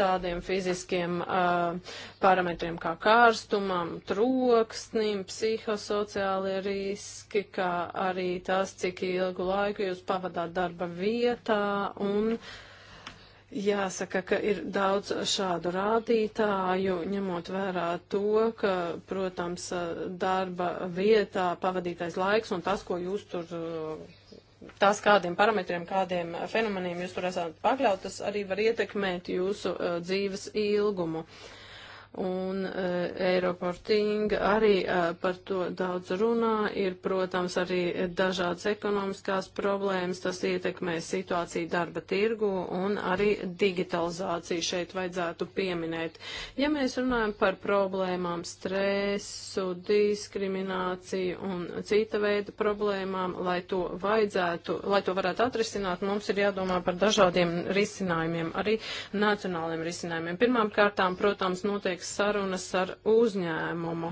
Speaker 3: tādiem fiziskiem eh, parametriem kā kārstumam, troksnim, psihosociālie riski, kā arī tas, cik ilgu laiku jūs pavadāt darba vietā un. Uh, Jāsaka, ka ir daudz šādu rādītāju, ņemot vērā to, ka, protams, darba vietā pavadītais laiks un tas, ko jūs tur, tas, kādiem parametriem, kādiem fenomeniem jūs tur esat pakļautas, arī var ietekmēt jūsu eh, dzīves ilgumu. Uh, un uh, eh, Eiroporting arī uh, par to daudz runā. Ir, protams, arī dažādas ekonomiskās problēmas, tas ietekmē situāciju darba tirgu un arī digitalizāciju šeit vajadzētu pieminēt. Ja mēs runājam par problēmām stresu, diskrimināciju un cita veida problēmām, lai to vajadzētu, lai to varētu atrisināt, mums ir jādomā par dažādiem risinājumiem, arī nacionāliem risinājumiem. Pirmām kārtām, protams, notiek notiek sarunas ar uzņēmumu.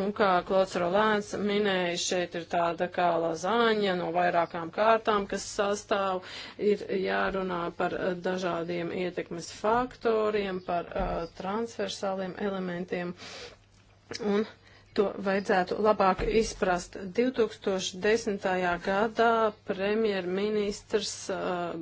Speaker 3: Un kā Klots Rolēns minēja, šeit ir tāda kā lazāņa no vairākām kārtām, kas sastāv, ir jārunā par eh, dažādiem ietekmes faktoriem, par uh, transversāliem elementiem. Un, uh, to vajadzētu labāk izprast. 2010. gadā premjerministrs uh,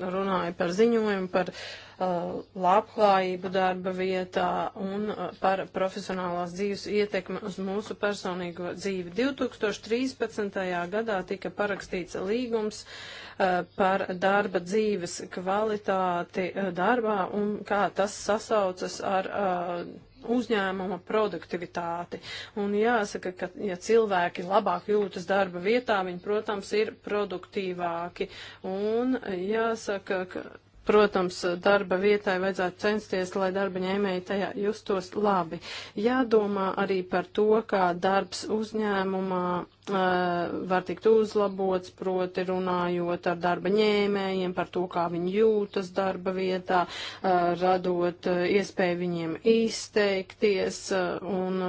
Speaker 3: runāja par ziņojumu par uh, labklājību darba vietā un uh, par profesionālās dzīves ietekmi uz mūsu personīgo dzīvi. 2013. gadā tika parakstīts līgums uh, par darba dzīves kvalitāti uh, darbā un kā tas sasaucas ar uh, uzņēmuma produktivitāti. Un jāsaka, ka ja cilvēki labāk jūtas darba vietā, viņi, protams, ir produktīvāki. Un jāsaka, ka Protams, darba vietai vajadzētu censties, lai darba ņēmēji tajā justos labi. Jādomā arī par to, kā darbs uzņēmumā uh, var tikt uzlabots, proti runājot ar darba ņēmējiem par to, kā viņi jūtas darba vietā, uh, radot uh, iespēju viņiem izteikties un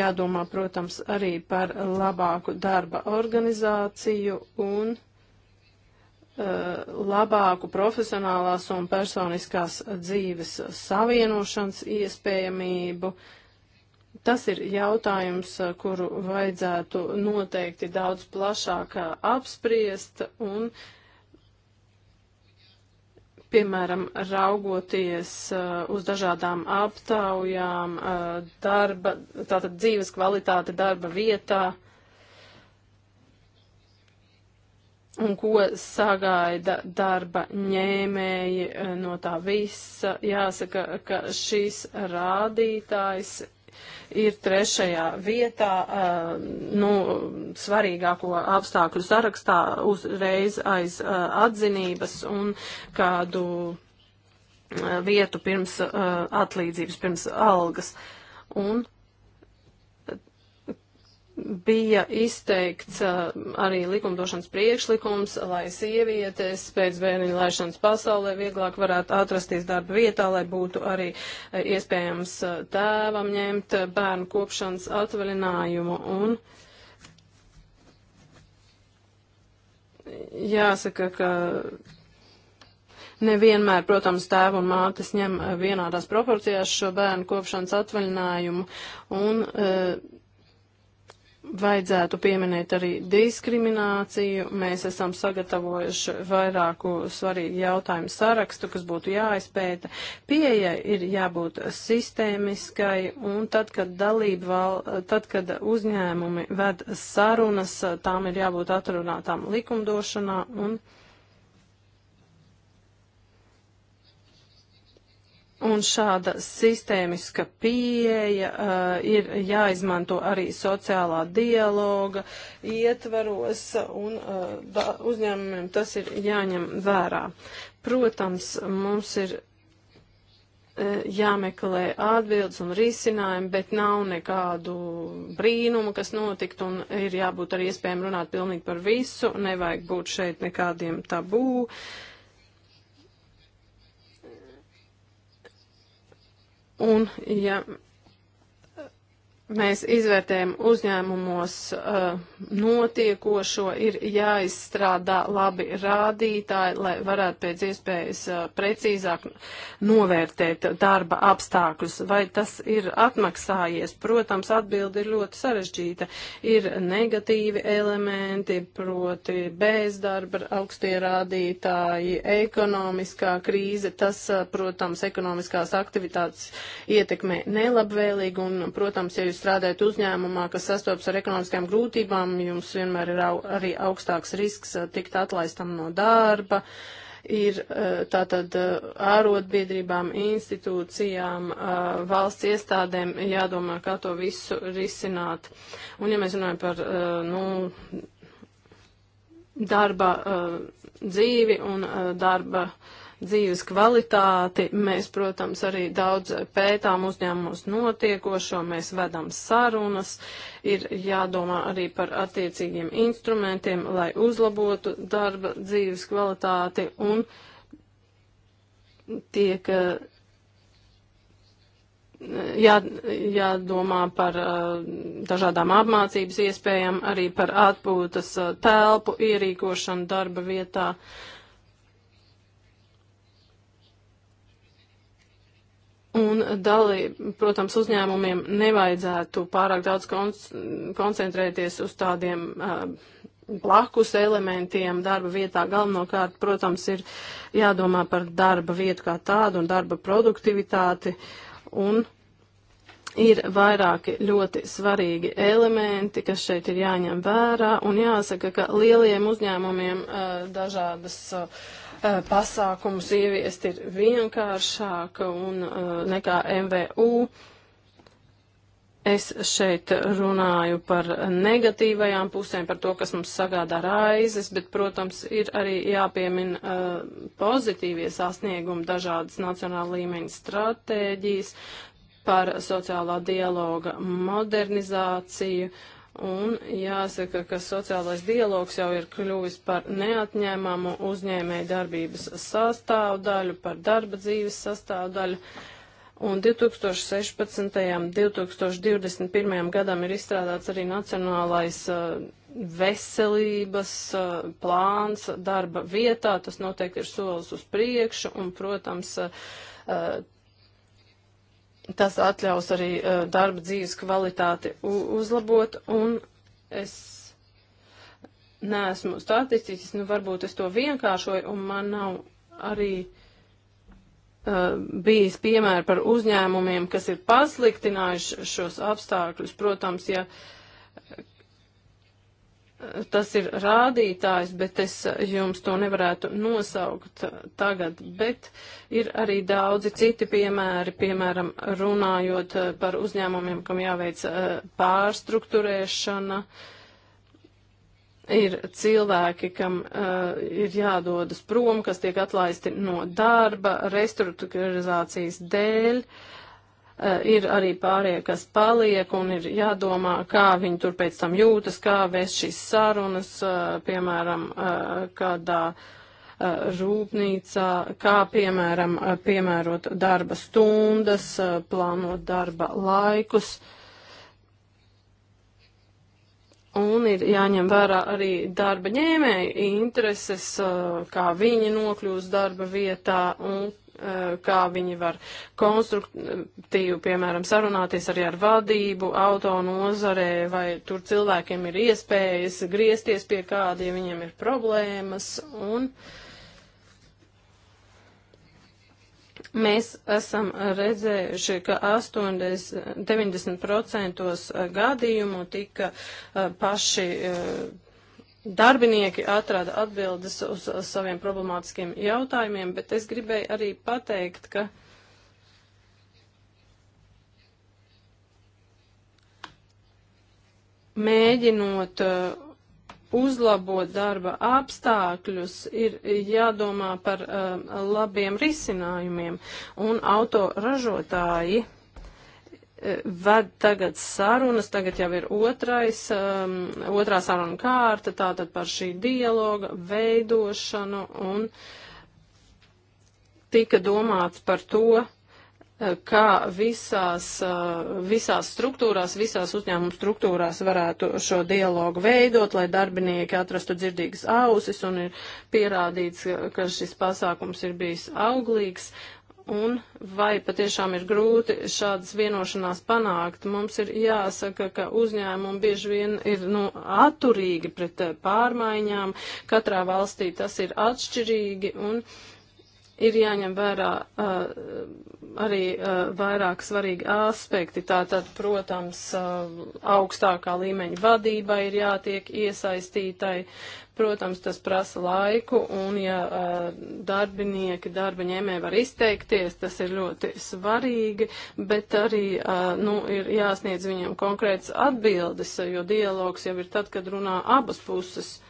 Speaker 3: jādomā, protams, arī par labāku darba organizāciju un Uh, labāku profesionālās un personiskās dzīves savienošanas iespējamību. Tas ir jautājums, uh, kuru vajadzētu noteikti daudz plašāk uh, apspriest un, piemēram, raugoties uz dažādām aptaujām, darba, tātad dzīves kvalitāte darba vietā un ko sagaida darba ņēmēji eh, no tā visa. Jāsaka, ka šīs rādītājs ir trešajā vietā, eh, nu, svarīgāko apstākļu sarakstā uzreiz aiz eh, atzinības un kādu vietu pirms atlīdzības, pirms algas. Un bija izteikts uh, arī likumdošanas priekšlikums, lai sievietes pēc bērniņa laišanas pasaulē vieglāk varētu atrasties darba vietā, lai būtu arī uh, iespējams uh, tēvam ņemt bērnu kopšanas atvaļinājumu. Un jāsaka, ka Nevienmēr, protams, tēvi un mātes ņem vienādās proporcijās šo bērnu kopšanas atvaļinājumu, un e, vajadzētu pieminēt arī diskrimināciju. Mēs esam sagatavojuši vairāku svarīgu jautājumu sarakstu, kas būtu jāizpēta. Pieeja ir jābūt sistēmiskai, un tad, kad dalība val, tad, kad uzņēmumi ved sarunas, tām ir jābūt atrunātām likumdošanā. Un Un šāda sistēmiska pieeja uh, ir jāizmanto arī sociālā dialoga ietvaros, un uh, da, uzņēmumiem tas ir jāņem vērā. Protams, mums ir uh, jāmeklē atbildes un risinājumi, bet nav nekādu brīnumu, kas notiktu, un ir jābūt arī iespējami runāt pilnīgi par visu, nevajag būt šeit nekādiem tabū. Uh, Un, ja Mēs izvērtējam uzņēmumos uh, notiekošo, ir jāizstrādā labi rādītāji, lai varētu pēc iespējas uh, precīzāk novērtēt darba apstākļus. Vai tas ir atmaksājies? Protams, atbildi ir ļoti sarežģīta. Ir negatīvi elementi, proti bezdarba augstie rādītāji, ekonomiskā krīze. Tas, uh, protams, ekonomiskās aktivitātes ietekmē nelabvēlīgi un, protams, ja jūs strādājat uzņēmumā, kas sastopas ar ekonomiskām grūtībām, jums vienmēr ir au, arī augstāks risks uh, tikt atlaistam no darba. Ir uh, tātad uh, ārotbiedrībām, institūcijām, valsts iestādēm jādomā, kā to visu risināt. Un ja mēs runājam par, nu, darba dzīvi un darba uh, dzīves kvalitāti. Mēs, protams, arī daudz pētām uzņēmumos notiekošo, mēs vedam sarunas, ir jādomā arī par attiecīgiem instrumentiem, lai uzlabotu darba dzīves kvalitāti un tiek eh, jā, jādomā par uh, dažādām apmācības iespējām, arī par atpūtas uh, telpu ierīkošanu darba vietā. Uh, Un dalība, protams, uzņēmumiem nevajadzētu pārāk daudz koncentrēties uz tādiem uh, blakus elementiem darba vietā. Galvenokārt, protams, ir jādomā par darba vietu kā tādu un darba produktivitāti. Un ir vairāki ļoti svarīgi elementi, kas šeit ir jāņem vērā. Un jāsaka, ka lieliem uzņēmumiem uh, dažādas. Uh, Eh, pasākumus ieviest ir vienkāršāk un eh, nekā MVU. Es šeit runāju par negatīvajām pusēm, par to, kas mums sagādā raizes, bet, protams, ir arī jāpiemina uh, eh, pozitīvie sasniegumi dažādas nacionāla līmeņa stratēģijas par sociālā dialoga modernizāciju, uh, Un jāsaka, ka sociālais dialogs jau ir kļuvis par neatņēmamu uzņēmēju darbības sastāvdaļu, par darba dzīves sastāvdaļu. Un 2016. un 2021. gadam ir izstrādāts arī nacionālais uh, veselības uh, plāns darba vietā. Tas noteikti ir solis uz priekšu un, protams, uh, Tas atļaus arī uh, darba dzīves kvalitāti uzlabot, un es neesmu statistiķis, nu varbūt es to vienkāršoju, un man nav arī uh, bijis piemēri par uzņēmumiem, kas ir pasliktinājuši šos apstākļus. Protams, ja uh, tas ir rādītājs, bet es jums to nevarētu nosaukt tagad, bet ir arī daudzi citi piemēri, piemēram, runājot eh, par uzņēmumiem, kam jāveic eh, pārstruktūrēšana. Ir cilvēki, kam uh, ir jādodas prom, kas tiek atlaisti no darba restruktūrizācijas dēļ. Uh, Eh, ir arī pārējie, kas paliek, un ir jādomā, kā viņi tur pēc tam jūtas, kā vēst šīs sarunas, eh, piemēram, eh, kādā rūpnīcā, kā piemēram piemērot darba stundas, plānot darba laikus. Un ir jāņem vērā arī darba ņēmēji intereses, kā viņi nokļūs darba vietā un Eh, kā viņi var konstruktīvi, piemēram, sarunāties arī ar vadību, auto nozarē, vai tur cilvēkiem ir iespējas griezties pie kāda, ja viņiem ir problēmas. Un mēs esam redzējuši, ka 80, 90% gadījumu tika eh, paši eh, Darbinieki atrada atbildes uz saviem problemātiskiem jautājumiem, bet es gribēju arī pateikt, ka mēģinot uh, uzlabot darba apstākļus, ir jādomā par uh, labiem risinājumiem, un autoražotāji ved tagad sarunas, tagad jau ir otrais, um, otrā saruna kārta, tātad par šī dialoga veidošanu un tika domāts par to, eh, kā visās, eh, visās struktūrās, visās uzņēmuma struktūrās varētu šo dialogu veidot, lai darbinieki atrastu dzirdīgas ausis un ir pierādīts, ka šis pasākums ir bijis auglīgs un vai patiešām ir grūti šādas vienošanās panākt. Mums ir jāsaka, ka uzņēmumi bieži vien ir nu, atturīgi pret eh, pārmaiņām, katrā valstī tas ir atšķirīgi, un ir jāņem vērā uh, arī uh, vairāk svarīgi aspekti. Tātad, protams, uh, augstākā līmeņa vadība ir jātiek iesaistītai. Protams, tas prasa laiku, un ja uh, darbinieki, darba ņēmēji var izteikties, tas ir ļoti svarīgi, bet arī uh, nu, ir jāsniedz viņiem konkrēts atbildes, jo dialogs jau ir tad, kad runā abas puses. Uh,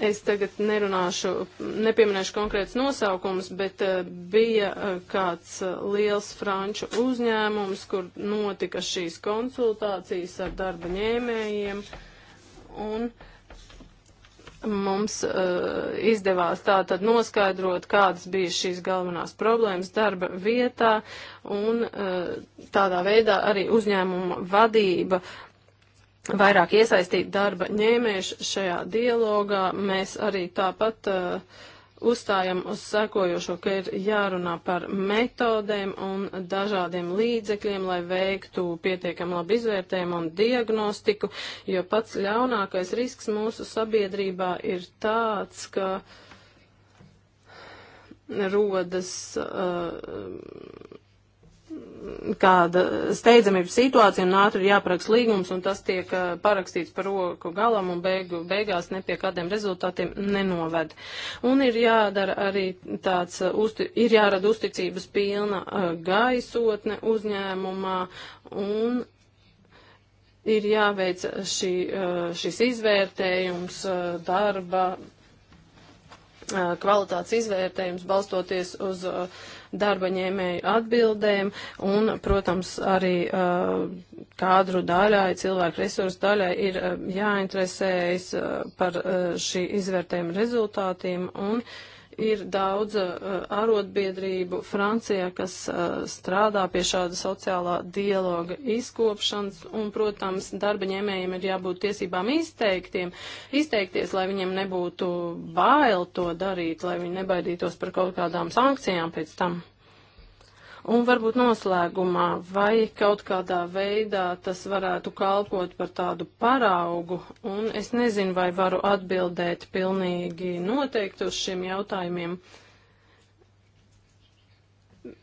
Speaker 3: Es tagad nerunāšu, nepieminēšu konkrēts nosaukums, bet eh, bija eh, kāds eh, liels franču uzņēmums, kur notika šīs konsultācijas ar darba ņēmējiem. Un, uh, mums uh, izdevās tā tad noskaidrot, kādas bija šīs galvenās problēmas darba vietā, un uh, tādā veidā arī uzņēmuma vadība
Speaker 1: vairāk iesaistīt
Speaker 3: darba ņēmējuši šajā dialogā. Mēs arī tāpat uh, uzstājam uz sekojošo, ka ir jārunā par metodēm un dažādiem līdzekļiem, lai veiktu pietiekam labu izvērtējumu un diagnostiku, jo pats ļaunākais risks mūsu sabiedrībā ir tāds, ka rodas. Uh, kāda steidzamības situācija un ātri jāpraks līgums, un tas tiek parakstīts par roku galam un beigu, beigās ne pie kādiem rezultātiem nenoved. Un ir jādara arī tāds, uzti, ir jārada uzticības pilna gaisotne uzņēmumā un ir jāveic šī, šis izvērtējums darba kvalitātes izvērtējums balstoties uz uh, darba ņēmēju atbildēm un, protams, arī uh, kādru daļai, cilvēku resursu daļai ir uh, jāinteresējas uh, par uh, šī izvērtējuma rezultātiem un uh, Ir daudz uh, arotbiedrību Francijā, kas uh, strādā pie šāda sociālā dialoga izkopšanas, un, protams, darba ņēmējiem ir jābūt tiesībām izteiktiem, izteikties, lai viņiem nebūtu bail to darīt, lai viņi nebaidītos par kaut kādām sankcijām pēc tam. Un varbūt noslēgumā, vai kaut kādā veidā tas varētu kalpot par tādu paraugu, un es nezinu, vai varu atbildēt pilnīgi noteikti uz šiem jautājumiem. Uh,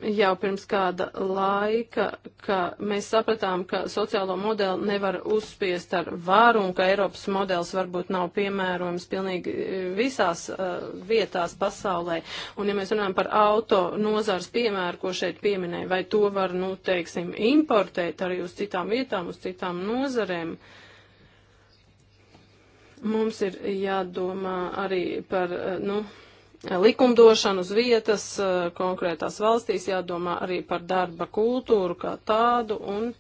Speaker 3: jau pirms kāda laika, ka mēs sapratām, ka sociālo modeli nevar uzspiest ar varu un ka Eiropas modelis varbūt nav piemērojams pilnīgi e, visās uh, vietās pasaulē. Un ja mēs runājam par auto nozars piemēru, ko šeit pieminēja, vai to var, nu, teiksim, importēt arī uz citām vietām, uz citām nozarēm. Uh, mums ir jādomā arī par, e, nu, likumdošanu uz vietas eh, konkrētās valstīs, jādomā arī par darba kultūru kā tādu un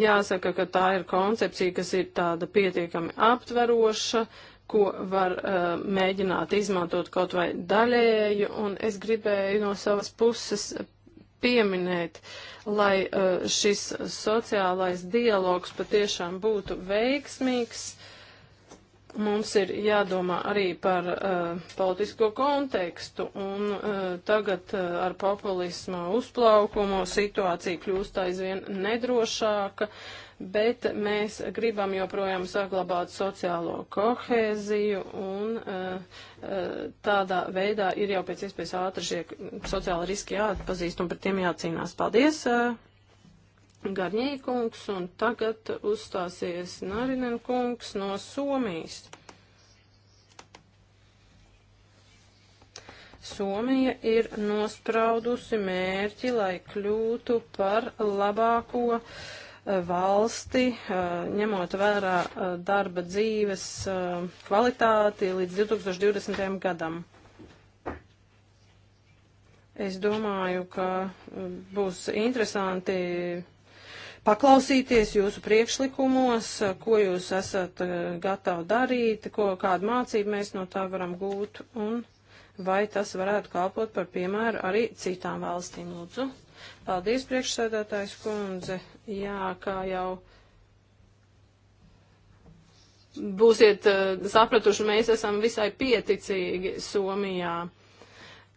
Speaker 3: jāsaka, ka tā ir koncepcija, kas ir tāda pietiekami aptveroša, ko var uh, mēģināt izmantot kaut vai daļēju, un es gribēju no savas puses pieminēt, lai uh, šis sociālais dialogs patiešām būtu veiksmīgs mums ir jādomā arī par uh, politisko kontekstu, un uh, tagad uh, ar populisma uzplaukumu situācija kļūst aizvien nedrošāka, bet mēs gribam joprojām saglabāt sociālo kohēziju, un uh, uh, tādā veidā ir jau pēc iespējas ātri šie sociāli riski jāatpazīst un par tiem jācīnās. Paldies! Uh, Garņīkungs un tagad uzstāsies Narinen kungs no Somijas. Somija ir nospraudusi mērķi, lai kļūtu par labāko eh, valsti, eh, ņemot vērā eh, darba dzīves kvalitāti līdz 2020. gadam. Es domāju, ka būs interesanti paklausīties jūsu priekšlikumos, ko jūs esat eh, gatavi darīt, ko, kādu mācību mēs no tā varam gūt un vai tas varētu kalpot par piemēru arī citām valstīm. Lūdzu. Paldies, priekšsēdētājs kundze. Jā, kā jau būsiet uh, sapratuši, mēs esam visai pieticīgi Somijā.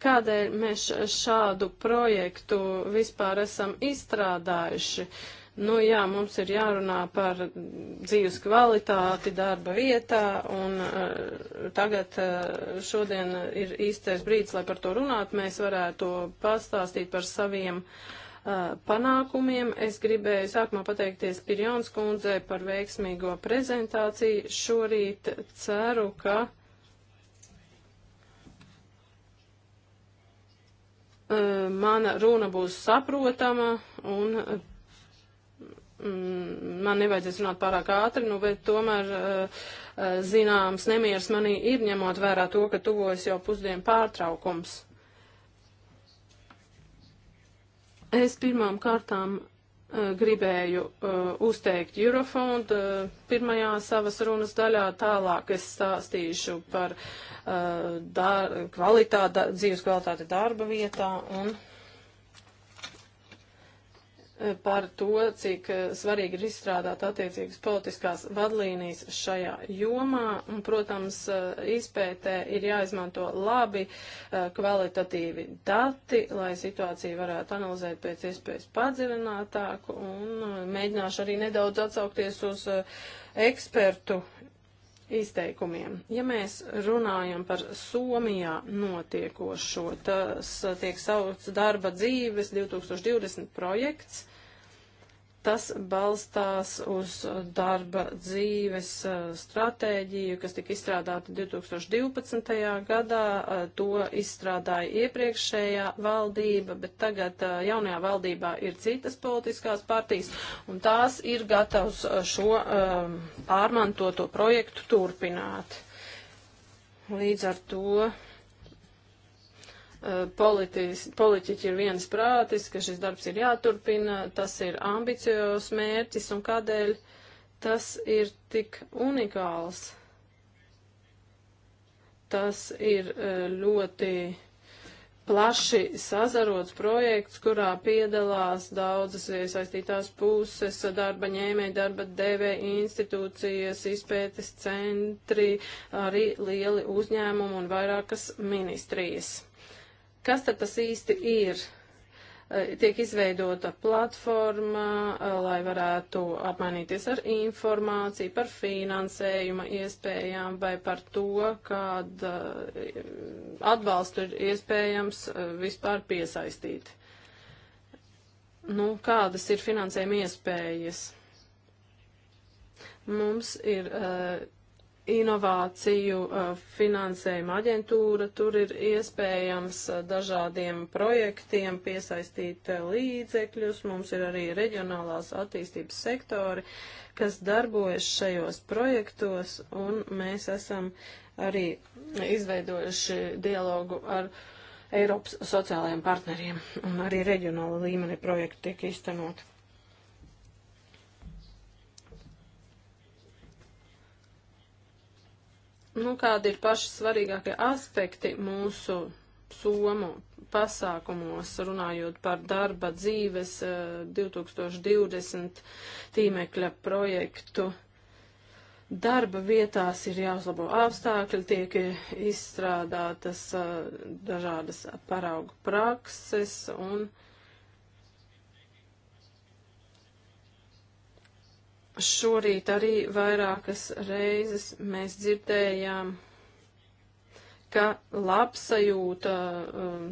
Speaker 3: Kādēļ mēs šādu projektu vispār esam izstrādājuši? Uh, Nu jā, mums ir jārunā par dzīves kvalitāti darba vietā, un uh, tagad uh, šodien ir īstais brīdis, lai par to runāt. Mēs varētu pastāstīt par saviem uh, panākumiem. Es gribēju sākumā pateikties Pirjons kundzei par veiksmīgo prezentāciju. Šorīt ceru, ka. Mana runa būs saprotama un Mm, man nevajadzēs runāt pārāk ātri, nu, bet tomēr eh, eh, zināms nemieris manī ir ņemot vērā to, ka tuvojas jau pusdienu pārtraukums. Es pirmām kārtām eh, gribēju uh, uzteikt Eurofondu uh, pirmajā savas runas daļā, tālāk es stāstīšu par uh, dar, kvalitāti, da, dzīves kvalitāti darba vietā un. Uh, par to, cik eh, svarīgi ir izstrādāt attiecīgas politiskās vadlīnijas šajā jomā. Un, protams, eh, izpētē ir jāizmanto labi eh, kvalitatīvi dati, lai situāciju varētu analizēt pēc iespējas padziļinātāk un mēģināšu arī nedaudz atsaukties uz ekspertu izteikumiem. Ja mēs runājam par Somijā notiekošo, tas tiek saucts darba dzīves 2020 projekts. Tas balstās uz darba dzīves stratēģiju, kas tika izstrādāta 2012. gadā. To izstrādāja iepriekšējā valdība, bet tagad jaunajā valdībā ir citas politiskās partijas, un tās ir gatavs šo pārmantoto projektu turpināt. Līdz ar to Eh, politis, politiķi ir viens prātis, ka šis darbs ir jāturpina, tas ir ambiciozs mērķis un kādēļ tas ir tik unikāls. Tas ir eh, ļoti plaši sazarots projekts, kurā piedalās daudzas iesaistītās puses, darba ņēmēji, darba devēji, institūcijas, izpētes centri, arī lieli uzņēmumi un vairākas ministrijas. Kas tad tas īsti ir? E, tiek izveidota platforma, e, lai varētu apmainīties ar informāciju par finansējuma iespējām vai par to, kāda e, atbalstu ir iespējams vispār piesaistīt. Nu, kādas ir finansējuma iespējas? Mums ir uh, inovāciju uh, finansējuma aģentūra, tur ir iespējams uh, dažādiem projektiem piesaistīt uh, līdzekļus, mums ir arī reģionālās attīstības sektori, kas darbojas šajos projektos, un mēs esam arī izveidojuši dialogu ar Eiropas sociālajiem partneriem, un arī reģionāla līmenī projekti tiek īstenoti. Nu, kādi ir paši svarīgākie aspekti mūsu somu pasākumos, runājot par darba dzīves 2020 eh, tīmekļa projektu? Darba vietās ir jāuzlabo apstākļi, tiek izstrādātas eh, dažādas paraugu prakses un. Uh, Šorīt arī vairākas reizes mēs dzirdējām, ka labsajūta um,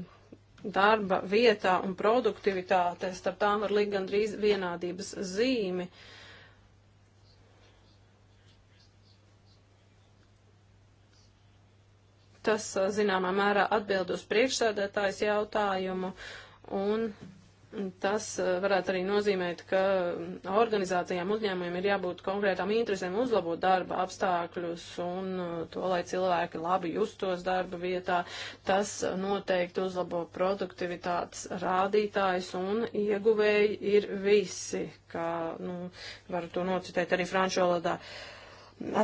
Speaker 3: darba vietā un produktivitāte starp tām var likt gandrīz vienādības zīmi. Tas, zināmā mērā, atbild uz priekšsēdētājs jautājumu un Tas eh, varētu arī nozīmēt, ka organizācijām uzņēmumiem ir jābūt konkrētām interesēm uzlabot darba apstākļus un eh, to, lai cilvēki labi justos darba vietā. Tas noteikti uzlabo produktivitātes rādītājs un ieguvēji ir visi, kā nu, varu to nocitēt arī franču valodā,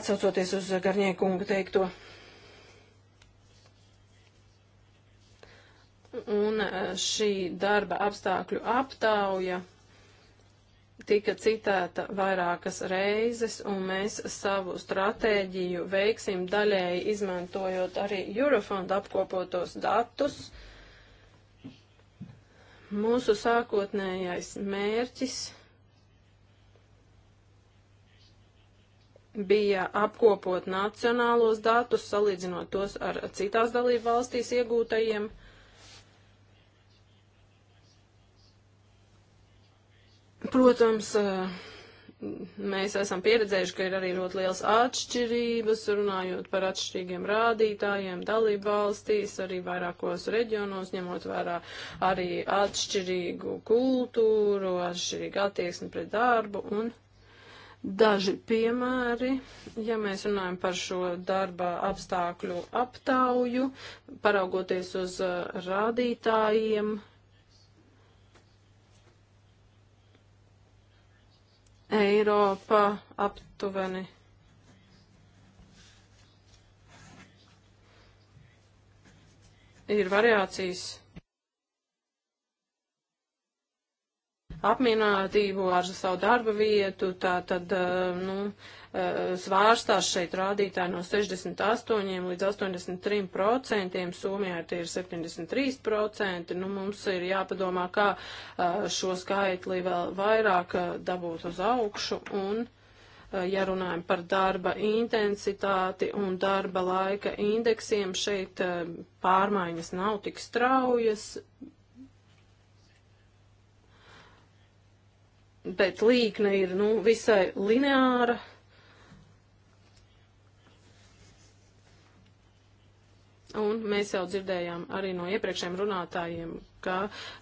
Speaker 3: atsaucoties uz Garnieku kunga teikto. Un e, šī darba apstākļu aptauja tika citēta vairākas reizes, un mēs savu stratēģiju veiksim daļēji izmantojot arī Eurofonda apkopotos datus. Mūsu sākotnējais mērķis bija apkopot nacionālos datus, salīdzinot tos ar citās dalību valstīs iegūtajiem datus Protams, eh, mēs esam pieredzējuši, ka ir arī ļoti liels atšķirības, runājot par atšķirīgiem rādītājiem dalību valstīs, arī vairākos reģionos, ņemot vērā arī atšķirīgu kultūru, atšķirīgu attieksmi pret darbu un daži piemēri, ja mēs runājam par šo darba apstākļu aptauju, paraugoties uz eh, rādītājiem, Eiropā aptuveni ir variācijas apmierinātību ar savu darba vietu, tā tad, eh, nu, uh, Eh, svārstās šeit rādītāji no 68 līdz 83 procentiem, Somijā tie ir 73 procenti, nu mums ir jāpadomā, kā eh, šo skaitli vēl vairāk eh, dabūt uz augšu un, ja runājam par darba intensitāti un darba laika indeksiem, šeit pārmaiņas nav tik straujas, bet līkne ir, nu, visai lineāra. Un mēs jau dzirdējām arī no iepriekšējiem runātājiem, ka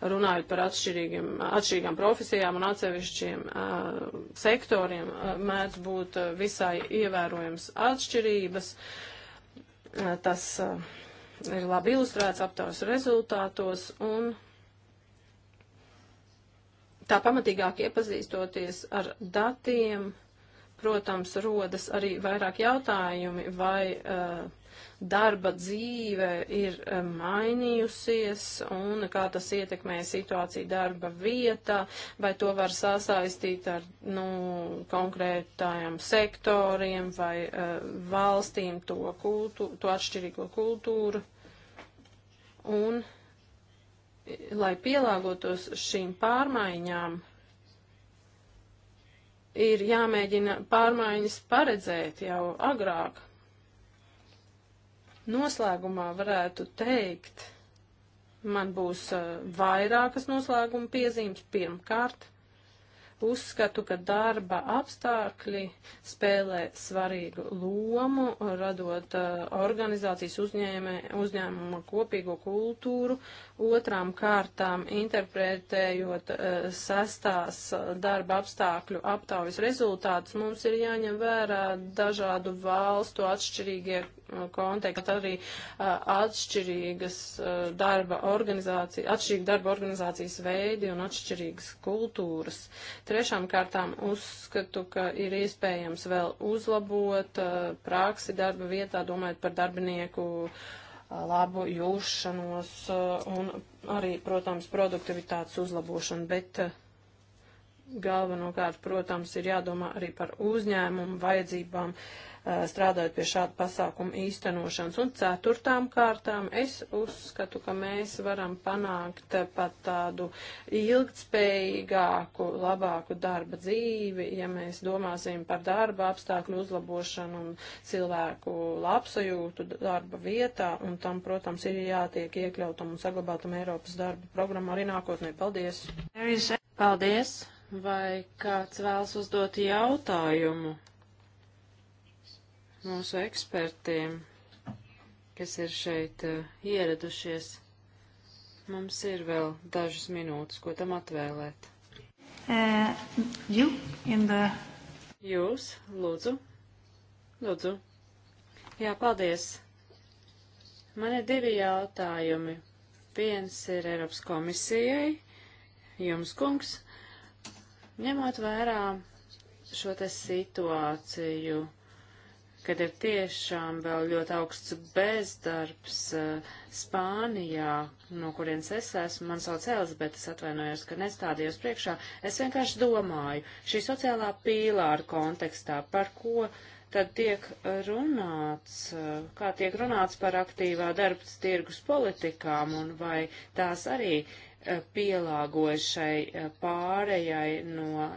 Speaker 3: runājot par atšķirīgām profesijām un atsevišķiem uh, sektoriem, uh, mēdz būt uh, visai ievērojams atšķirības. Uh, tas uh, ir labi ilustrēts aptaujas rezultātos un tā pamatīgāk iepazīstoties ar datiem, protams, rodas arī vairāk jautājumi vai. Uh, darba dzīve ir eh, mainījusies un kā tas ietekmē situāciju darba vietā, vai to var sasaistīt ar nu, konkrētājiem sektoriem vai uh, valstīm to, kultu, to atšķirīgo kultūru. Un, lai pielāgotos šīm pārmaiņām, ir jāmēģina pārmaiņas paredzēt jau agrāk. Noslēgumā varētu teikt, man būs eh, vairākas noslēguma piezīmes. Pirmkārt, uzskatu, ka darba apstākļi spēlē svarīgu lomu, radot eh, organizācijas uzņēmē, uzņēmuma kopīgo kultūru, otrām kārtām interpretējot eh, sestās darba apstākļu aptaujas rezultātus, mums ir jāņem vērā dažādu valstu atšķirīgie kontekstu, bet arī atšķirīgas darba organizācijas, atšķirīgi darba organizācijas veidi un atšķirīgas kultūras. Trešām kārtām uzskatu, ka ir iespējams vēl uzlabot praksi darba vietā, domājot par darbinieku labu jūšanos un arī, protams, produktivitātes uzlabošanu, bet galvenokārt, protams, ir jādomā arī par uzņēmumu vajadzībām. Uh, Uh, strādājot pie šāda pasākuma īstenošanas. Un ceturtām kārtām es uzskatu, ka mēs varam panākt pat tādu ilgtspējīgāku, labāku darba dzīvi, ja mēs domāsim par darba apstākļu uzlabošanu un cilvēku labsajūtu darba vietā. Un tam, protams, ir jātiek iekļautam un saglabātam Eiropas darba programmā arī nākotnē. Paldies!
Speaker 1: Paldies! Vai kāds vēlas uzdot jautājumu? mūsu ekspertiem, kas ir šeit uh, ieradušies. Mums ir vēl dažas minūtes, ko tam atvēlēt. Uh, you the... Jūs, lūdzu. Lūdzu. Jā, paldies. Man ir divi jautājumi. Viens ir Eiropas komisijai, jums, kungs, ņemot vērā šo te situāciju kad ir tiešām vēl ļoti augsts bezdarbs eh, Spānijā, no kurienes es esmu, man sauc Elizabete, es atvainojos, ka nestādījos priekšā, es vienkārši domāju, šī sociālā pīlāra kontekstā, par ko tad tiek runāts, eh, kā tiek runāts par aktīvā darbs tirgus politikām un vai tās arī eh, pielāgojas šai pārējai no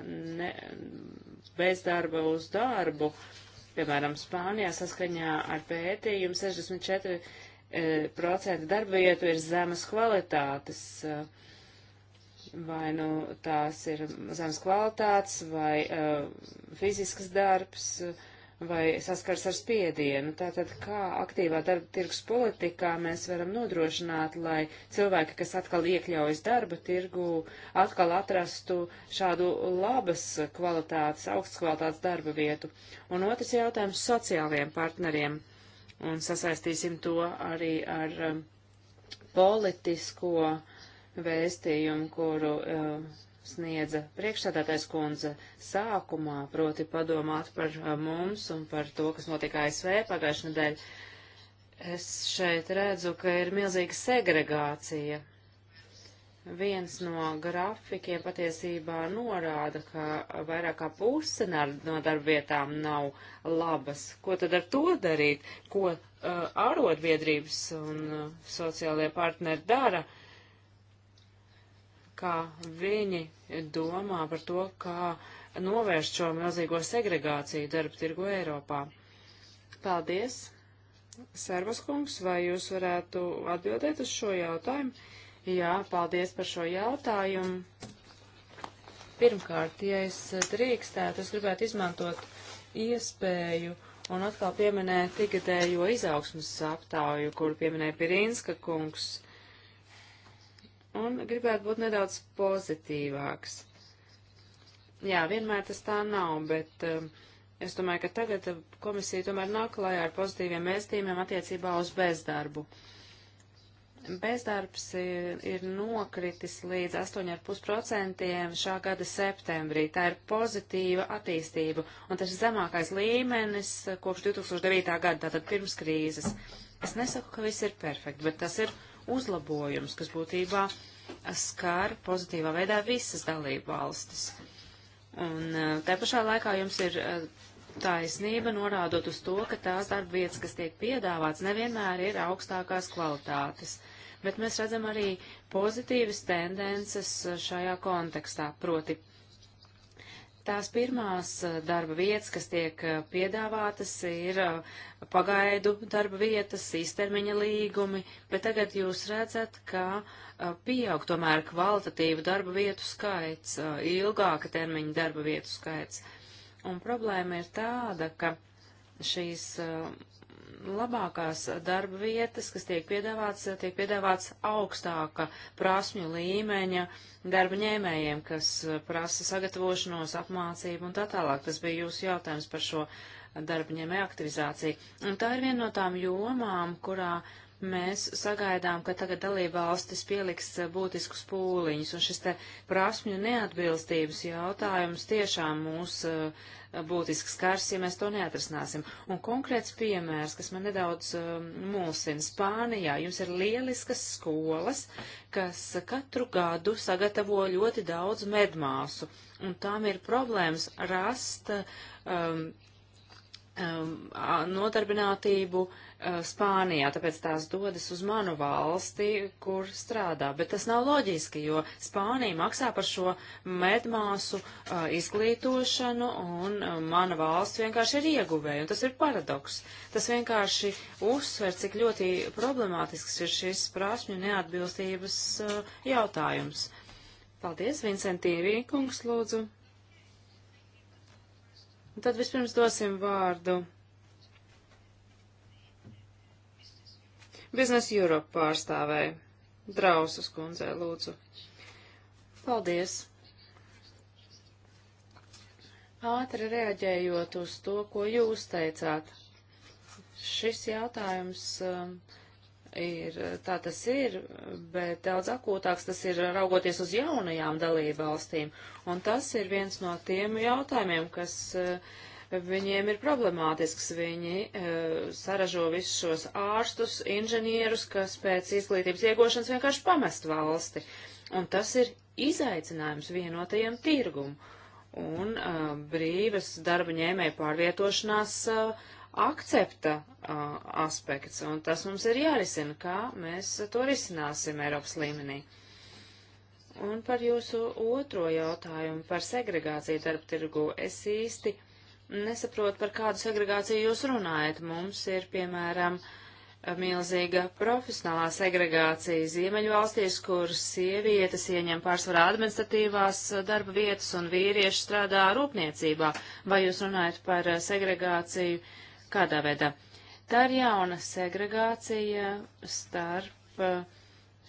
Speaker 1: ne, bezdarba uz darbu, uh, Piemēram, Spānijā saskaņā ar pētījumu 64% darba vietu ir zemes kvalitātes. E, vai nu tās ir zemes kvalitātes vai e, fiziskas darbs. Uh, vai saskars ar spiedienu. Tātad, kā aktīvā darba tirgus politikā mēs varam nodrošināt, lai cilvēki, kas atkal iekļaujas darba tirgu, atkal atrastu šādu labas kvalitātes, augstas kvalitātes darba vietu. Un otrs jautājums sociālajiem partneriem. Un sasaistīsim to arī ar um, politisko vēstījumu, kuru uh, sniedza priekšsādātais kundze sākumā, proti padomāt par uh, mums un par to, kas notiek ASV pagājušajā nedēļā. Es šeit redzu, ka ir milzīga segregācija. Viens no grafikiem patiesībā norāda, ka vairāk kā puse no darbvietām nav labas. Ko tad ar to darīt? Ko uh, arotbiedrības un uh, sociālajie partneri dara? Uh, kā viņi domā par to, kā novērst šo milzīgo segregāciju darba tirgu Eiropā. Paldies! Servas kungs, vai jūs varētu atbildēt uz šo jautājumu? Jā, paldies par šo jautājumu. Pirmkārt, ja es drīkstētu, es gribētu izmantot iespēju un atkal pieminēt tigadējo izaugsmas aptauju, kur pieminēja Pirinska kungs un gribētu būt nedaudz pozitīvāks. Jā, vienmēr tas tā nav, bet um, es domāju, ka tagad uh, komisija tomēr nāk klājā ar pozitīviem mēstījumiem attiecībā uz bezdarbu. Bezdarbs ir, uh, ir nokritis līdz 8,5% šā gada septembrī. Tā ir pozitīva attīstība, un tas ir zemākais līmenis uh, kopš 2009. gada, tātad pirms krīzes. Es nesaku, ka viss ir perfekti, bet tas ir uzlabojums, kas būtībā skar pozitīvā veidā visas dalību valstis. Un te pašā laikā jums ir e, taisnība norādot uz to, ka tās darba vietas, kas tiek piedāvāts, nevienmēr ir augstākās kvalitātes. Bet mēs redzam arī pozitīvas tendences e, šajā kontekstā, proti Tās pirmās eh, darba vietas, kas tiek eh, piedāvātas, ir eh, pagaidu darba vietas, īstermiņa līgumi, bet tagad jūs redzat, ka pieaug tomēr kvalitatīvu darba vietu skaits, ilgāka termiņa darba vietu skaits. Un problēma ir tāda, ka šīs labākās darba vietas, kas tiek piedāvāts, tiek piedāvāts augstāka prasmju līmeņa darba ņēmējiem, kas prasa sagatavošanos, apmācību un tā tālāk. Tas bija jūsu jautājums par šo darba ņēmēju aktivizāciju. Un tā ir viena no tām jomām, kurā uh, mēs sagaidām, ka tagad dalībvalstis pieliks eh, būtiskus pūliņus, un šis te prasmju neatbilstības jautājums tiešām mūs uh, būtiski skars, ja mēs to neatrasināsim. Un konkrēts piemērs, kas man nedaudz uh, mulsina, Spānijā jums ir lieliskas skolas, kas katru gadu sagatavo ļoti daudz medmāsu, un tām ir problēmas rast um, Um, nodarbinātību uh, Spānijā, tāpēc tās dodas uz manu valsti, kur strādā. Bet tas nav loģiski, jo Spānija maksā par šo medmāsu uh, izglītošanu, un uh, mana valsts vienkārši ir ieguvēja, un tas ir paradoks. Tas vienkārši uzsver, cik ļoti problemātisks ir šis prasmju neatbilstības jautājums. Paldies, Vincentīvī, kungs, lūdzu. Un tad vispirms dosim vārdu Biznes Europe pārstāvēja. Drausas kundzē, lūdzu. Paldies! Ātri reaģējot uz to, ko jūs teicāt, šis jautājums uh, ir, tā tas ir, bet daudz akūtāks tas ir raugoties uz jaunajām dalībvalstīm. Un tas ir viens no tiem jautājumiem, kas eh, viņiem ir problemātisks. Viņi eh, saražo visus šos ārstus, inženierus, kas pēc izglītības iegošanas vienkārši pamest valsti. Un tas ir izaicinājums vienotajam tirgumam. Un uh, brīvas darba ņēmēja pārvietošanās uh, akcepta uh, aspekts, un tas mums ir jārisina, kā mēs to risināsim Eiropas līmenī. Un par jūsu otro jautājumu par segregāciju darba tirgu es īsti nesaprotu, par kādu segregāciju jūs runājat. Mums ir, piemēram, milzīga profesionālā segregācija Ziemeļvalstīs, kur sievietes ieņem pārsvarā administratīvās darba vietas un vīrieši strādā rūpniecībā. Vai jūs runājat par segregāciju uh, Kādā veidā? Tā ir jauna segregācija starp uh,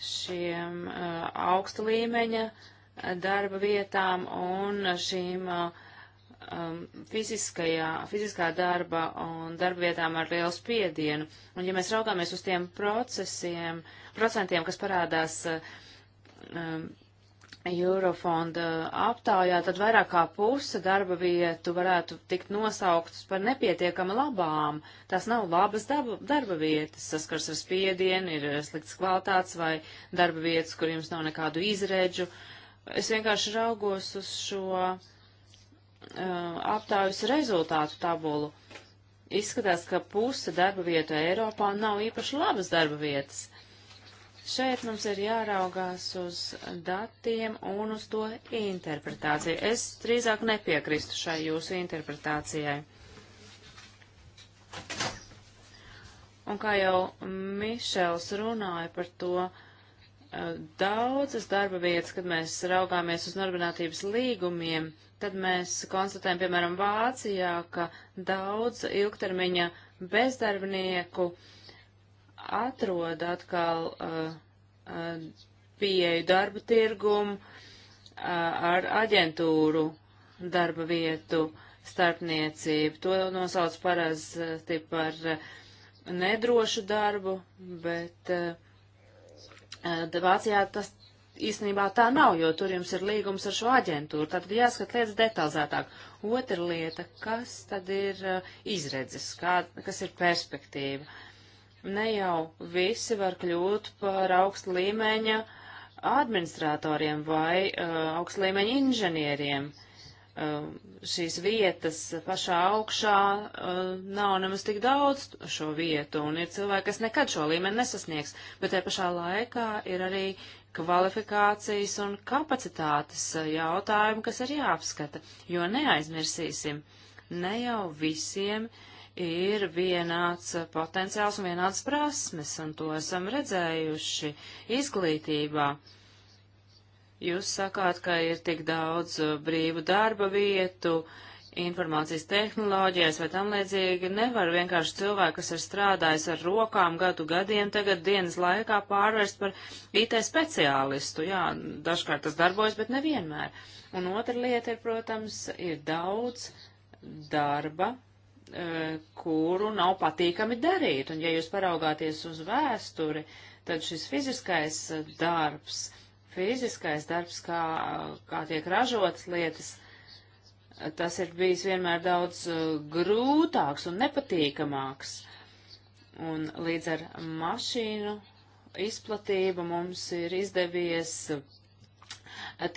Speaker 1: šiem uh, augsta līmeņa uh, darba vietām un šīm um, fiziskajā, fiziskā darba un darba vietām ar lielu spiedienu. Un ja mēs raugāmies uz tiem procesiem, procentiem, kas parādās um, Eurofonda aptaujā, tad vairāk kā puse darba vietu varētu tikt nosauktas par nepietiekami labām. Tās nav labas darba, darba vietas, saskars ar spiedienu, ir slikts kvalitātes vai darba vietas, kur jums nav nekādu izredžu. Es vienkārši raugos uz šo uh, aptaujas rezultātu tabulu. Izskatās, ka puse darba vietu Eiropā nav īpaši labas darba vietas. Šeit mums ir jāraugās uz datiem un uz to interpretāciju. Es drīzāk nepiekrīstu šai jūsu interpretācijai. Un kā jau Mišels runāja par to, eh, daudzas darba vietas, kad mēs raugāmies uz normatīvas līgumiem, tad mēs konstatējam, piemēram, Vācijā, ka daudz ilgtermiņa bezdarbnieku uh, atrod atkal uh, uh, pieeju darba tirgumu uh, ar aģentūru darba vietu starpniecību. To nosauc parasti par uh, nedrošu darbu, bet uh, uh, Vācijā tas īstenībā tā nav, jo tur jums ir līgums ar šo aģentūru. Tad jāskat lietas detalizētāk. Otra lieta, kas tad ir izredzes, kā, kas ir perspektīva. Uh, Ne jau visi var kļūt par augstu līmeņa administratoriem vai uh, augstu līmeņa inženieriem. Uh, šīs vietas pašā augšā uh, nav nemaz tik daudz šo vietu, un ir cilvēki, kas nekad šo līmeni nesasniegs, bet te pašā laikā ir arī kvalifikācijas un kapacitātes uh, jautājumi, kas ir jāapskata, jo neaizmirsīsim, ne jau visiem uh, ir vienāds potenciāls un vienāds prasmes, un to esam redzējuši izglītībā. Jūs sakāt, ka ir tik daudz uh, brīvu darba vietu, informācijas tehnoloģijas vai tam līdzīgi. Nevar vienkārši cilvēku, kas ir strādājis ar rokām gadu gadiem, tagad dienas laikā pārvērst par IT speciālistu. Jā, dažkārt tas darbojas, bet nevienmēr. Un otra lieta ir, protams, ir daudz darba, E, kuru nav patīkami darīt. Un ja jūs paraugāties uz vēsturi, tad šis fiziskais darbs, fiziskais darbs, kā, kā tiek ražotas lietas, tas ir bijis vienmēr daudz e, grūtāks un nepatīkamāks. Un līdz ar mašīnu izplatību mums ir izdevies e,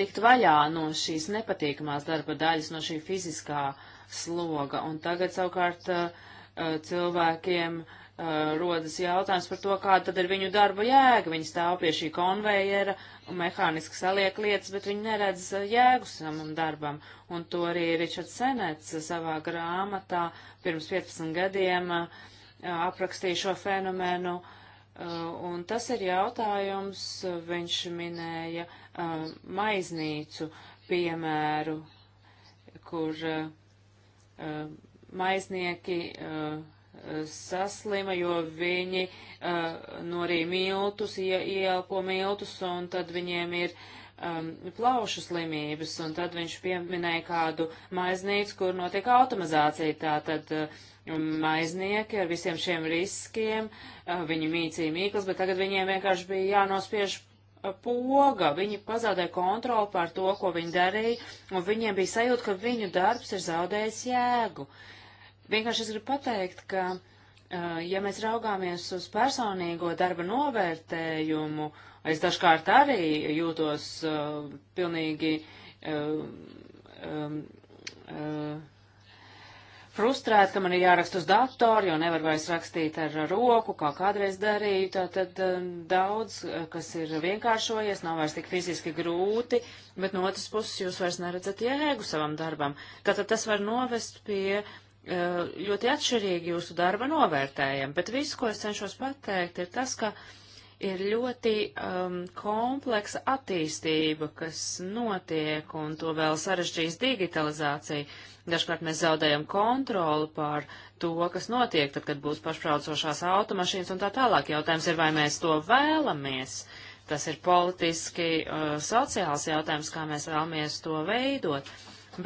Speaker 1: tikt vaļā no šīs nepatīkamās darba daļas, no šī fiziskā uh, sloga. Un tagad savukārt uh, uh, cilvēkiem uh, rodas jautājums par to, kāda tad ir viņu darba jēga. Viņi stāv pie šī konvejera un mehāniski saliek lietas, bet viņi neredz jēgu savam darbam. Un to arī Ričards Senets savā grāmatā pirms 15 gadiem aprakstīja šo fenomenu. Un tas ir jautājums, viņš minēja maiznīcu piemēru, kur uh, maiznieki saslima, jo viņi norīja miltus, ieelpo miltus, un tad viņiem ir um, plaušu slimības, un tad viņš pieminēja kādu maiznīcu, kur notiek automazācija. Tātad um, maiznieki ar visiem šiem riskiem, uh, viņi mīcīja mīklas, bet tagad viņiem vienkārši bija jānospiež poga. Viņi pazaudēja kontroli pār to, ko viņi darīja, un viņiem bija sajūta, ka viņu darbs ir zaudējis jēgu. Vienkārši es gribu pateikt, ka, ja mēs raugāmies uz personīgo darba novērtējumu, es dažkārt arī jūtos uh, pilnīgi. Uh, um, uh, frustrēta, ka man ir jāraksta uz datoru, jo nevar vairs rakstīt ar roku, kā kādreiz darīju. Tātad um, daudz, uh, kas ir vienkāršojies, nav vairs tik fiziski grūti, bet no otras puses jūs vairs neredzat jēgu savam darbam. Tātad tas var novest pie uh, ļoti atšķirīgi jūsu darba novērtējam, bet viss, ko es cenšos pateikt, ir tas, ka uh, ir ļoti um, kompleksa attīstība, kas notiek, un to vēl sarežģīs digitalizācija. Dažkārt mēs zaudējam kontroli pār to, kas notiek, tad, kad būs pašbraucošās automašīnas un tā tālāk. Jautājums ir, vai mēs to vēlamies. Tas ir politiski, uh, sociāls jautājums, kā mēs vēlamies to veidot.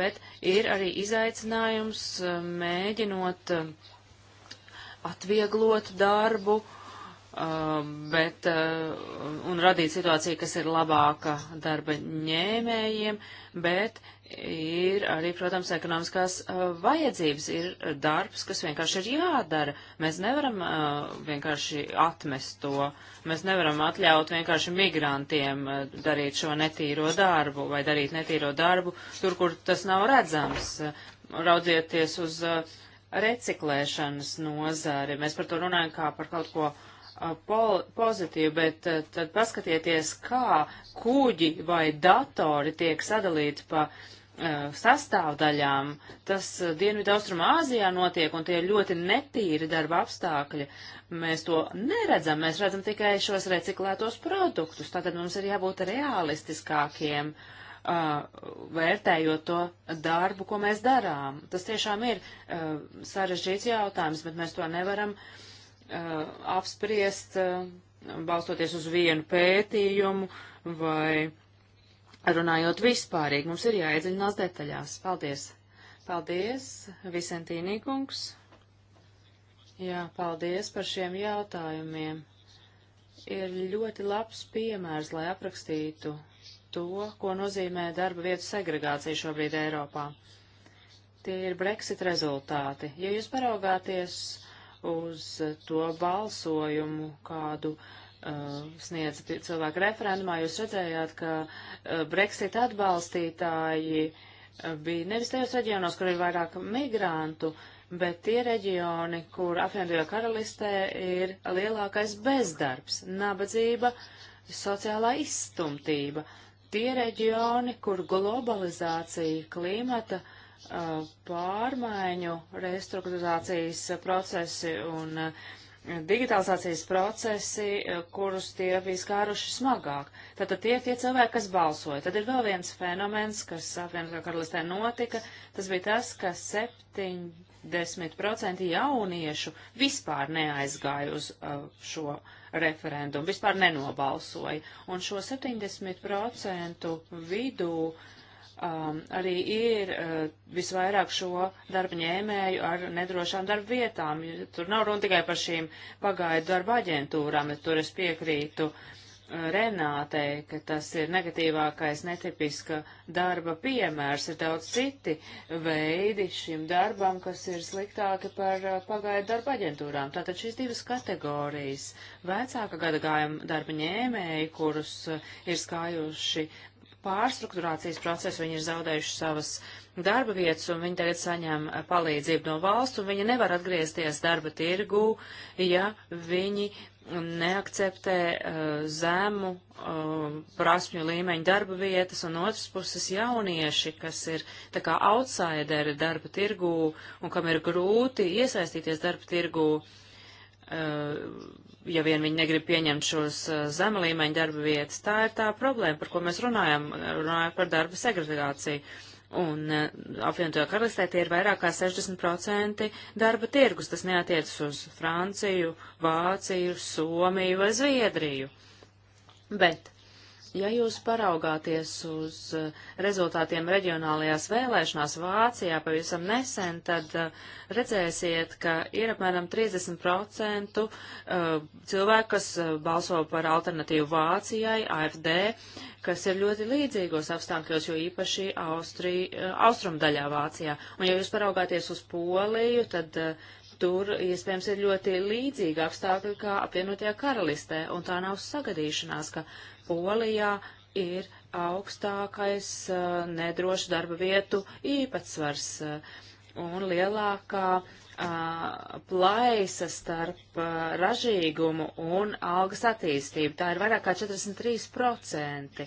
Speaker 1: Bet ir arī izaicinājums uh, mēģinot uh, atvieglot darbu, uh, Uh, bet, uh, un radīt situāciju, kas ir labāka darba ņēmējiem, bet ir arī, protams, ekonomiskās uh, vajadzības, ir darbs, kas vienkārši ir jādara. Mēs nevaram vienkārši atmest to, mēs nevaram atļaut vienkārši migrantiem darīt šo netīro darbu vai darīt netīro darbu tur, kur tas nav redzams. Raudzieties uz reciklēšanas nozari. Mēs par to runājam kā par kaut ko uh, po pozitīvi, bet tad paskatieties, kā kuģi vai datori tiek sadalīti pa sastāvdaļām. Tas Dienvidu Austrumā Āzijā notiek, un tie ir ļoti netīri darba apstākļi. Mēs to neredzam, mēs redzam tikai šos reciklētos produktus. Tātad mums ir jābūt realistiskākiem, uh, vērtējot to darbu, ko mēs darām. Tas tiešām ir uh, sarežģīts jautājums, bet mēs to nevaram uh, Uh, apspriest, uh, balstoties uz vienu pētījumu vai runājot vispārīgi. Mums ir jāiedziļinās detaļās. Paldies! Paldies, Visentīnī kungs! Jā, paldies par šiem jautājumiem. Ir ļoti labs piemērs, lai aprakstītu to, ko nozīmē darba vietu segregācija šobrīd Eiropā. Tie ir Brexit rezultāti. Ja jūs paraugāties uh, uz to balsojumu, kādu uh, sniedz cilvēku referendumā, jūs redzējāt, ka uh, Brexit atbalstītāji uh, bija nevis tajos reģionos, kur ir vairāk migrantu, bet tie reģioni, kur apvienotajā karalistē ir lielākais bezdarbs, nabadzība, sociālā izstumtība. Tie reģioni, kur globalizācija, klimata uh, Uh, pārmaiņu, restruktūrizācijas procesi un uh, digitalizācijas procesi, uh, kurus tie bija skāruši smagāk. Tātad tie ir tie cilvēki, kas balsoja. Tad ir vēl viens fenomens, kas apvienotā karalistē notika. Tas bija tas, ka 70% jauniešu vispār neaizgāja uz šo referendumu, vispār nenobalsoja. Un šo 70% vidū uh, um, arī ir uh, visvairāk šo darba ņēmēju ar nedrošām darba vietām. Tur nav runa tikai par šīm pagaidu darba aģentūrām, bet tur es piekrītu uh, Renātei, ka tas ir negatīvākais netipiska darba piemērs. Ir daudz citi veidi šim darbam, kas ir sliktāki par uh, pagaidu darba aģentūrām. Tātad šīs divas kategorijas - vecāka gada gājuma darba ņēmēji, kurus uh, ir skājuši pārstruktūrācijas procesu, viņi ir zaudējuši savas darba vietas un viņi tagad saņem eh, palīdzību no valsts un viņi nevar atgriezties darba tirgū, ja viņi neakceptē uh, zemu uh, prasmju līmeņu darba vietas, un otrs puses jaunieši, kas ir tā kā outsideri darba tirgū un kam ir grūti iesaistīties darba tirgū, uh, ja vien viņi negrib pieņemt šos eh, zemlīmeņa darba vietas. Tā ir tā problēma, par ko mēs runājam, runājot par darba segregāciju. Un eh, apvienotajā karalistē tie ir vairāk kā 60% darba tirgus. Tas neatiecas uz Franciju, Vāciju, Somiju vai Zviedriju. Bet Ja jūs paraugāties uz eh, rezultātiem reģionālajās vēlēšanās Vācijā pavisam nesen, tad eh, redzēsiet, ka ir apmēram 30% eh, cilvēku, kas balso par alternatīvu Vācijai, AFD, kas ir ļoti līdzīgos apstākļos, jo īpaši Austri, austrumdaļā Vācijā. Un ja jūs paraugāties uz Poliju, tad uh, tur iespējams ir ļoti līdzīga apstākļa kā apvienotajā karalistē, un tā nav sagadīšanās, ka Polijā ir augstākais uh, eh, nedrošu darba vietu īpatsvars uh, un lielākā uh, plaisa starp ražīgumu un algas attīstību. Tā ir vairāk kā 43%.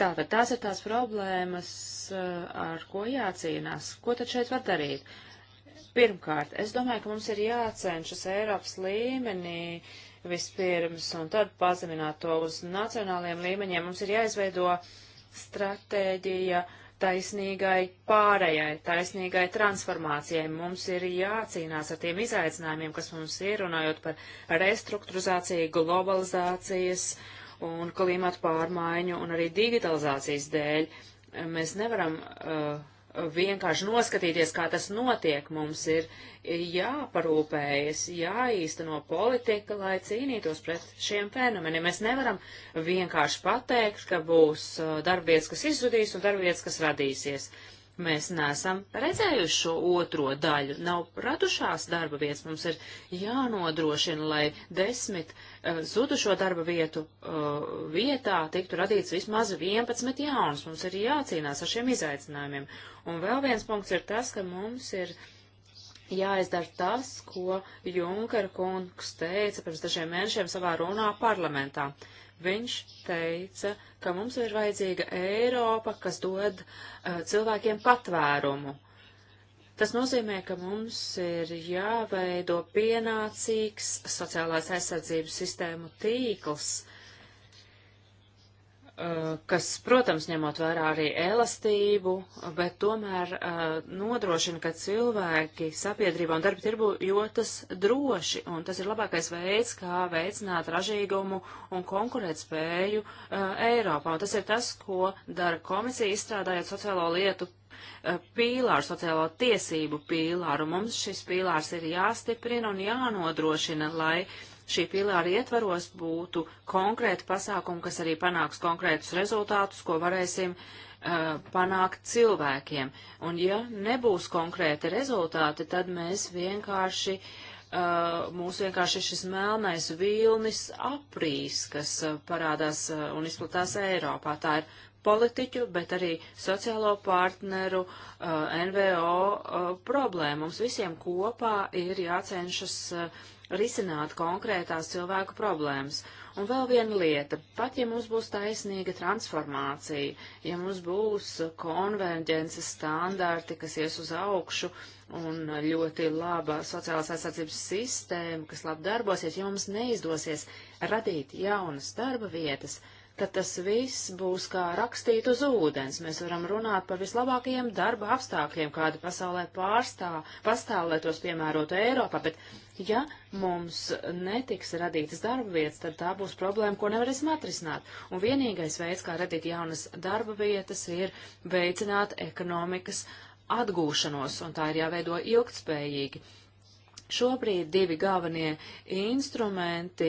Speaker 1: Tātad tās ir tās problēmas, ar ko jācīnās. Ko tad šeit var darīt? Pirmkārt, es domāju, ka mums ir jācenšas Eiropas līmenī uh, vispirms un tad pazemināt to uz nacionāliem līmeņiem. Mums ir jāizveido stratēģija taisnīgai pārējai, taisnīgai transformācijai. Mums ir jācīnās ar tiem izaicinājumiem, kas mums ir, runājot par restruktūrizāciju, globalizācijas un klimatu pārmaiņu un arī digitalizācijas dēļ. Mēs nevaram uh, vienkārši noskatīties, kā tas notiek. Mums ir jāparūpējas, jāīsteno politika, lai cīnītos pret šiem fenomeniem. Mēs nevaram vienkārši pateikt, ka būs uh, darbvietas, kas izzudīs un darbvietas, kas radīsies. Mēs neesam redzējuši šo otro daļu, nav radušās darba vietas. Mums ir jānodrošina, lai desmit uh, zudušo darba vietu uh, vietā tiktu radīts vismaz 11 jaunas. Mums ir jācīnās ar šiem izaicinājumiem. Un vēl viens punkts ir tas, ka mums ir jāizdara tas, ko Junkara kungs teica pirms dažiem mēnešiem savā runā parlamentā. Uh, Viņš teica, ka mums ir vajadzīga Eiropa, kas dod uh, cilvēkiem patvērumu. Tas nozīmē, ka mums ir jāveido pienācīgs sociālās aizsardzības sistēmu tīkls, Eh, kas, protams, ņemot vērā arī elastību, bet tomēr uh, nodrošina, ka cilvēki sabiedrībā un darba tirbu jūtas droši, un tas ir labākais veids, kā veicināt ražīgumu un konkurētspēju uh, eh, Eiropā. Un tas ir tas, ko dara komisija, izstrādājot sociālo lietu uh, pīlāru, sociālo tiesību pīlāru. Mums šis pīlārs ir jāstiprina un jānodrošina, lai šī pilāra ietvaros būtu konkrēti pasākumi, kas arī panāks konkrētus rezultātus, ko varēsim uh, panākt cilvēkiem. Un ja nebūs konkrēti rezultāti, tad mēs vienkārši, uh, mūs vienkārši šis melnais vilnis aprīs, kas uh, parādās un izplatās Eiropā. Tā ir politiķu, bet arī sociālo partneru, uh, NVO uh, problēma. Mums visiem kopā ir jācenšas uh, risināt konkrētās cilvēku problēmas. Un vēl viena lieta, pat ja mums būs taisnīga transformācija, ja mums būs konverģences standarti, kas ies uz augšu, un ļoti laba sociālās aizsardzības sistēma, kas labi darbosies, ja mums neizdosies radīt jaunas darba vietas, uh, tad tas viss būs kā rakstīt uz ūdens. Mēs varam runāt par vislabākajiem darba apstākļiem, kādi pasaulē pārstāv, pastāv, lai tos piemērotu Eiropā, bet ja mums netiks radītas darba vietas, tad tā būs problēma, ko nevarēsim atrisināt. Un vienīgais veids, kā radīt jaunas darba vietas, ir veicināt ekonomikas atgūšanos, un tā ir jāveido ilgtspējīgi. Šobrīd divi galvenie instrumenti,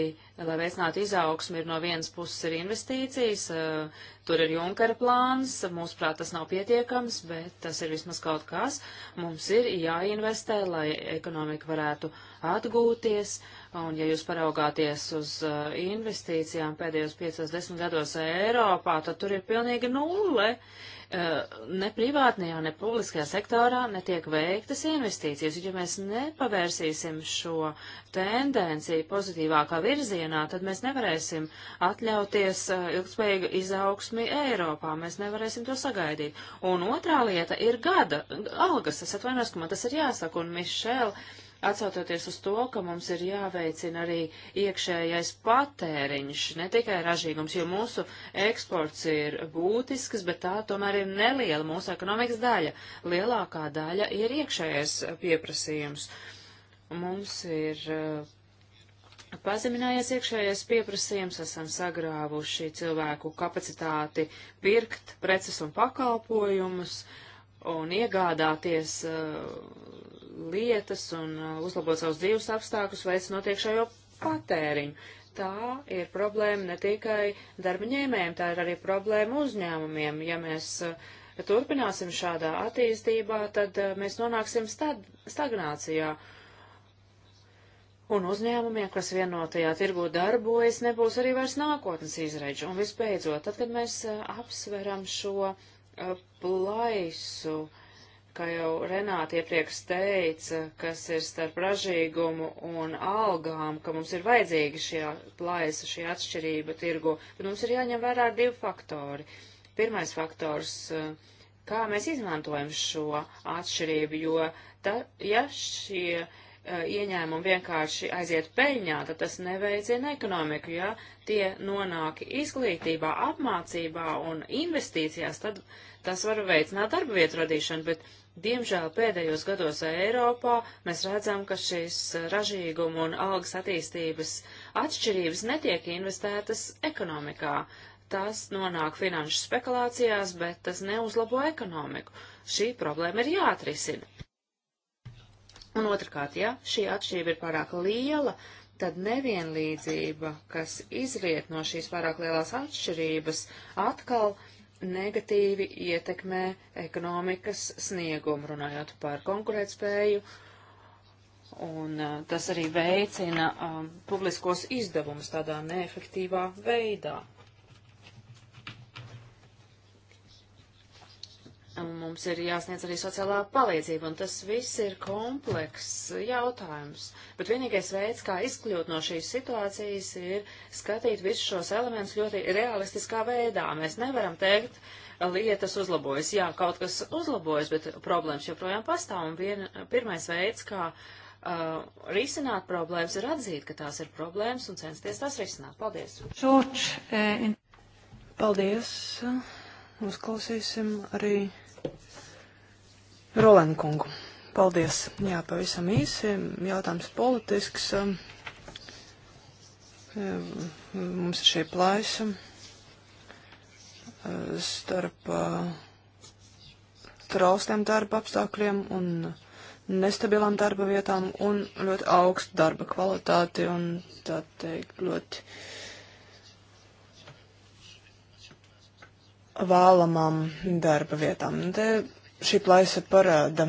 Speaker 1: lai veicinātu izaugsmi, ir no vienas puses ir investīcijas, eh, tur ir Junkara plāns, mūsuprāt tas nav pietiekams, bet tas ir vismaz kaut kas. Mums ir jāinvestē, lai ekonomika varētu atgūties, un ja jūs paraugāties uz eh, investīcijām pēdējos 5-10 gados Eiropā, tad tur ir pilnīgi nulle Eh, ne privātnajā, ne publiskajā sektorā netiek veiktas investīcijas. Ja mēs nepavērsīsim šo tendenciju pozitīvākā virzienā, tad mēs nevarēsim atļauties eh, ilgspējīgu izaugsmi Eiropā. Mēs nevarēsim to sagaidīt. Un otrā lieta ir gada algas. Es atvainos, ka man tas ir jāsaka. Un Mišela atsautoties uz to, ka mums ir jāveicina arī iekšējais patēriņš, ne tikai ražīgums, jo mūsu eksports ir būtisks, bet tā tomēr ir neliela mūsu ekonomikas daļa. Lielākā daļa ir iekšējais pieprasījums. Mums ir eh, Pazeminājies iekšējais pieprasījums, esam sagrāvuši cilvēku kapacitāti pirkt preces un pakalpojumus un iegādāties uh, lietas un uh, uzlabot savus dzīves apstākļus, veicinot iekšējo patēriņu. Tā ir problēma ne tikai darba ņēmējiem, tā ir arī problēma uzņēmumiem. Ja mēs uh, turpināsim šādā attīstībā, tad uh, mēs nonāksim stagnācijā. Un uzņēmumiem, kas vienotajā tirgu darbojas, nebūs arī vairs nākotnes izredžu. Un visbeidzot, tad, kad mēs apsveram šo plaisu, uh, kā jau Renāte iepriekš teica, kas ir starp ražīgumu un algām, ka mums ir vajadzīga šī plaisa, šī atšķirība tirgu, tad mums ir jāņem vērā divi faktori. Pirmais faktors, kā mēs izmantojam šo atšķirību, jo, ta, ja šie e, ieņēmumi vienkārši aiziet peļņā, tad tas neveicina ekonomiku. Ja tie nonāk izglītībā, apmācībā un investīcijās, tad tas var veicināt darba vietu radīšanu, bet Diemžēl pēdējos gados Eiropā mēs redzam, ka šīs ražīguma un algas attīstības atšķirības netiek investētas ekonomikā. Tas nonāk finanšu spekulācijās, bet tas neuzlabo ekonomiku. Šī problēma ir jāatrisina. Un otrkārt, ja šī atšķirība ir pārāk liela, tad nevienlīdzība, kas izriet no šīs pārāk lielās atšķirības, atkal uh, negatīvi ietekmē ekonomikas sniegumu, runājot par konkurētspēju, un uh, tas arī veicina um, publiskos izdevumus tādā neefektīvā veidā. un mums ir jāsniedz arī sociālā palīdzība, un tas viss ir komplekss jautājums. Bet vienīgais veids, kā izkļūt no šīs situācijas, ir skatīt visus šos elementus ļoti realistiskā veidā. Mēs nevaram teikt, lietas uzlabojas. Jā, kaut kas uzlabojas, bet problēmas joprojām pastāv, un vien, pirmais veids, kā uh, risināt problēmas, ir atzīt, ka tās ir problēmas un censties tās risināt. Paldies!
Speaker 2: George, uh, in... Paldies! Uzklausīsim arī Rolenkungu. Paldies. Jā, pavisam īsi. Jautājums politisks. Ehm, mums ir šī plaisa ehm, starp ehm, trausliem darba apstākļiem un nestabilām darba vietām un ļoti augstu darba kvalitāti un tā teikt ļoti vēlamām darba vietām. Te šī plaisa parāda,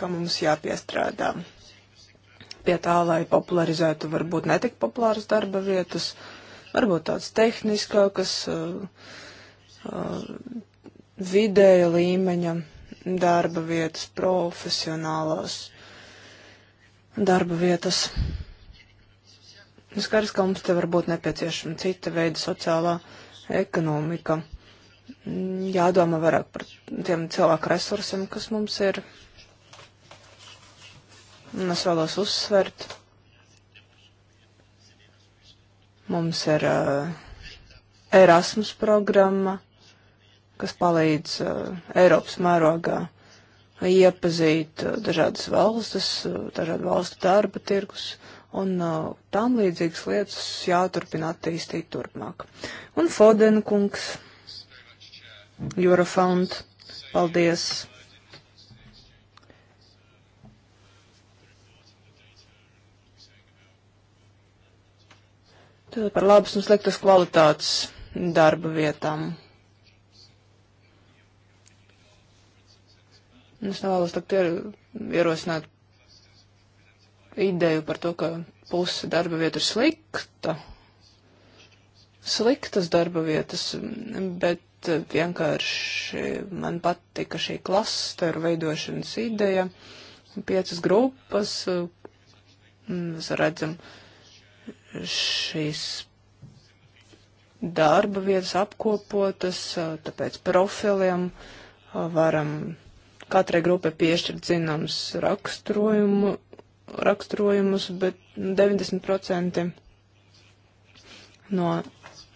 Speaker 2: ka mums jāpiestrādā pie tā, lai popularizētu varbūt netik populāras darba vietas, varbūt tādas tehniskākas, uh, uh, vidēja līmeņa darba vietas, profesionālās darba vietas. Skaidrs, ka mums te var būt nepieciešama cita veida sociālā ekonomika jādomā vairāk par tiem cilvēku resursiem, kas mums ir. Un es vēlos uzsvert. Mums ir uh, Erasmus programma, kas palīdz uh, Eiropas mērogā iepazīt uh, dažādas valstis, uh, dažādu valstu darba tirgus, un uh, tam līdzīgas lietas jāturpina attīstīt turpmāk. Un Fodenkungs. kungs. Eurofond. Paldies! Tad par labas un sliktas kvalitātes darba vietām. Es nevēlos tagad ierosināt ideju par to, ka puse darba vieta ir slikta, sliktas darba vietas, bet Eh, vienkārši man patika šī klasteru veidošanas ideja. Piecas grupas, eh, mēs redzam šīs darba vietas apkopotas, eh, tāpēc profiliem varam katrai grupai piešķirt zināms raksturojumu, raksturojumus, bet 90% no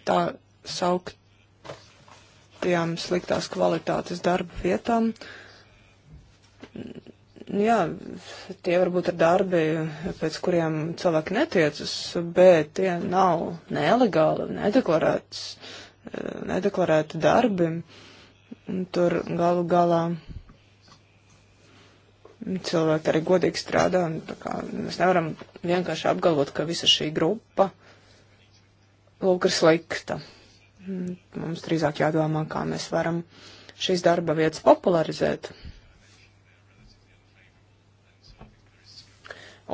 Speaker 2: tā saukt tām sliktās kvalitātes darba vietām. Mm, jā, tie varbūt ir darbi, pēc kuriem cilvēki netiecas, bet tie nav nelegāli, nedeklarēts, eh, nedeklarēti darbi. Tur galu galā cilvēki arī godīgi strādā. Mēs nevaram vienkārši apgalvot, ka visa šī grupa lūk ir slikta. Mums drīzāk jādomā, kā mēs varam šīs darba vietas popularizēt.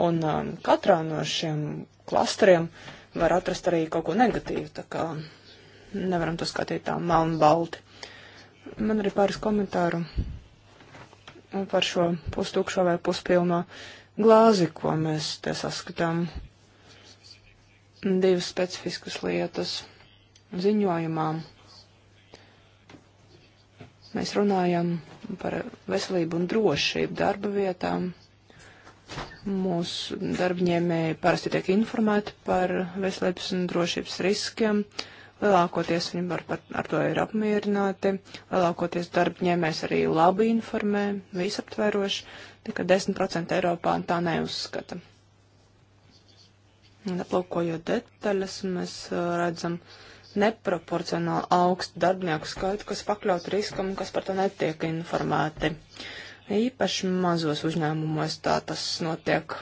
Speaker 2: Un um, katrā no šiem klasteriem var atrast arī kaut ko negatīvu, tā kā nevaram to skatīt tā melnu balti. Man arī pāris komentāru par šo pustukšo vai puspilno glāzi, ko mēs te saskatām. Divas specifiskas lietas ziņojumām mēs runājam par veselību un drošību darba vietām. Mūsu darbņēmēji parasti tiek informēti par veselības un drošības riskiem. Lielākoties viņi var par, ar to ir apmierināti. Lielākoties darbņēmējs arī labi informē, visaptveroši. Tikai 10% Eiropā tā neuzskata. Un aplūkojot detaļas, mēs uh, redzam, uh, neproporcionāli augstu darbinieku skaitu, kas pakļaut riskam un kas par to netiek informēti. Īpaši mazos uzņēmumos tā tas notiek.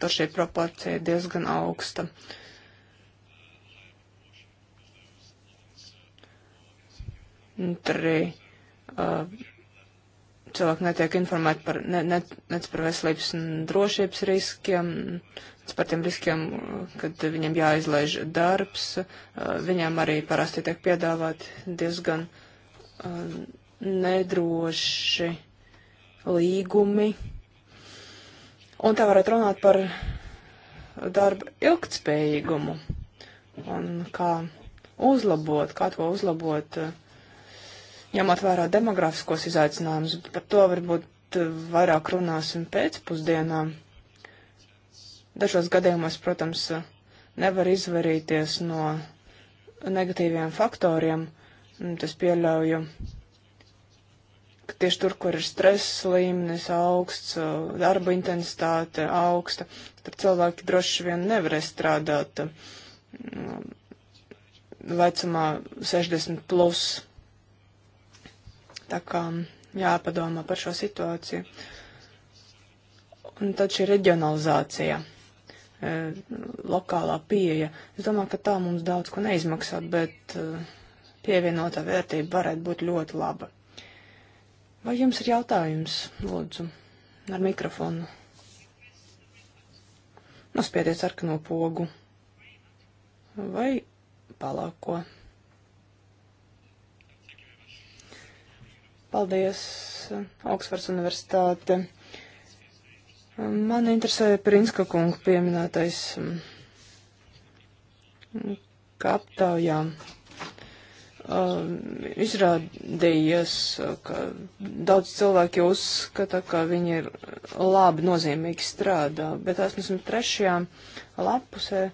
Speaker 2: Tur šī proporcija ir diezgan augsta. Tur arī uh, cilvēki netiek informēti par, ne, ne, nec par veselības un drošības riskiem, par tiem riskiem, kad viņam jāizlaiž darbs, eh, viņam arī parasti tiek piedāvāti diezgan eh, nedroši līgumi. Un tā varētu runāt par darba ilgtspējīgumu un kā uzlabot, kā to uzlabot, eh, ņemot vērā demografiskos izaicinājumus. Par to varbūt vairāk runāsim pēcpusdienām. Dažos gadījumos, protams, nevar izvarīties no negatīviem faktoriem. Mm, tas pieļauju, ka tieši tur, kur ir stress līmenis augsts, darba intensitāte augsta, tad cilvēki droši vien nevarēs strādāt mm, vecumā 60 plus. Tā kā jāpadomā par šo situāciju. Un tad šī reģionalizācija. E, lokālā pieeja. Es domāju, ka tā mums daudz ko neizmaksā, bet e, pievienotā vērtība varētu būt ļoti laba. Vai jums ir jautājums, lūdzu, ar mikrofonu? Nospiediet sarkano pogu vai palāko. Paldies, Oksfords Universitāte. Man interesēja Prinska kunga pieminētais mm, kaptaujā. Uh, um, izrādījies, ka daudz cilvēki uzskata, ka viņi ir labi, nozīmīgi strādā, bet 83. lapusē uh,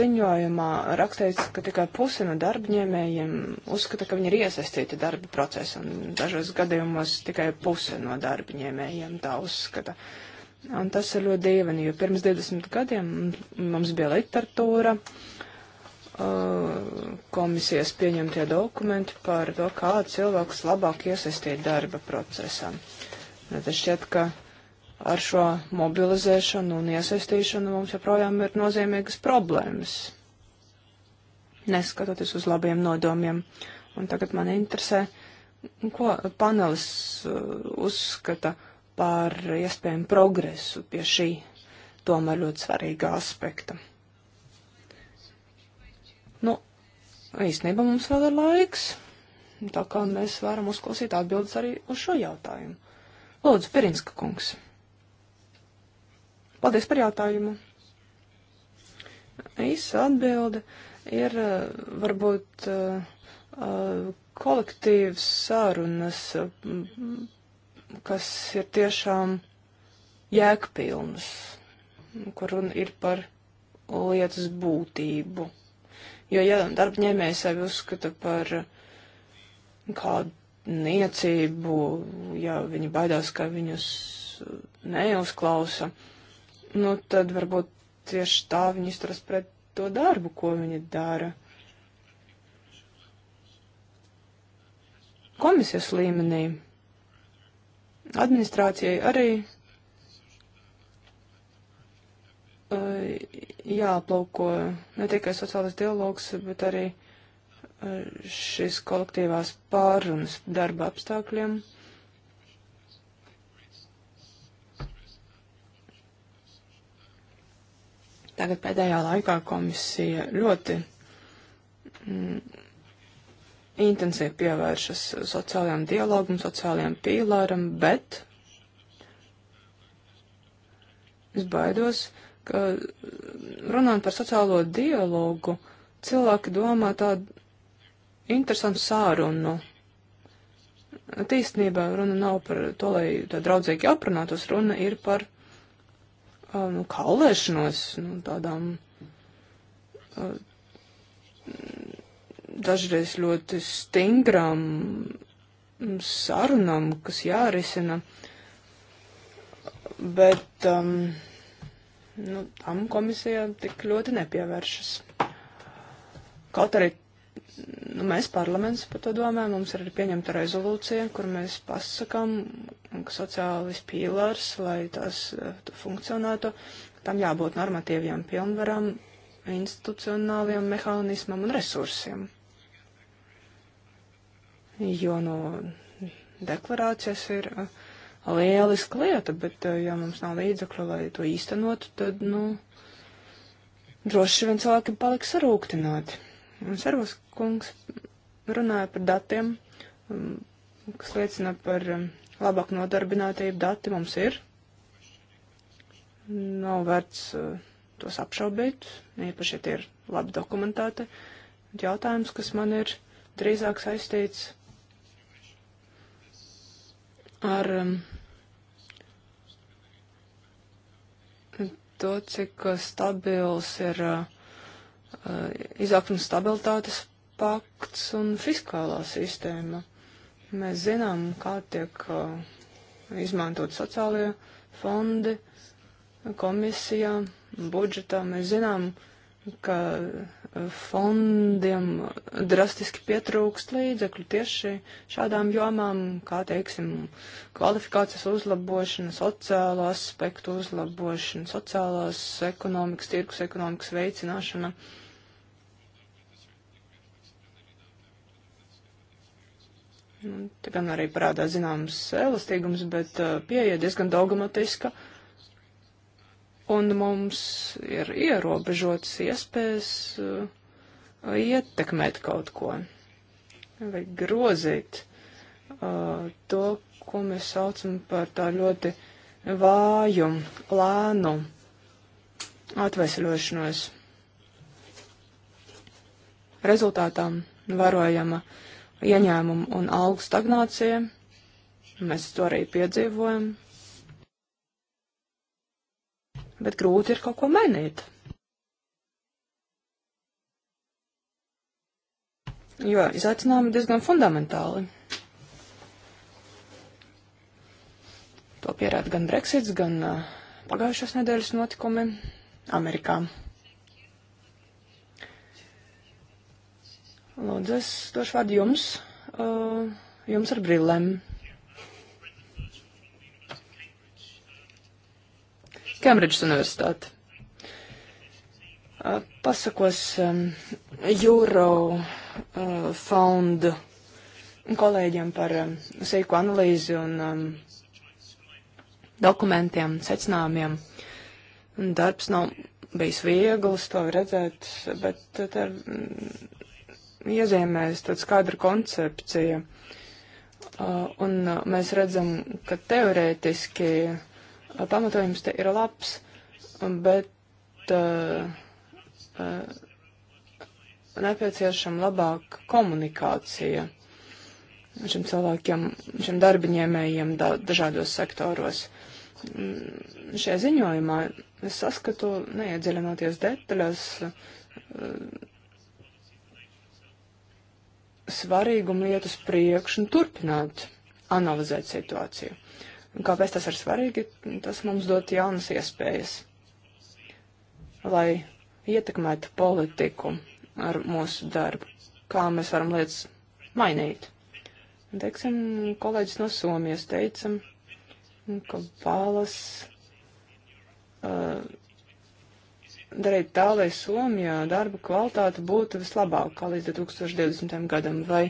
Speaker 2: ziņojumā rakstīts, ka tikai puse no darbņēmējiem uzskata, ka viņi ir iesaistīti darba procesā, un dažos gadījumos tikai puse no darbņēmējiem tā uzskata. Uh, Un tas ir ļoti dīvaini, jo pirms 20 gadiem mums bija literatūra, uh, komisijas pieņemtie dokumenti par to, kā cilvēkus labāk iesaistīt darba procesā. Nu, tas šķiet, ka ar šo mobilizēšanu un iesaistīšanu mums joprojām ir nozīmīgas problēmas, neskatoties uz labiem nodomiem. Un tagad man interesē, ko panelis uh, uzskata. Uh, par iespējamu progresu pie šī tomēr ļoti svarīga aspekta. Nu, īstenībā mums vēl ir laiks, tā kā mēs varam uzklausīt atbildes arī uz šo jautājumu. Lūdzu, Pirinska kungs. Paldies par jautājumu. Īsa atbilde ir eh, varbūt eh, eh, kolektīvs sārunas kas ir tiešām jēgpilnas, kur runa ir par lietas būtību. Jo, ja darbņēmējs sevi uzskata par kādu niecību, ja viņi baidās, ka viņus neuzklausa, nu, tad varbūt tieši tā viņi izturas pret to darbu, ko viņi dara. Komisijas līmenī Administrācijai arī jāaplūko ne tikai sociālais dialogs, bet arī šis kolektīvās pārunas darba apstākļiem. Tagad pēdējā laikā komisija ļoti mm, intensīvi pievēršas sociālajām dialogam, sociālajām pīlāram, bet es baidos, ka runājot par sociālo dialogu, cilvēki domā tādu interesantu sārunu. Tīstenībā runa nav par to, lai tā draudzīgi aprunātos, runa ir par nu, kaulēšanos, nu, tādām uh, dažreiz ļoti stingrām sarunām, kas jārisina, bet um, nu, tam komisija tik ļoti nepievēršas. Kaut arī nu, mēs parlaments par to domājam, mums ir pieņemta rezolūcija, kur mēs pasakam, ka sociālis pīlārs, lai tas eh, tā funkcionētu, tam jābūt normatīviem pilnvaram, institucionāliem mehānismam un resursiem jo no nu, deklarācijas ir uh, lieliska lieta, bet uh, ja mums nav līdzekļu, lai to īstenotu, tad, nu, droši vien cilvēki paliks sarūktināti. Un Servus kungs runāja par datiem, um, kas liecina par um, labāku nodarbinātību. Dati mums ir. Nav vērts uh, tos apšaubīt, īpaši, ja tie ir labi dokumentēti. Jautājums, kas man ir drīzāk saistīts ar um, to, cik uh, stabils ir uh, uh, izaugsmas stabilitātes pakts un fiskālā sistēma. Mēs zinām, kā tiek izmantot sociālie fondi komisijā, budžetā. Mēs zinām, ka fondiem drastiski pietrūkst līdzekļu tieši šādām jomām, kā teiksim, kvalifikācijas uzlabošana, sociālo aspektu uzlabošana, sociālās ekonomikas, tirkus ekonomikas veicināšana. Nu, te gan arī parādās zināms elastīgums, bet uh, pieeja diezgan dogmatiska. Uh, un mums ir ierobežotas iespējas uh, ietekmēt kaut ko vai grozīt uh, to, ko mēs saucam par tā ļoti vāju, lēnu atvesļošanos. Rezultātā varojama ieņēmuma un algu stagnācija. Mēs to arī piedzīvojam bet grūti ir kaut ko mainīt. Jo izaicinājumi diezgan fundamentāli. To pierāda gan Brexits, gan uh, pagājušās nedēļas notikumi Amerikā. Lūdzu, es došu vārdu jums, uh, jums ar brillēm. Kembridžas universitāti. Pasakos um, Euro fondu kolēģiem par um, sīku analīzi un um, dokumentiem, secinājumiem. Darbs nav bijis viegls, to redzēt, bet tā ir mm, iezīmēs tāda skaidra koncepcija. Un mēs redzam, ka teorētiski uh, pamatojums te ir labs, bet uh, uh, nepieciešama labāka komunikācija šiem cilvēkiem, šiem darbiņēmējiem da, dažādos sektoros. Mm, šajā ziņojumā es saskatu, neiedziļinoties detaļās, uh, svarīgumu iet uz priekšu un turpināt analizēt situāciju. Uh, Kāpēc tas ir svarīgi? Tas mums dot jaunas iespējas, lai ietekmētu politiku ar mūsu darbu, kā mēs varam lietas mainīt. Teiksim, kolēģis no Somijas teica, ka vēlas uh, darīt tā, lai Somijā darba kvalitāte būtu vislabākā līdz 2020. gadam, vai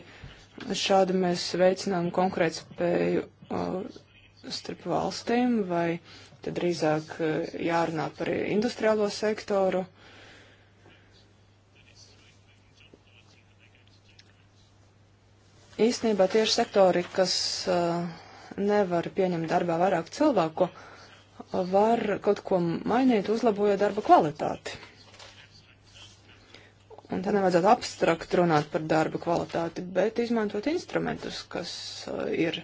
Speaker 2: šādi mēs veicinām konkurētspēju uh, starp valstīm, vai tad drīzāk eh, jārunā par industriālo sektoru. Īstenībā tieši sektori, kas eh, nevar pieņemt darbā vairāk cilvēku, var kaut ko mainīt, uzlabojot darba kvalitāti. Un te nevajadzētu abstrakt runāt par darba kvalitāti, bet izmantot instrumentus, kas eh, ir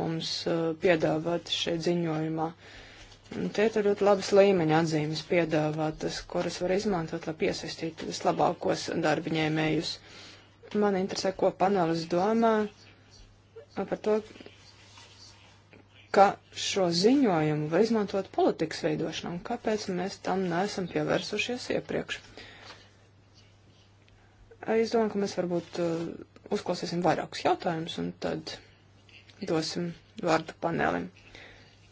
Speaker 2: mums uh, piedāvātas šeit ziņojumā. Tie ir ļoti labas līmeņa atzīmes piedāvātas, kuras var izmantot, lai piesaistītu vislabākos darbiņēmējus. Man interesē, ko panelis domā par to, ka šo ziņojumu var izmantot politikas veidošanā, un kāpēc mēs tam neesam pievērsušies iepriekš. Es domāju, ka mēs varbūt uh, uzklausīsim vairākus jautājumus, un tad dosim vārdu panelim.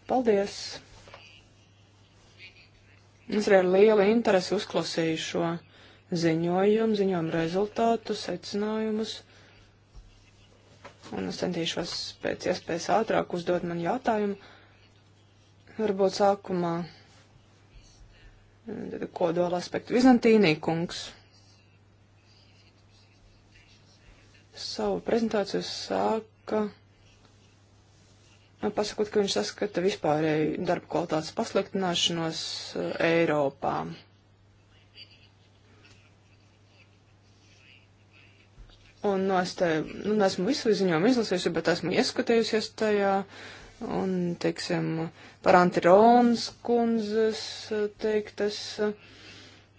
Speaker 2: Paldies! Es arī ar lielu interesi uzklausīju šo ziņojumu, ziņojumu rezultātus, secinājumus. Un es centīšos pēc iespējas ātrāk uzdot man jautājumu. Varbūt sākumā kodola aspektu Vizantīnī kungs. Savu prezentāciju sāka pasakot, ka viņš saskata vispārēju darba kvalitātes pasliktināšanos eh, Eiropā. Un no nu, es te, nu, esmu visu ziņojumu izlasījusi, bet esmu ieskatījusies tajā, un, teiksim, par Antironas kundzes eh, teiktas,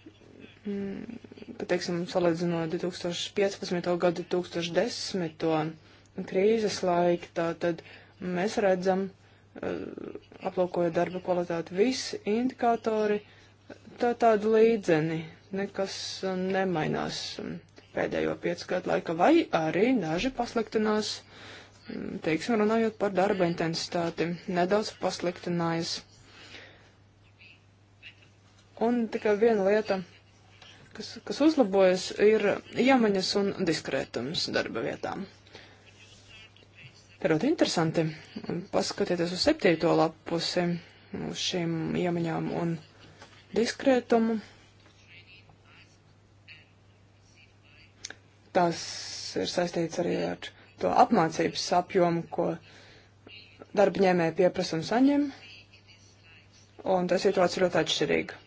Speaker 2: bet, mm, teiksim, salīdzinot 2015. gadu 2010. krīzes laiku, tā tad. tad Mēs redzam, eh, aplūkojot darba kvalitāti, visi indikātori tā tādu līdzeni, nekas eh, nemainās pēdējo piecu gadu laika, vai arī daži pasliktinās, mm, teiksim, runājot par darba intensitāti, nedaudz pasliktinājas. Un tikai viena lieta, kas, kas uzlabojas, ir iemaņas un diskrētums darba vietām. Te ļoti interesanti. Paskatieties uz septīto lapusi, uz šīm iemaņām un diskrētumu. Tas ir saistīts arī ar to apmācības apjomu, ko darba ņēmēja pieprasa un saņem. Un tā situācija ļoti atšķirīga.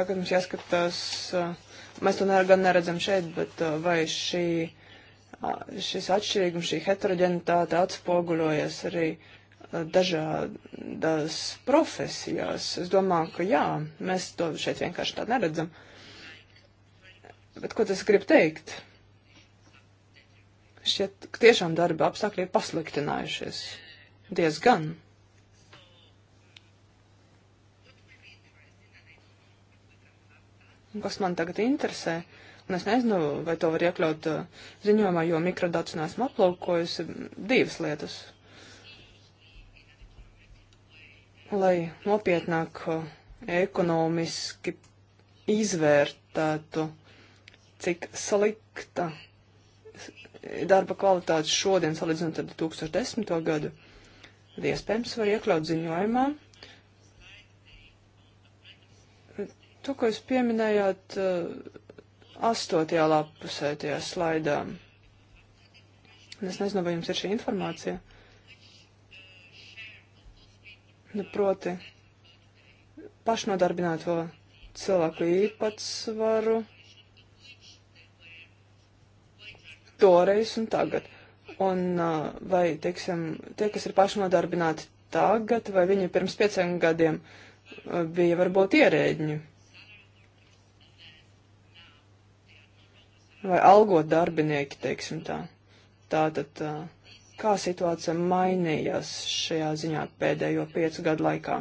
Speaker 2: Tagad mums jāskatās uh, Mēs to gan neredzam šeit, bet uh, vai šī, šis atšķirīgums, šī heterogenitāte atspoguļojas arī uh, dažādās profesijās? Es domāju, ka jā, mēs to šeit vienkārši tā neredzam. Bet ko tas grib teikt? Šķiet, ka tiešām darba apstākļi ir pasliktinājušies. Diezgan. gan. kas man tagad interesē. Un es nezinu, vai to var iekļaut uh, ziņojumā, jo mikrodatus neesmu aplaukojusi. Um, divas lietas. Lai nopietnāk uh, ekonomiski izvērtētu, cik slikta darba kvalitāte šodien salīdzinot ar 2010. gadu, iespējams var iekļaut ziņojumā to, ko jūs pieminējāt eh, astotajā lapusē tajā slaidā. Es nezinu, vai jums ir šī informācija. Nu, proti, pašnodarbināto cilvēku īpatsvaru toreiz un tagad. Un eh, vai, teiksim, tie, kas ir pašnodarbināti tagad, vai viņi pirms pieciem gadiem eh, bija varbūt ierēģiņi? vai algot darbinieki, teiksim tā. Tātad, kā situācija mainījās šajā ziņā pēdējo piecu gadu laikā?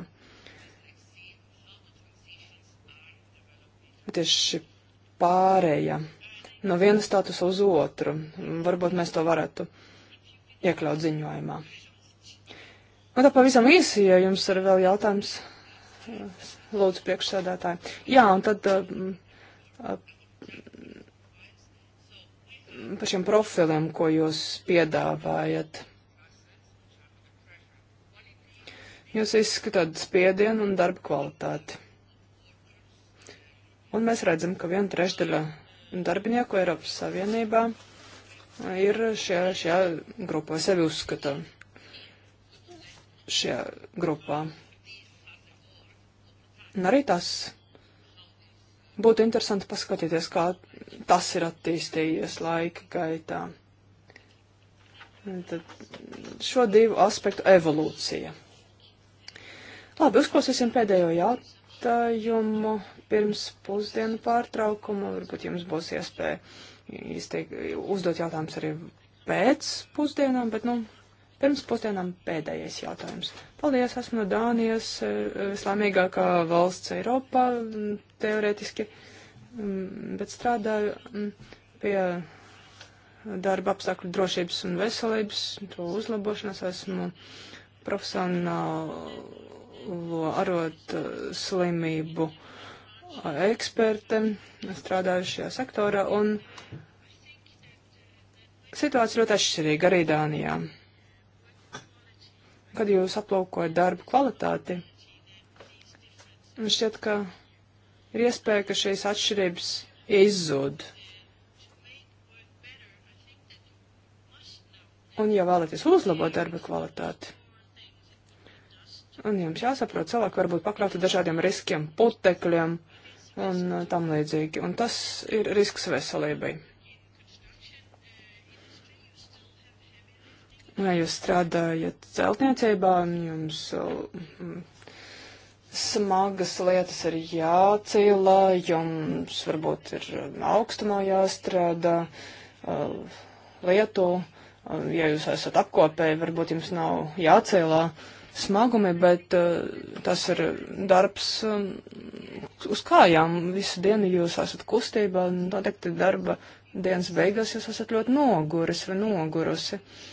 Speaker 2: Tieši pārēja no viena statusa uz otru. Varbūt mēs to varētu iekļaut ziņojumā. Un tā pavisam īsi, ja jums ir vēl jautājums, lūdzu priekšsēdētāji. Jā, un tad uh, uh, par šiem profiliem, ko jūs piedāvājat. Jūs izskatāt spiedienu un darba kvalitāti. Un mēs redzam, ka viena trešdaļa darbinieku Eiropas Savienībā ir šajā, šajā grupā, sevi uzskata šajā grupā. Un arī tas Būtu interesanti paskatīties, kā tas ir attīstījies laika gaitā. Tad šo divu aspektu evolūcija. Labi, uzklausīsim pēdējo jautājumu pirms pusdienu pārtraukuma. Varbūt jums būs iespēja izteik, uzdot jautājumus arī pēc pusdienām, bet, nu, Pirms pusdienām pēdējais jautājums. Paldies, esmu no Dānijas, eh, slāmīgākā valsts Eiropā, mm, teoretiski, mm, bet strādāju mm, pie darba apstākļu drošības un veselības, to uzlabošanas esmu profesionālo arotu eh, slimību eh, eksperte, strādāju šajā sektorā, un situācija ļoti atšķirīga arī Dānijā kad jūs aplaukojat darba kvalitāti, man šķiet, ka ir iespēja, ka šīs atšķirības izzūd. Un, ja vēlaties uzlabot darba kvalitāti, un jums jāsaprot, cilvēki var būt pakļauti dažādiem riskiem, putekļiem un tam līdzīgi, un tas ir risks veselībai. Vai jūs strādājat celtniecībā, jums mm, smagas lietas ir jācīla, jums varbūt ir augstumā jāstrādā, eh, lietu, ja jūs esat apkopēji, varbūt jums nav jācīlā smagumi, bet eh, tas ir darbs mm, uz kājām. Visu dienu jūs esat kustībā, noteikti darba dienas beigās jūs esat ļoti noguris vai nogurusi. Uh,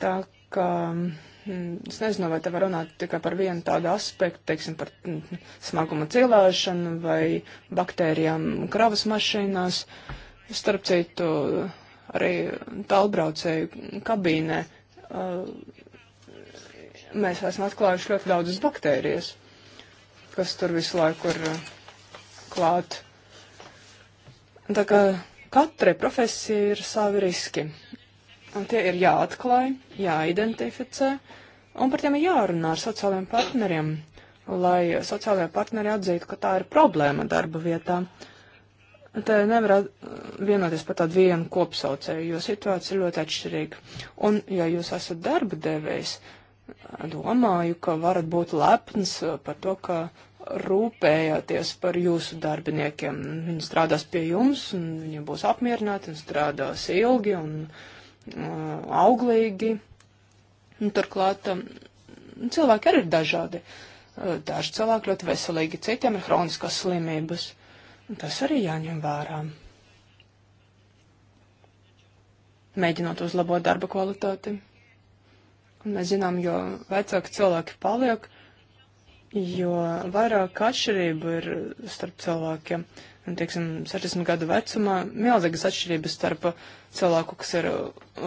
Speaker 2: Tā kā mm, es nezinu, vai te var runāt tikai par vienu tādu aspektu, teiksim, par mm, smaguma cilāšanu vai baktērijām kravas mašīnās. Starp citu, arī tālbraucēju kabīnē mēs esam atklājuši ļoti daudzas baktērijas, kas tur visu laiku ir klāt. Tā kā katrai profesija ir savi riski, Un tie ir jāatklāj, jāidentificē, un par tiem ir jārunā ar sociālajiem partneriem, lai sociālajie partneri atzītu, ka tā ir problēma darba vietā. Te nevar vienoties par tādu vienu kopsaucēju, jo situācija ir ļoti atšķirīga. Un, ja jūs esat darba devējs, domāju, ka varat būt lepns par to, ka rūpējāties par jūsu darbiniekiem. Viņi strādās pie jums, un viņi būs apmierināti un strādās ilgi. Un, uh, auglīgi. Un, nu, turklāt cilvēki arī ir dažādi. Daži cilvēki ļoti veselīgi, citiem ir hroniskas slimības. Un tas arī jāņem vērā. Mēģinot uzlabot darba kvalitāti. Un mēs zinām, jo vecāki cilvēki paliek, jo vairāk atšķirība ir starp cilvēkiem. Uh, Nu, teiksim, 60 gadu vecumā milzīgas atšķirības starp cilvēku, kas ir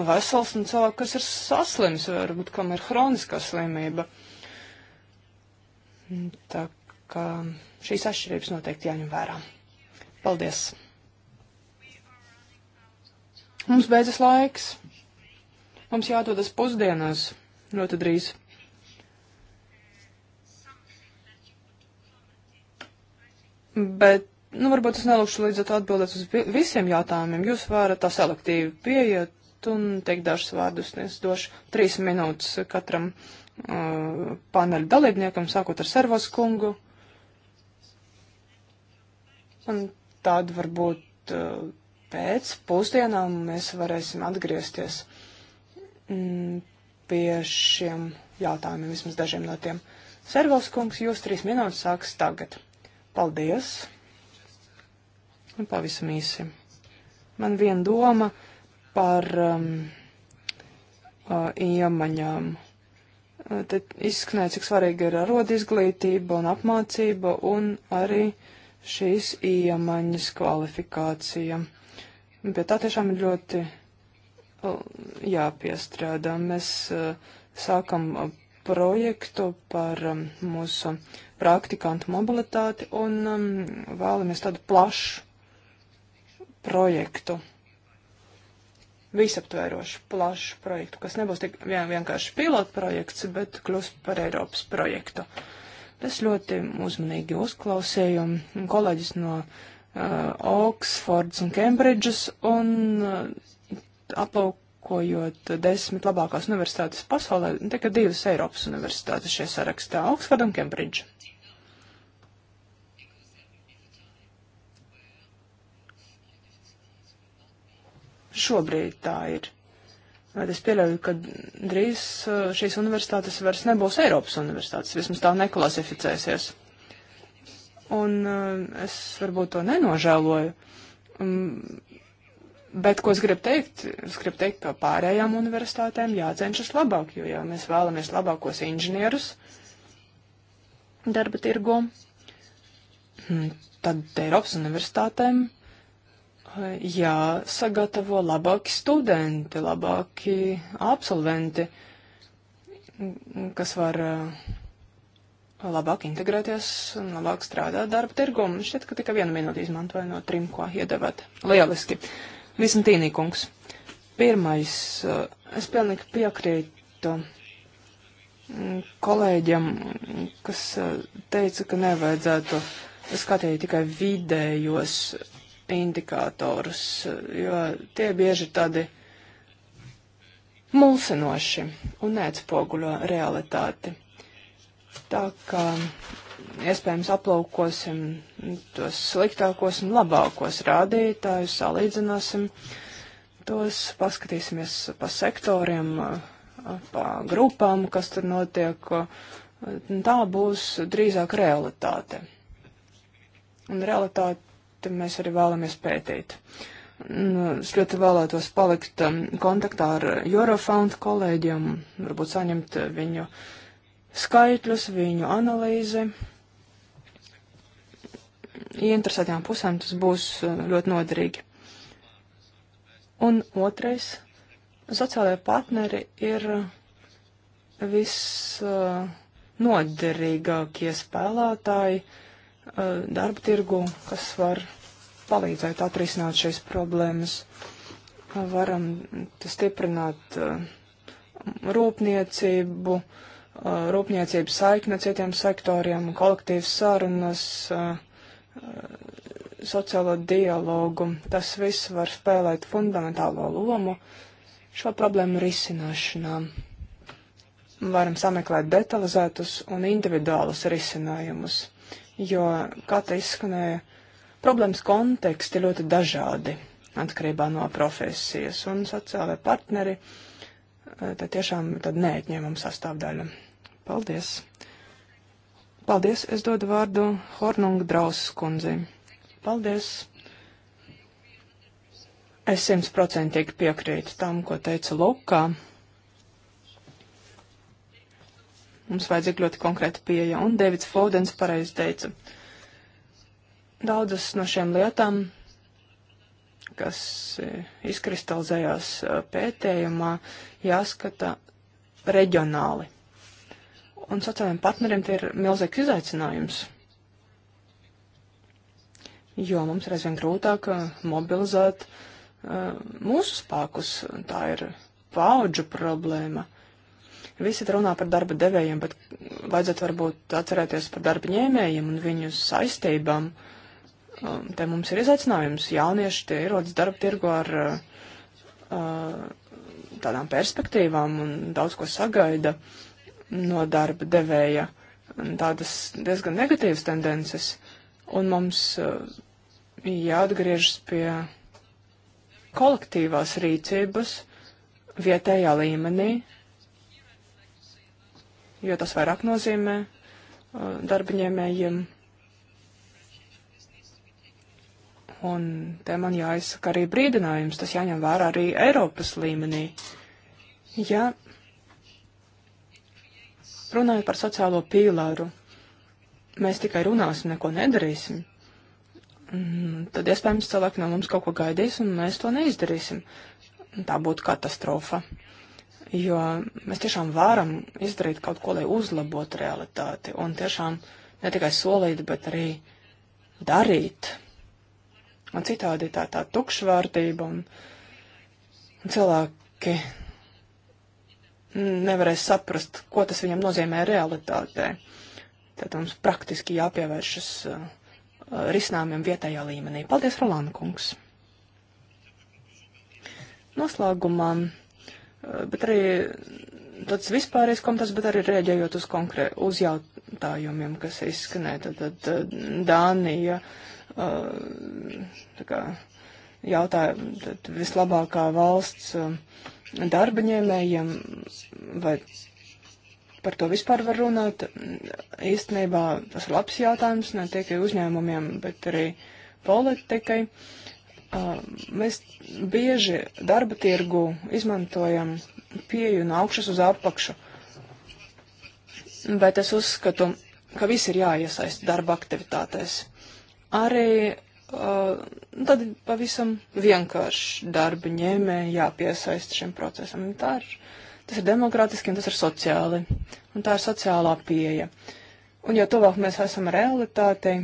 Speaker 2: vesels un cilvēku, kas ir saslims, varbūt kam ir hroniskā slimība. Nu, tā kā šīs atšķirības noteikti jāņem vērā. Paldies! Mums beidzas laiks. Mums jādodas pusdienās ļoti drīz. Bet Nu, varbūt es nelūkšu līdz ar to atbildēt uz visiem jautājumiem. Jūs varat tā selektīvi pieiet un teikt dažus vārdus. Es došu trīs minūtes katram uh, paneļa dalībniekam, sākot ar servos kungu. Un tad varbūt uh, pēc pusdienām mēs varēsim atgriezties mm, pie šiem jautājumiem, vismaz dažiem no tiem. Servos kungs, jūs trīs minūtes sāks tagad. Paldies! Nu, pavisam īsi. Man viena doma par um, uh, iemaņām. Uh, te izskanēja, cik svarīga ir arodu izglītība un apmācība un arī šīs iemaņas kvalifikācija. Pie tā tiešām ir ļoti uh, jāpiestrādā. Mēs uh, sākam uh, projektu par um, mūsu praktikantu mobilitāti un um, vēlamies tādu plašu projektu. Visaptvērošu plašu projektu, kas nebūs tik vien, vienkārši pilotu projekts, bet kļūs par Eiropas projektu. Es ļoti uzmanīgi uzklausīju kolēģis no uh, Oksfords un Kembridžas un uh, aplaukojot desmit labākās universitātes pasaulē, tikai divas Eiropas universitātes šie sarakstā - Oksforda un Kembridža. šobrīd tā ir. Bet es pieļauju, ka drīz uh, šīs universitātes vairs nebūs Eiropas universitātes, vismaz tā neklasificēsies. Un uh, es varbūt to nenožēloju, um, bet ko es gribu teikt? Es gribu teikt, ka pārējām universitātēm jācenšas labāk, jo ja mēs vēlamies labākos inženierus darba tirgu, tad Eiropas universitātēm jāsagatavo labāki studenti, labāki absolventi, kas var eh, labāk integrēties un labāk strādāt darba tirgu. Man šķiet, ka tikai vienu minūti izmantoju no trim, ko iedevāt. Lieliski. Vismatīnī kungs. Pirmais, eh, es pilnīgi piekrītu mm, kolēģiem, kas eh, teica, ka nevajadzētu skatīt tikai vidējos indikātorus, jo tie bieži tādi mulsinoši un neatspoguļo realitāti. Tā kā iespējams aplaukosim tos sliktākos un labākos rādītājus, salīdzināsim tos, paskatīsimies pa sektoriem, pa grupām, kas tur notiek. Tā būs drīzāk realitāte. Un realitāte mēs arī vēlamies pētīt. Nu, es ļoti vēlētos palikt um, kontaktā ar Eurofound kolēģiem, varbūt saņemt uh, viņu skaitļus, viņu analīzi. Ieinteresētajām pusēm tas būs uh, ļoti noderīgi. Un otrais, sociālajie partneri ir uh, visnoderīgākie spēlētāji. Uh, Eh, darba tirgu, kas var palīdzēt atrisināt šīs problēmas. Varam stiprināt eh, rūpniecību, eh, rūpniecības saikne citiem sektoriem, kolektīvas sarunas, sociālo dialogu. Tas viss var spēlēt fundamentālo lomu šo problēmu risināšanā. Varam sameklēt detalizētus un individuālus risinājumus jo, kā te izskanēja, problēmas konteksti ļoti dažādi atkarībā no profesijas un sociālai partneri. Eh, Tā tiešām tad neatņēmuma sastāvdaļa. Paldies! Paldies! Es dodu vārdu Hornunga drausas kundzei. Paldies! Es simtprocentīgi piekrītu tam, ko teica Lukā. Mums vajadzīga ļoti konkrēta pieeja, un Deivids Fodens pareizi teica. Daudzas no šiem lietām, kas eh, izkristalizējās eh, pētējumā, jāskata reģionāli. Un sociālajiem partneriem tie ir milzīgs izaicinājums, jo mums ir aizvien grūtāk eh, mobilizēt uh, mūsu spēkus. Tā ir paudžu problēma. Visi runā par darba devējiem, bet vajadzētu varbūt atcerēties par darba ņēmējiem un viņu saistībām. Um, te mums ir izaicinājums. Jaunieši tie ierodas darba tirgu ar uh, tādām perspektīvām un daudz ko sagaida no darba devēja. Tādas diezgan negatīvas tendences. Un mums uh, jāatgriežas pie kolektīvās rīcības vietējā līmenī, jo tas vairāk nozīmē uh, darbaņēmējiem. Un te man jāizsaka arī brīdinājums, tas jāņem vērā arī Eiropas līmenī. Ja runājot par sociālo pīlāru, mēs tikai runāsim, neko nedarīsim, mm, tad iespējams cilvēki no mums kaut ko gaidīs, un mēs to neizdarīsim. Tā būtu katastrofa jo mēs tiešām varam izdarīt kaut ko, lai uzlabotu realitāti un tiešām ne tikai solīt, bet arī darīt. Un citādi tā tā tukšvārdība un, un cilvēki nevarēs saprast, ko tas viņam nozīmē realitātē. Tad mums praktiski jāpievēršas uh, risinājumiem vietējā līmenī. Paldies, Rolanda kungs! Noslēgumā Eh, bet arī tāds vispārējais komentārs, bet arī rēģējot uz, konkrē, uz jautājumiem, kas izskanēja. Tad, tad eh, Dānija eh, tā kā, jautāja, tad vislabākā valsts darbaņēmējiem, vai par to vispār var runāt. Īstenībā tas ir labs jautājums ne tikai uzņēmumiem, bet arī politikai. Uh, Mēs bieži darba tirgu izmantojam pieju no augšas uz apakšu, bet es uzskatu, ka visi ir jāiesaist darba aktivitātēs. Arī uh, tad pavisam vienkārši darba ņēmēji jāpiesaist šim procesam. Tā ir, tas ir demokrātiski un tas ir sociāli. Un tā ir sociālā pieeja. Un jo tuvāk mēs esam realitātei,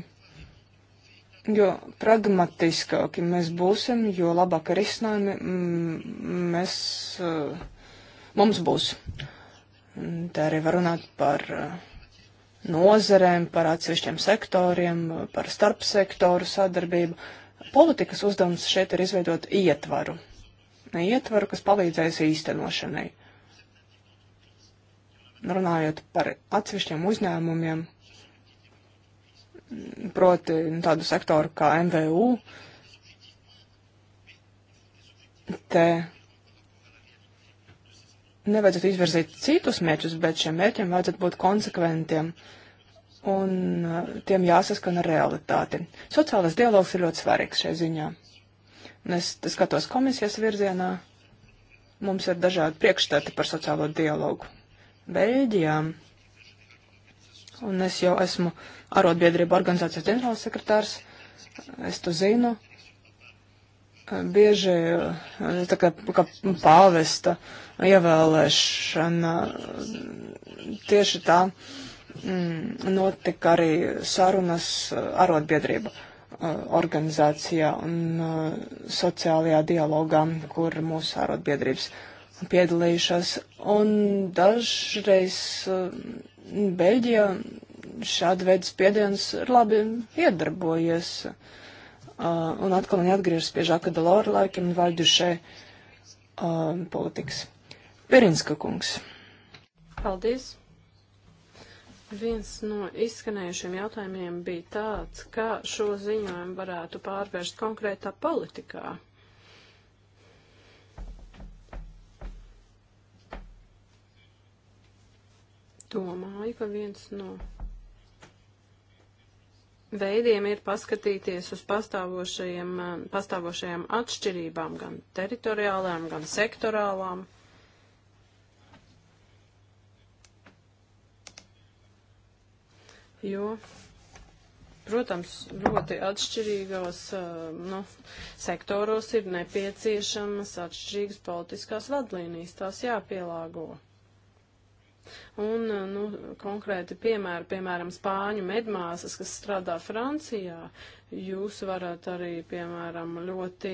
Speaker 2: jo pragmatiskāki mēs būsim, jo labāk risinājumi mm, mēs, eh, mums būs. Te arī var runāt par eh, nozerēm, par atsevišķiem sektoriem, par starpsektoru sadarbību. Politikas uzdevums šeit ir izveidot ietvaru. Ietvaru, kas palīdzēs īstenošanai. Runājot par atsevišķiem uzņēmumiem proti nu, tādu sektoru kā MVU, te nevajadzētu izvirzīt citus mērķus, bet šiem mērķiem vajadzētu būt konsekventiem un eh, tiem jāsaskan ar realitāti. Sociālais dialogs ir ļoti svarīgs šai ziņā. Un es skatos komisijas virzienā. Mums ir dažādi priekšstati par sociālo dialogu. Beļģijām un es jau esmu arotbiedrību organizācijas ģenerālsekretārs, es to zinu. Bieži eh, tā kā, kā pāvesta ievēlēšana tieši tā mm, notika arī sarunas eh, arotbiedrība eh, organizācijā un sociālajā dialogā, kur mūsu arotbiedrības piedalījušās. Un dažreiz Beļģija šāda veida spiediens ir labi iedarbojies. Uh, un atkal viņi atgriežas pie Žaka Delora laikiem un Vaļdušē uh, politikas. Pirinska kungs.
Speaker 3: Paldies. Viens no izskanējušiem jautājumiem bija tāds, kā šo ziņojumu varētu pārvērst konkrētā politikā. Domāju, ka viens no veidiem ir paskatīties uz pastāvošajiem, pastāvošajām atšķirībām, gan teritoriālām, gan sektorālām. Jo, protams, ļoti atšķirīgos eh, nu, sektoros ir nepieciešamas atšķirīgas politiskās vadlīnijas, tās jāpielāgo. Un, eh, nu, konkrēti piemēri, piemēram, spāņu medmāsas, kas strādā Francijā, jūs varat arī, piemēram, ļoti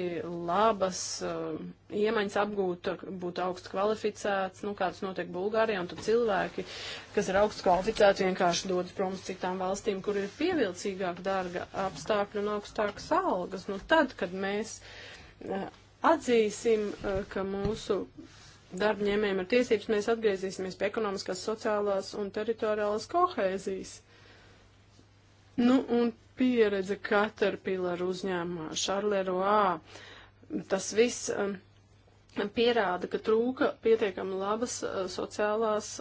Speaker 3: labas uh, iemaņas apgūt, būt augstu kvalificēts, nu, kāds notiek Bulgārijā, un tad cilvēki, kas ir augstu kvalificēti, vienkārši dodas prom uz citām valstīm, kur ir pievilcīgāk darga apstākļi un augstākas algas. Nu, tad, kad mēs uh, atzīsim, uh, ka mūsu darbņēmējiem ir tiesības, mēs atgriezīsimies pie ekonomiskās, sociālās un teritoriālās kohēzijas. Nu, un pieredze Caterpillar uzņēmumā, Charleroi, tas viss um, pierāda, ka trūka pietiekami labas uh, sociālās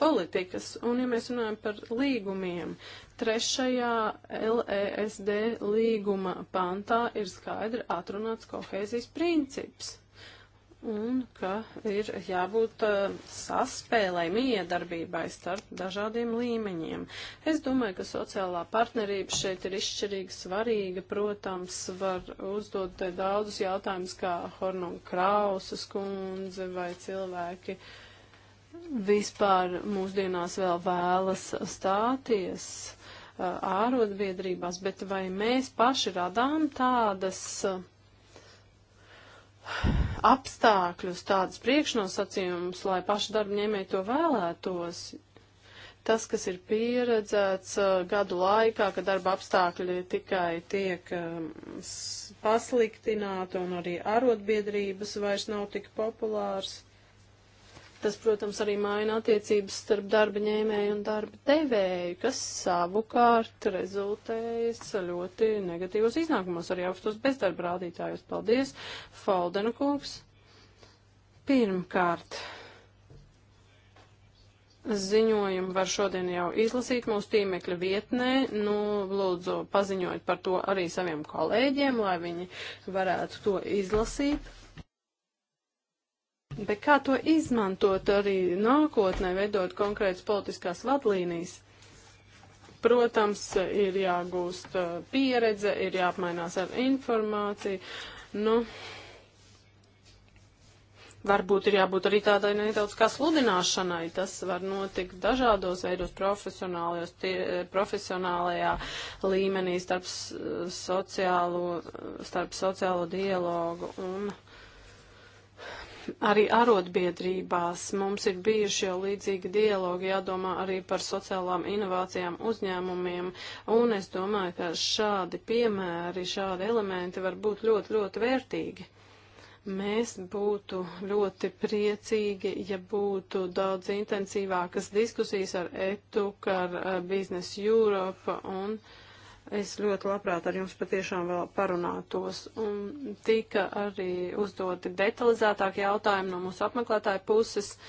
Speaker 3: politikas. Un, ja mēs runājam par līgumiem, trešajā LESD līguma pantā ir skaidri atrunāts kohēzijas princips un ka ir jābūt uh, saspēlē, miedarbībai starp dažādiem līmeņiem. Es domāju, ka sociālā partnerība šeit ir izšķirīgi svarīga. Protams, var uzdot daudzus jautājumus, kā Hornon Krausas kundze vai cilvēki vispār mūsdienās vēl vēlas stāties uh, ārotbiedrībās, bet vai mēs paši radām tādas uh, apstākļus, tādus priekšnosacījumus, lai paši darbņēmēji to vēlētos. Tas, kas ir pieredzēts uh, gadu laikā, ka darba apstākļi tikai tiek um, pasliktināti un arī arotbiedrības vairs nav tik populārs. Tas, protams, arī maina attiecības starp darba ņēmēju un darba devēju, kas savukārt rezultējas ļoti negatīvos iznākumos, arī augstos bezdarba rādītājos. Paldies, Faldena kungs. Pirmkārt, ziņojumu var šodien jau izlasīt mūsu tīmekļa vietnē. Nu, lūdzu, paziņojiet par to arī saviem kolēģiem, lai viņi varētu to izlasīt. Bet kā to izmantot arī nākotnē, veidot konkrētas politiskās vadlīnijas? Protams, ir jāgūst uh, pieredze, ir jāapmainās ar informāciju. Nu, varbūt ir jābūt arī tādai nedaudz kā sludināšanai. Tas var notikt dažādos veidos tie, profesionālajā līmenī starp sociālo, starp sociālo dialogu un Arī arotbiedrībās mums ir bijuši jau līdzīgi dialogi, jādomā arī par sociālām inovācijām uzņēmumiem, un es domāju, ka šādi piemēri, šādi elementi var būt ļoti, ļoti vērtīgi. Mēs būtu ļoti priecīgi, ja būtu daudz intensīvākas diskusijas ar ETUK, ar Business Europe un uh, Es ļoti labprāt ar jums patiešām vēl parunātos. Un tika arī uzdoti detalizētāki jautājumi no mūsu apmeklētāju puses. Uh,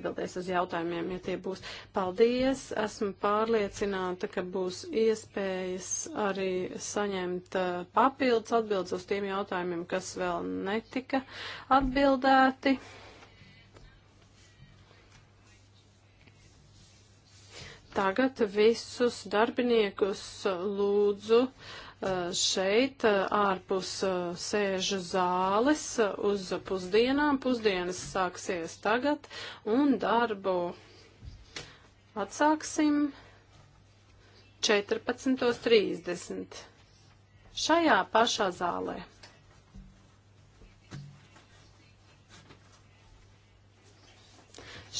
Speaker 3: atbildēs uz jautājumiem, ja tie būs. Paldies! Esmu pārliecināta, ka būs iespējas arī saņemt uh, papildus atbildes uz tiem jautājumiem, kas vēl netika atbildēti. Tagad visus darbiniekus lūdzu uh, šeit ārpus sēžu zāles uz pusdienām. Pusdienas sāksies tagad un darbu atsāksim 14.30 šajā pašā zālē.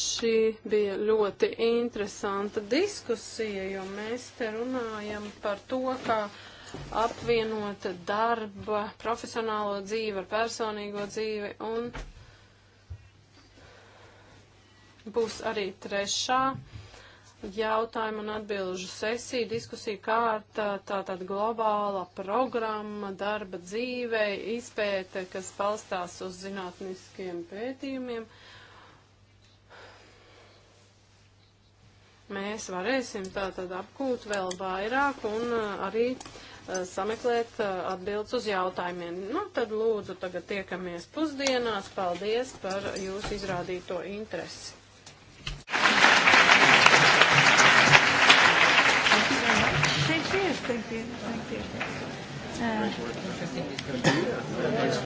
Speaker 3: Šī bija ļoti interesanta diskusija, jo mēs te runājam par to, kā ka apvienot darba, profesionālo dzīvi ar personīgo dzīvi un būs arī trešā jautājumu un atbilžu sesija, diskusija kārta, tātad globāla programma darba dzīvē, izpēte, kas palstās uz zinātniskiem pētījumiem. mēs varēsim tātad apgūt vēl vairāk un uh, arī Eh, sameklēt eh, atbildes uz jautājumiem. Nu, tad lūdzu, tagad tiekamies pusdienās. Paldies par jūsu izrādīto interesi. Thank you. Thank you.
Speaker 2: Thank you. Uh,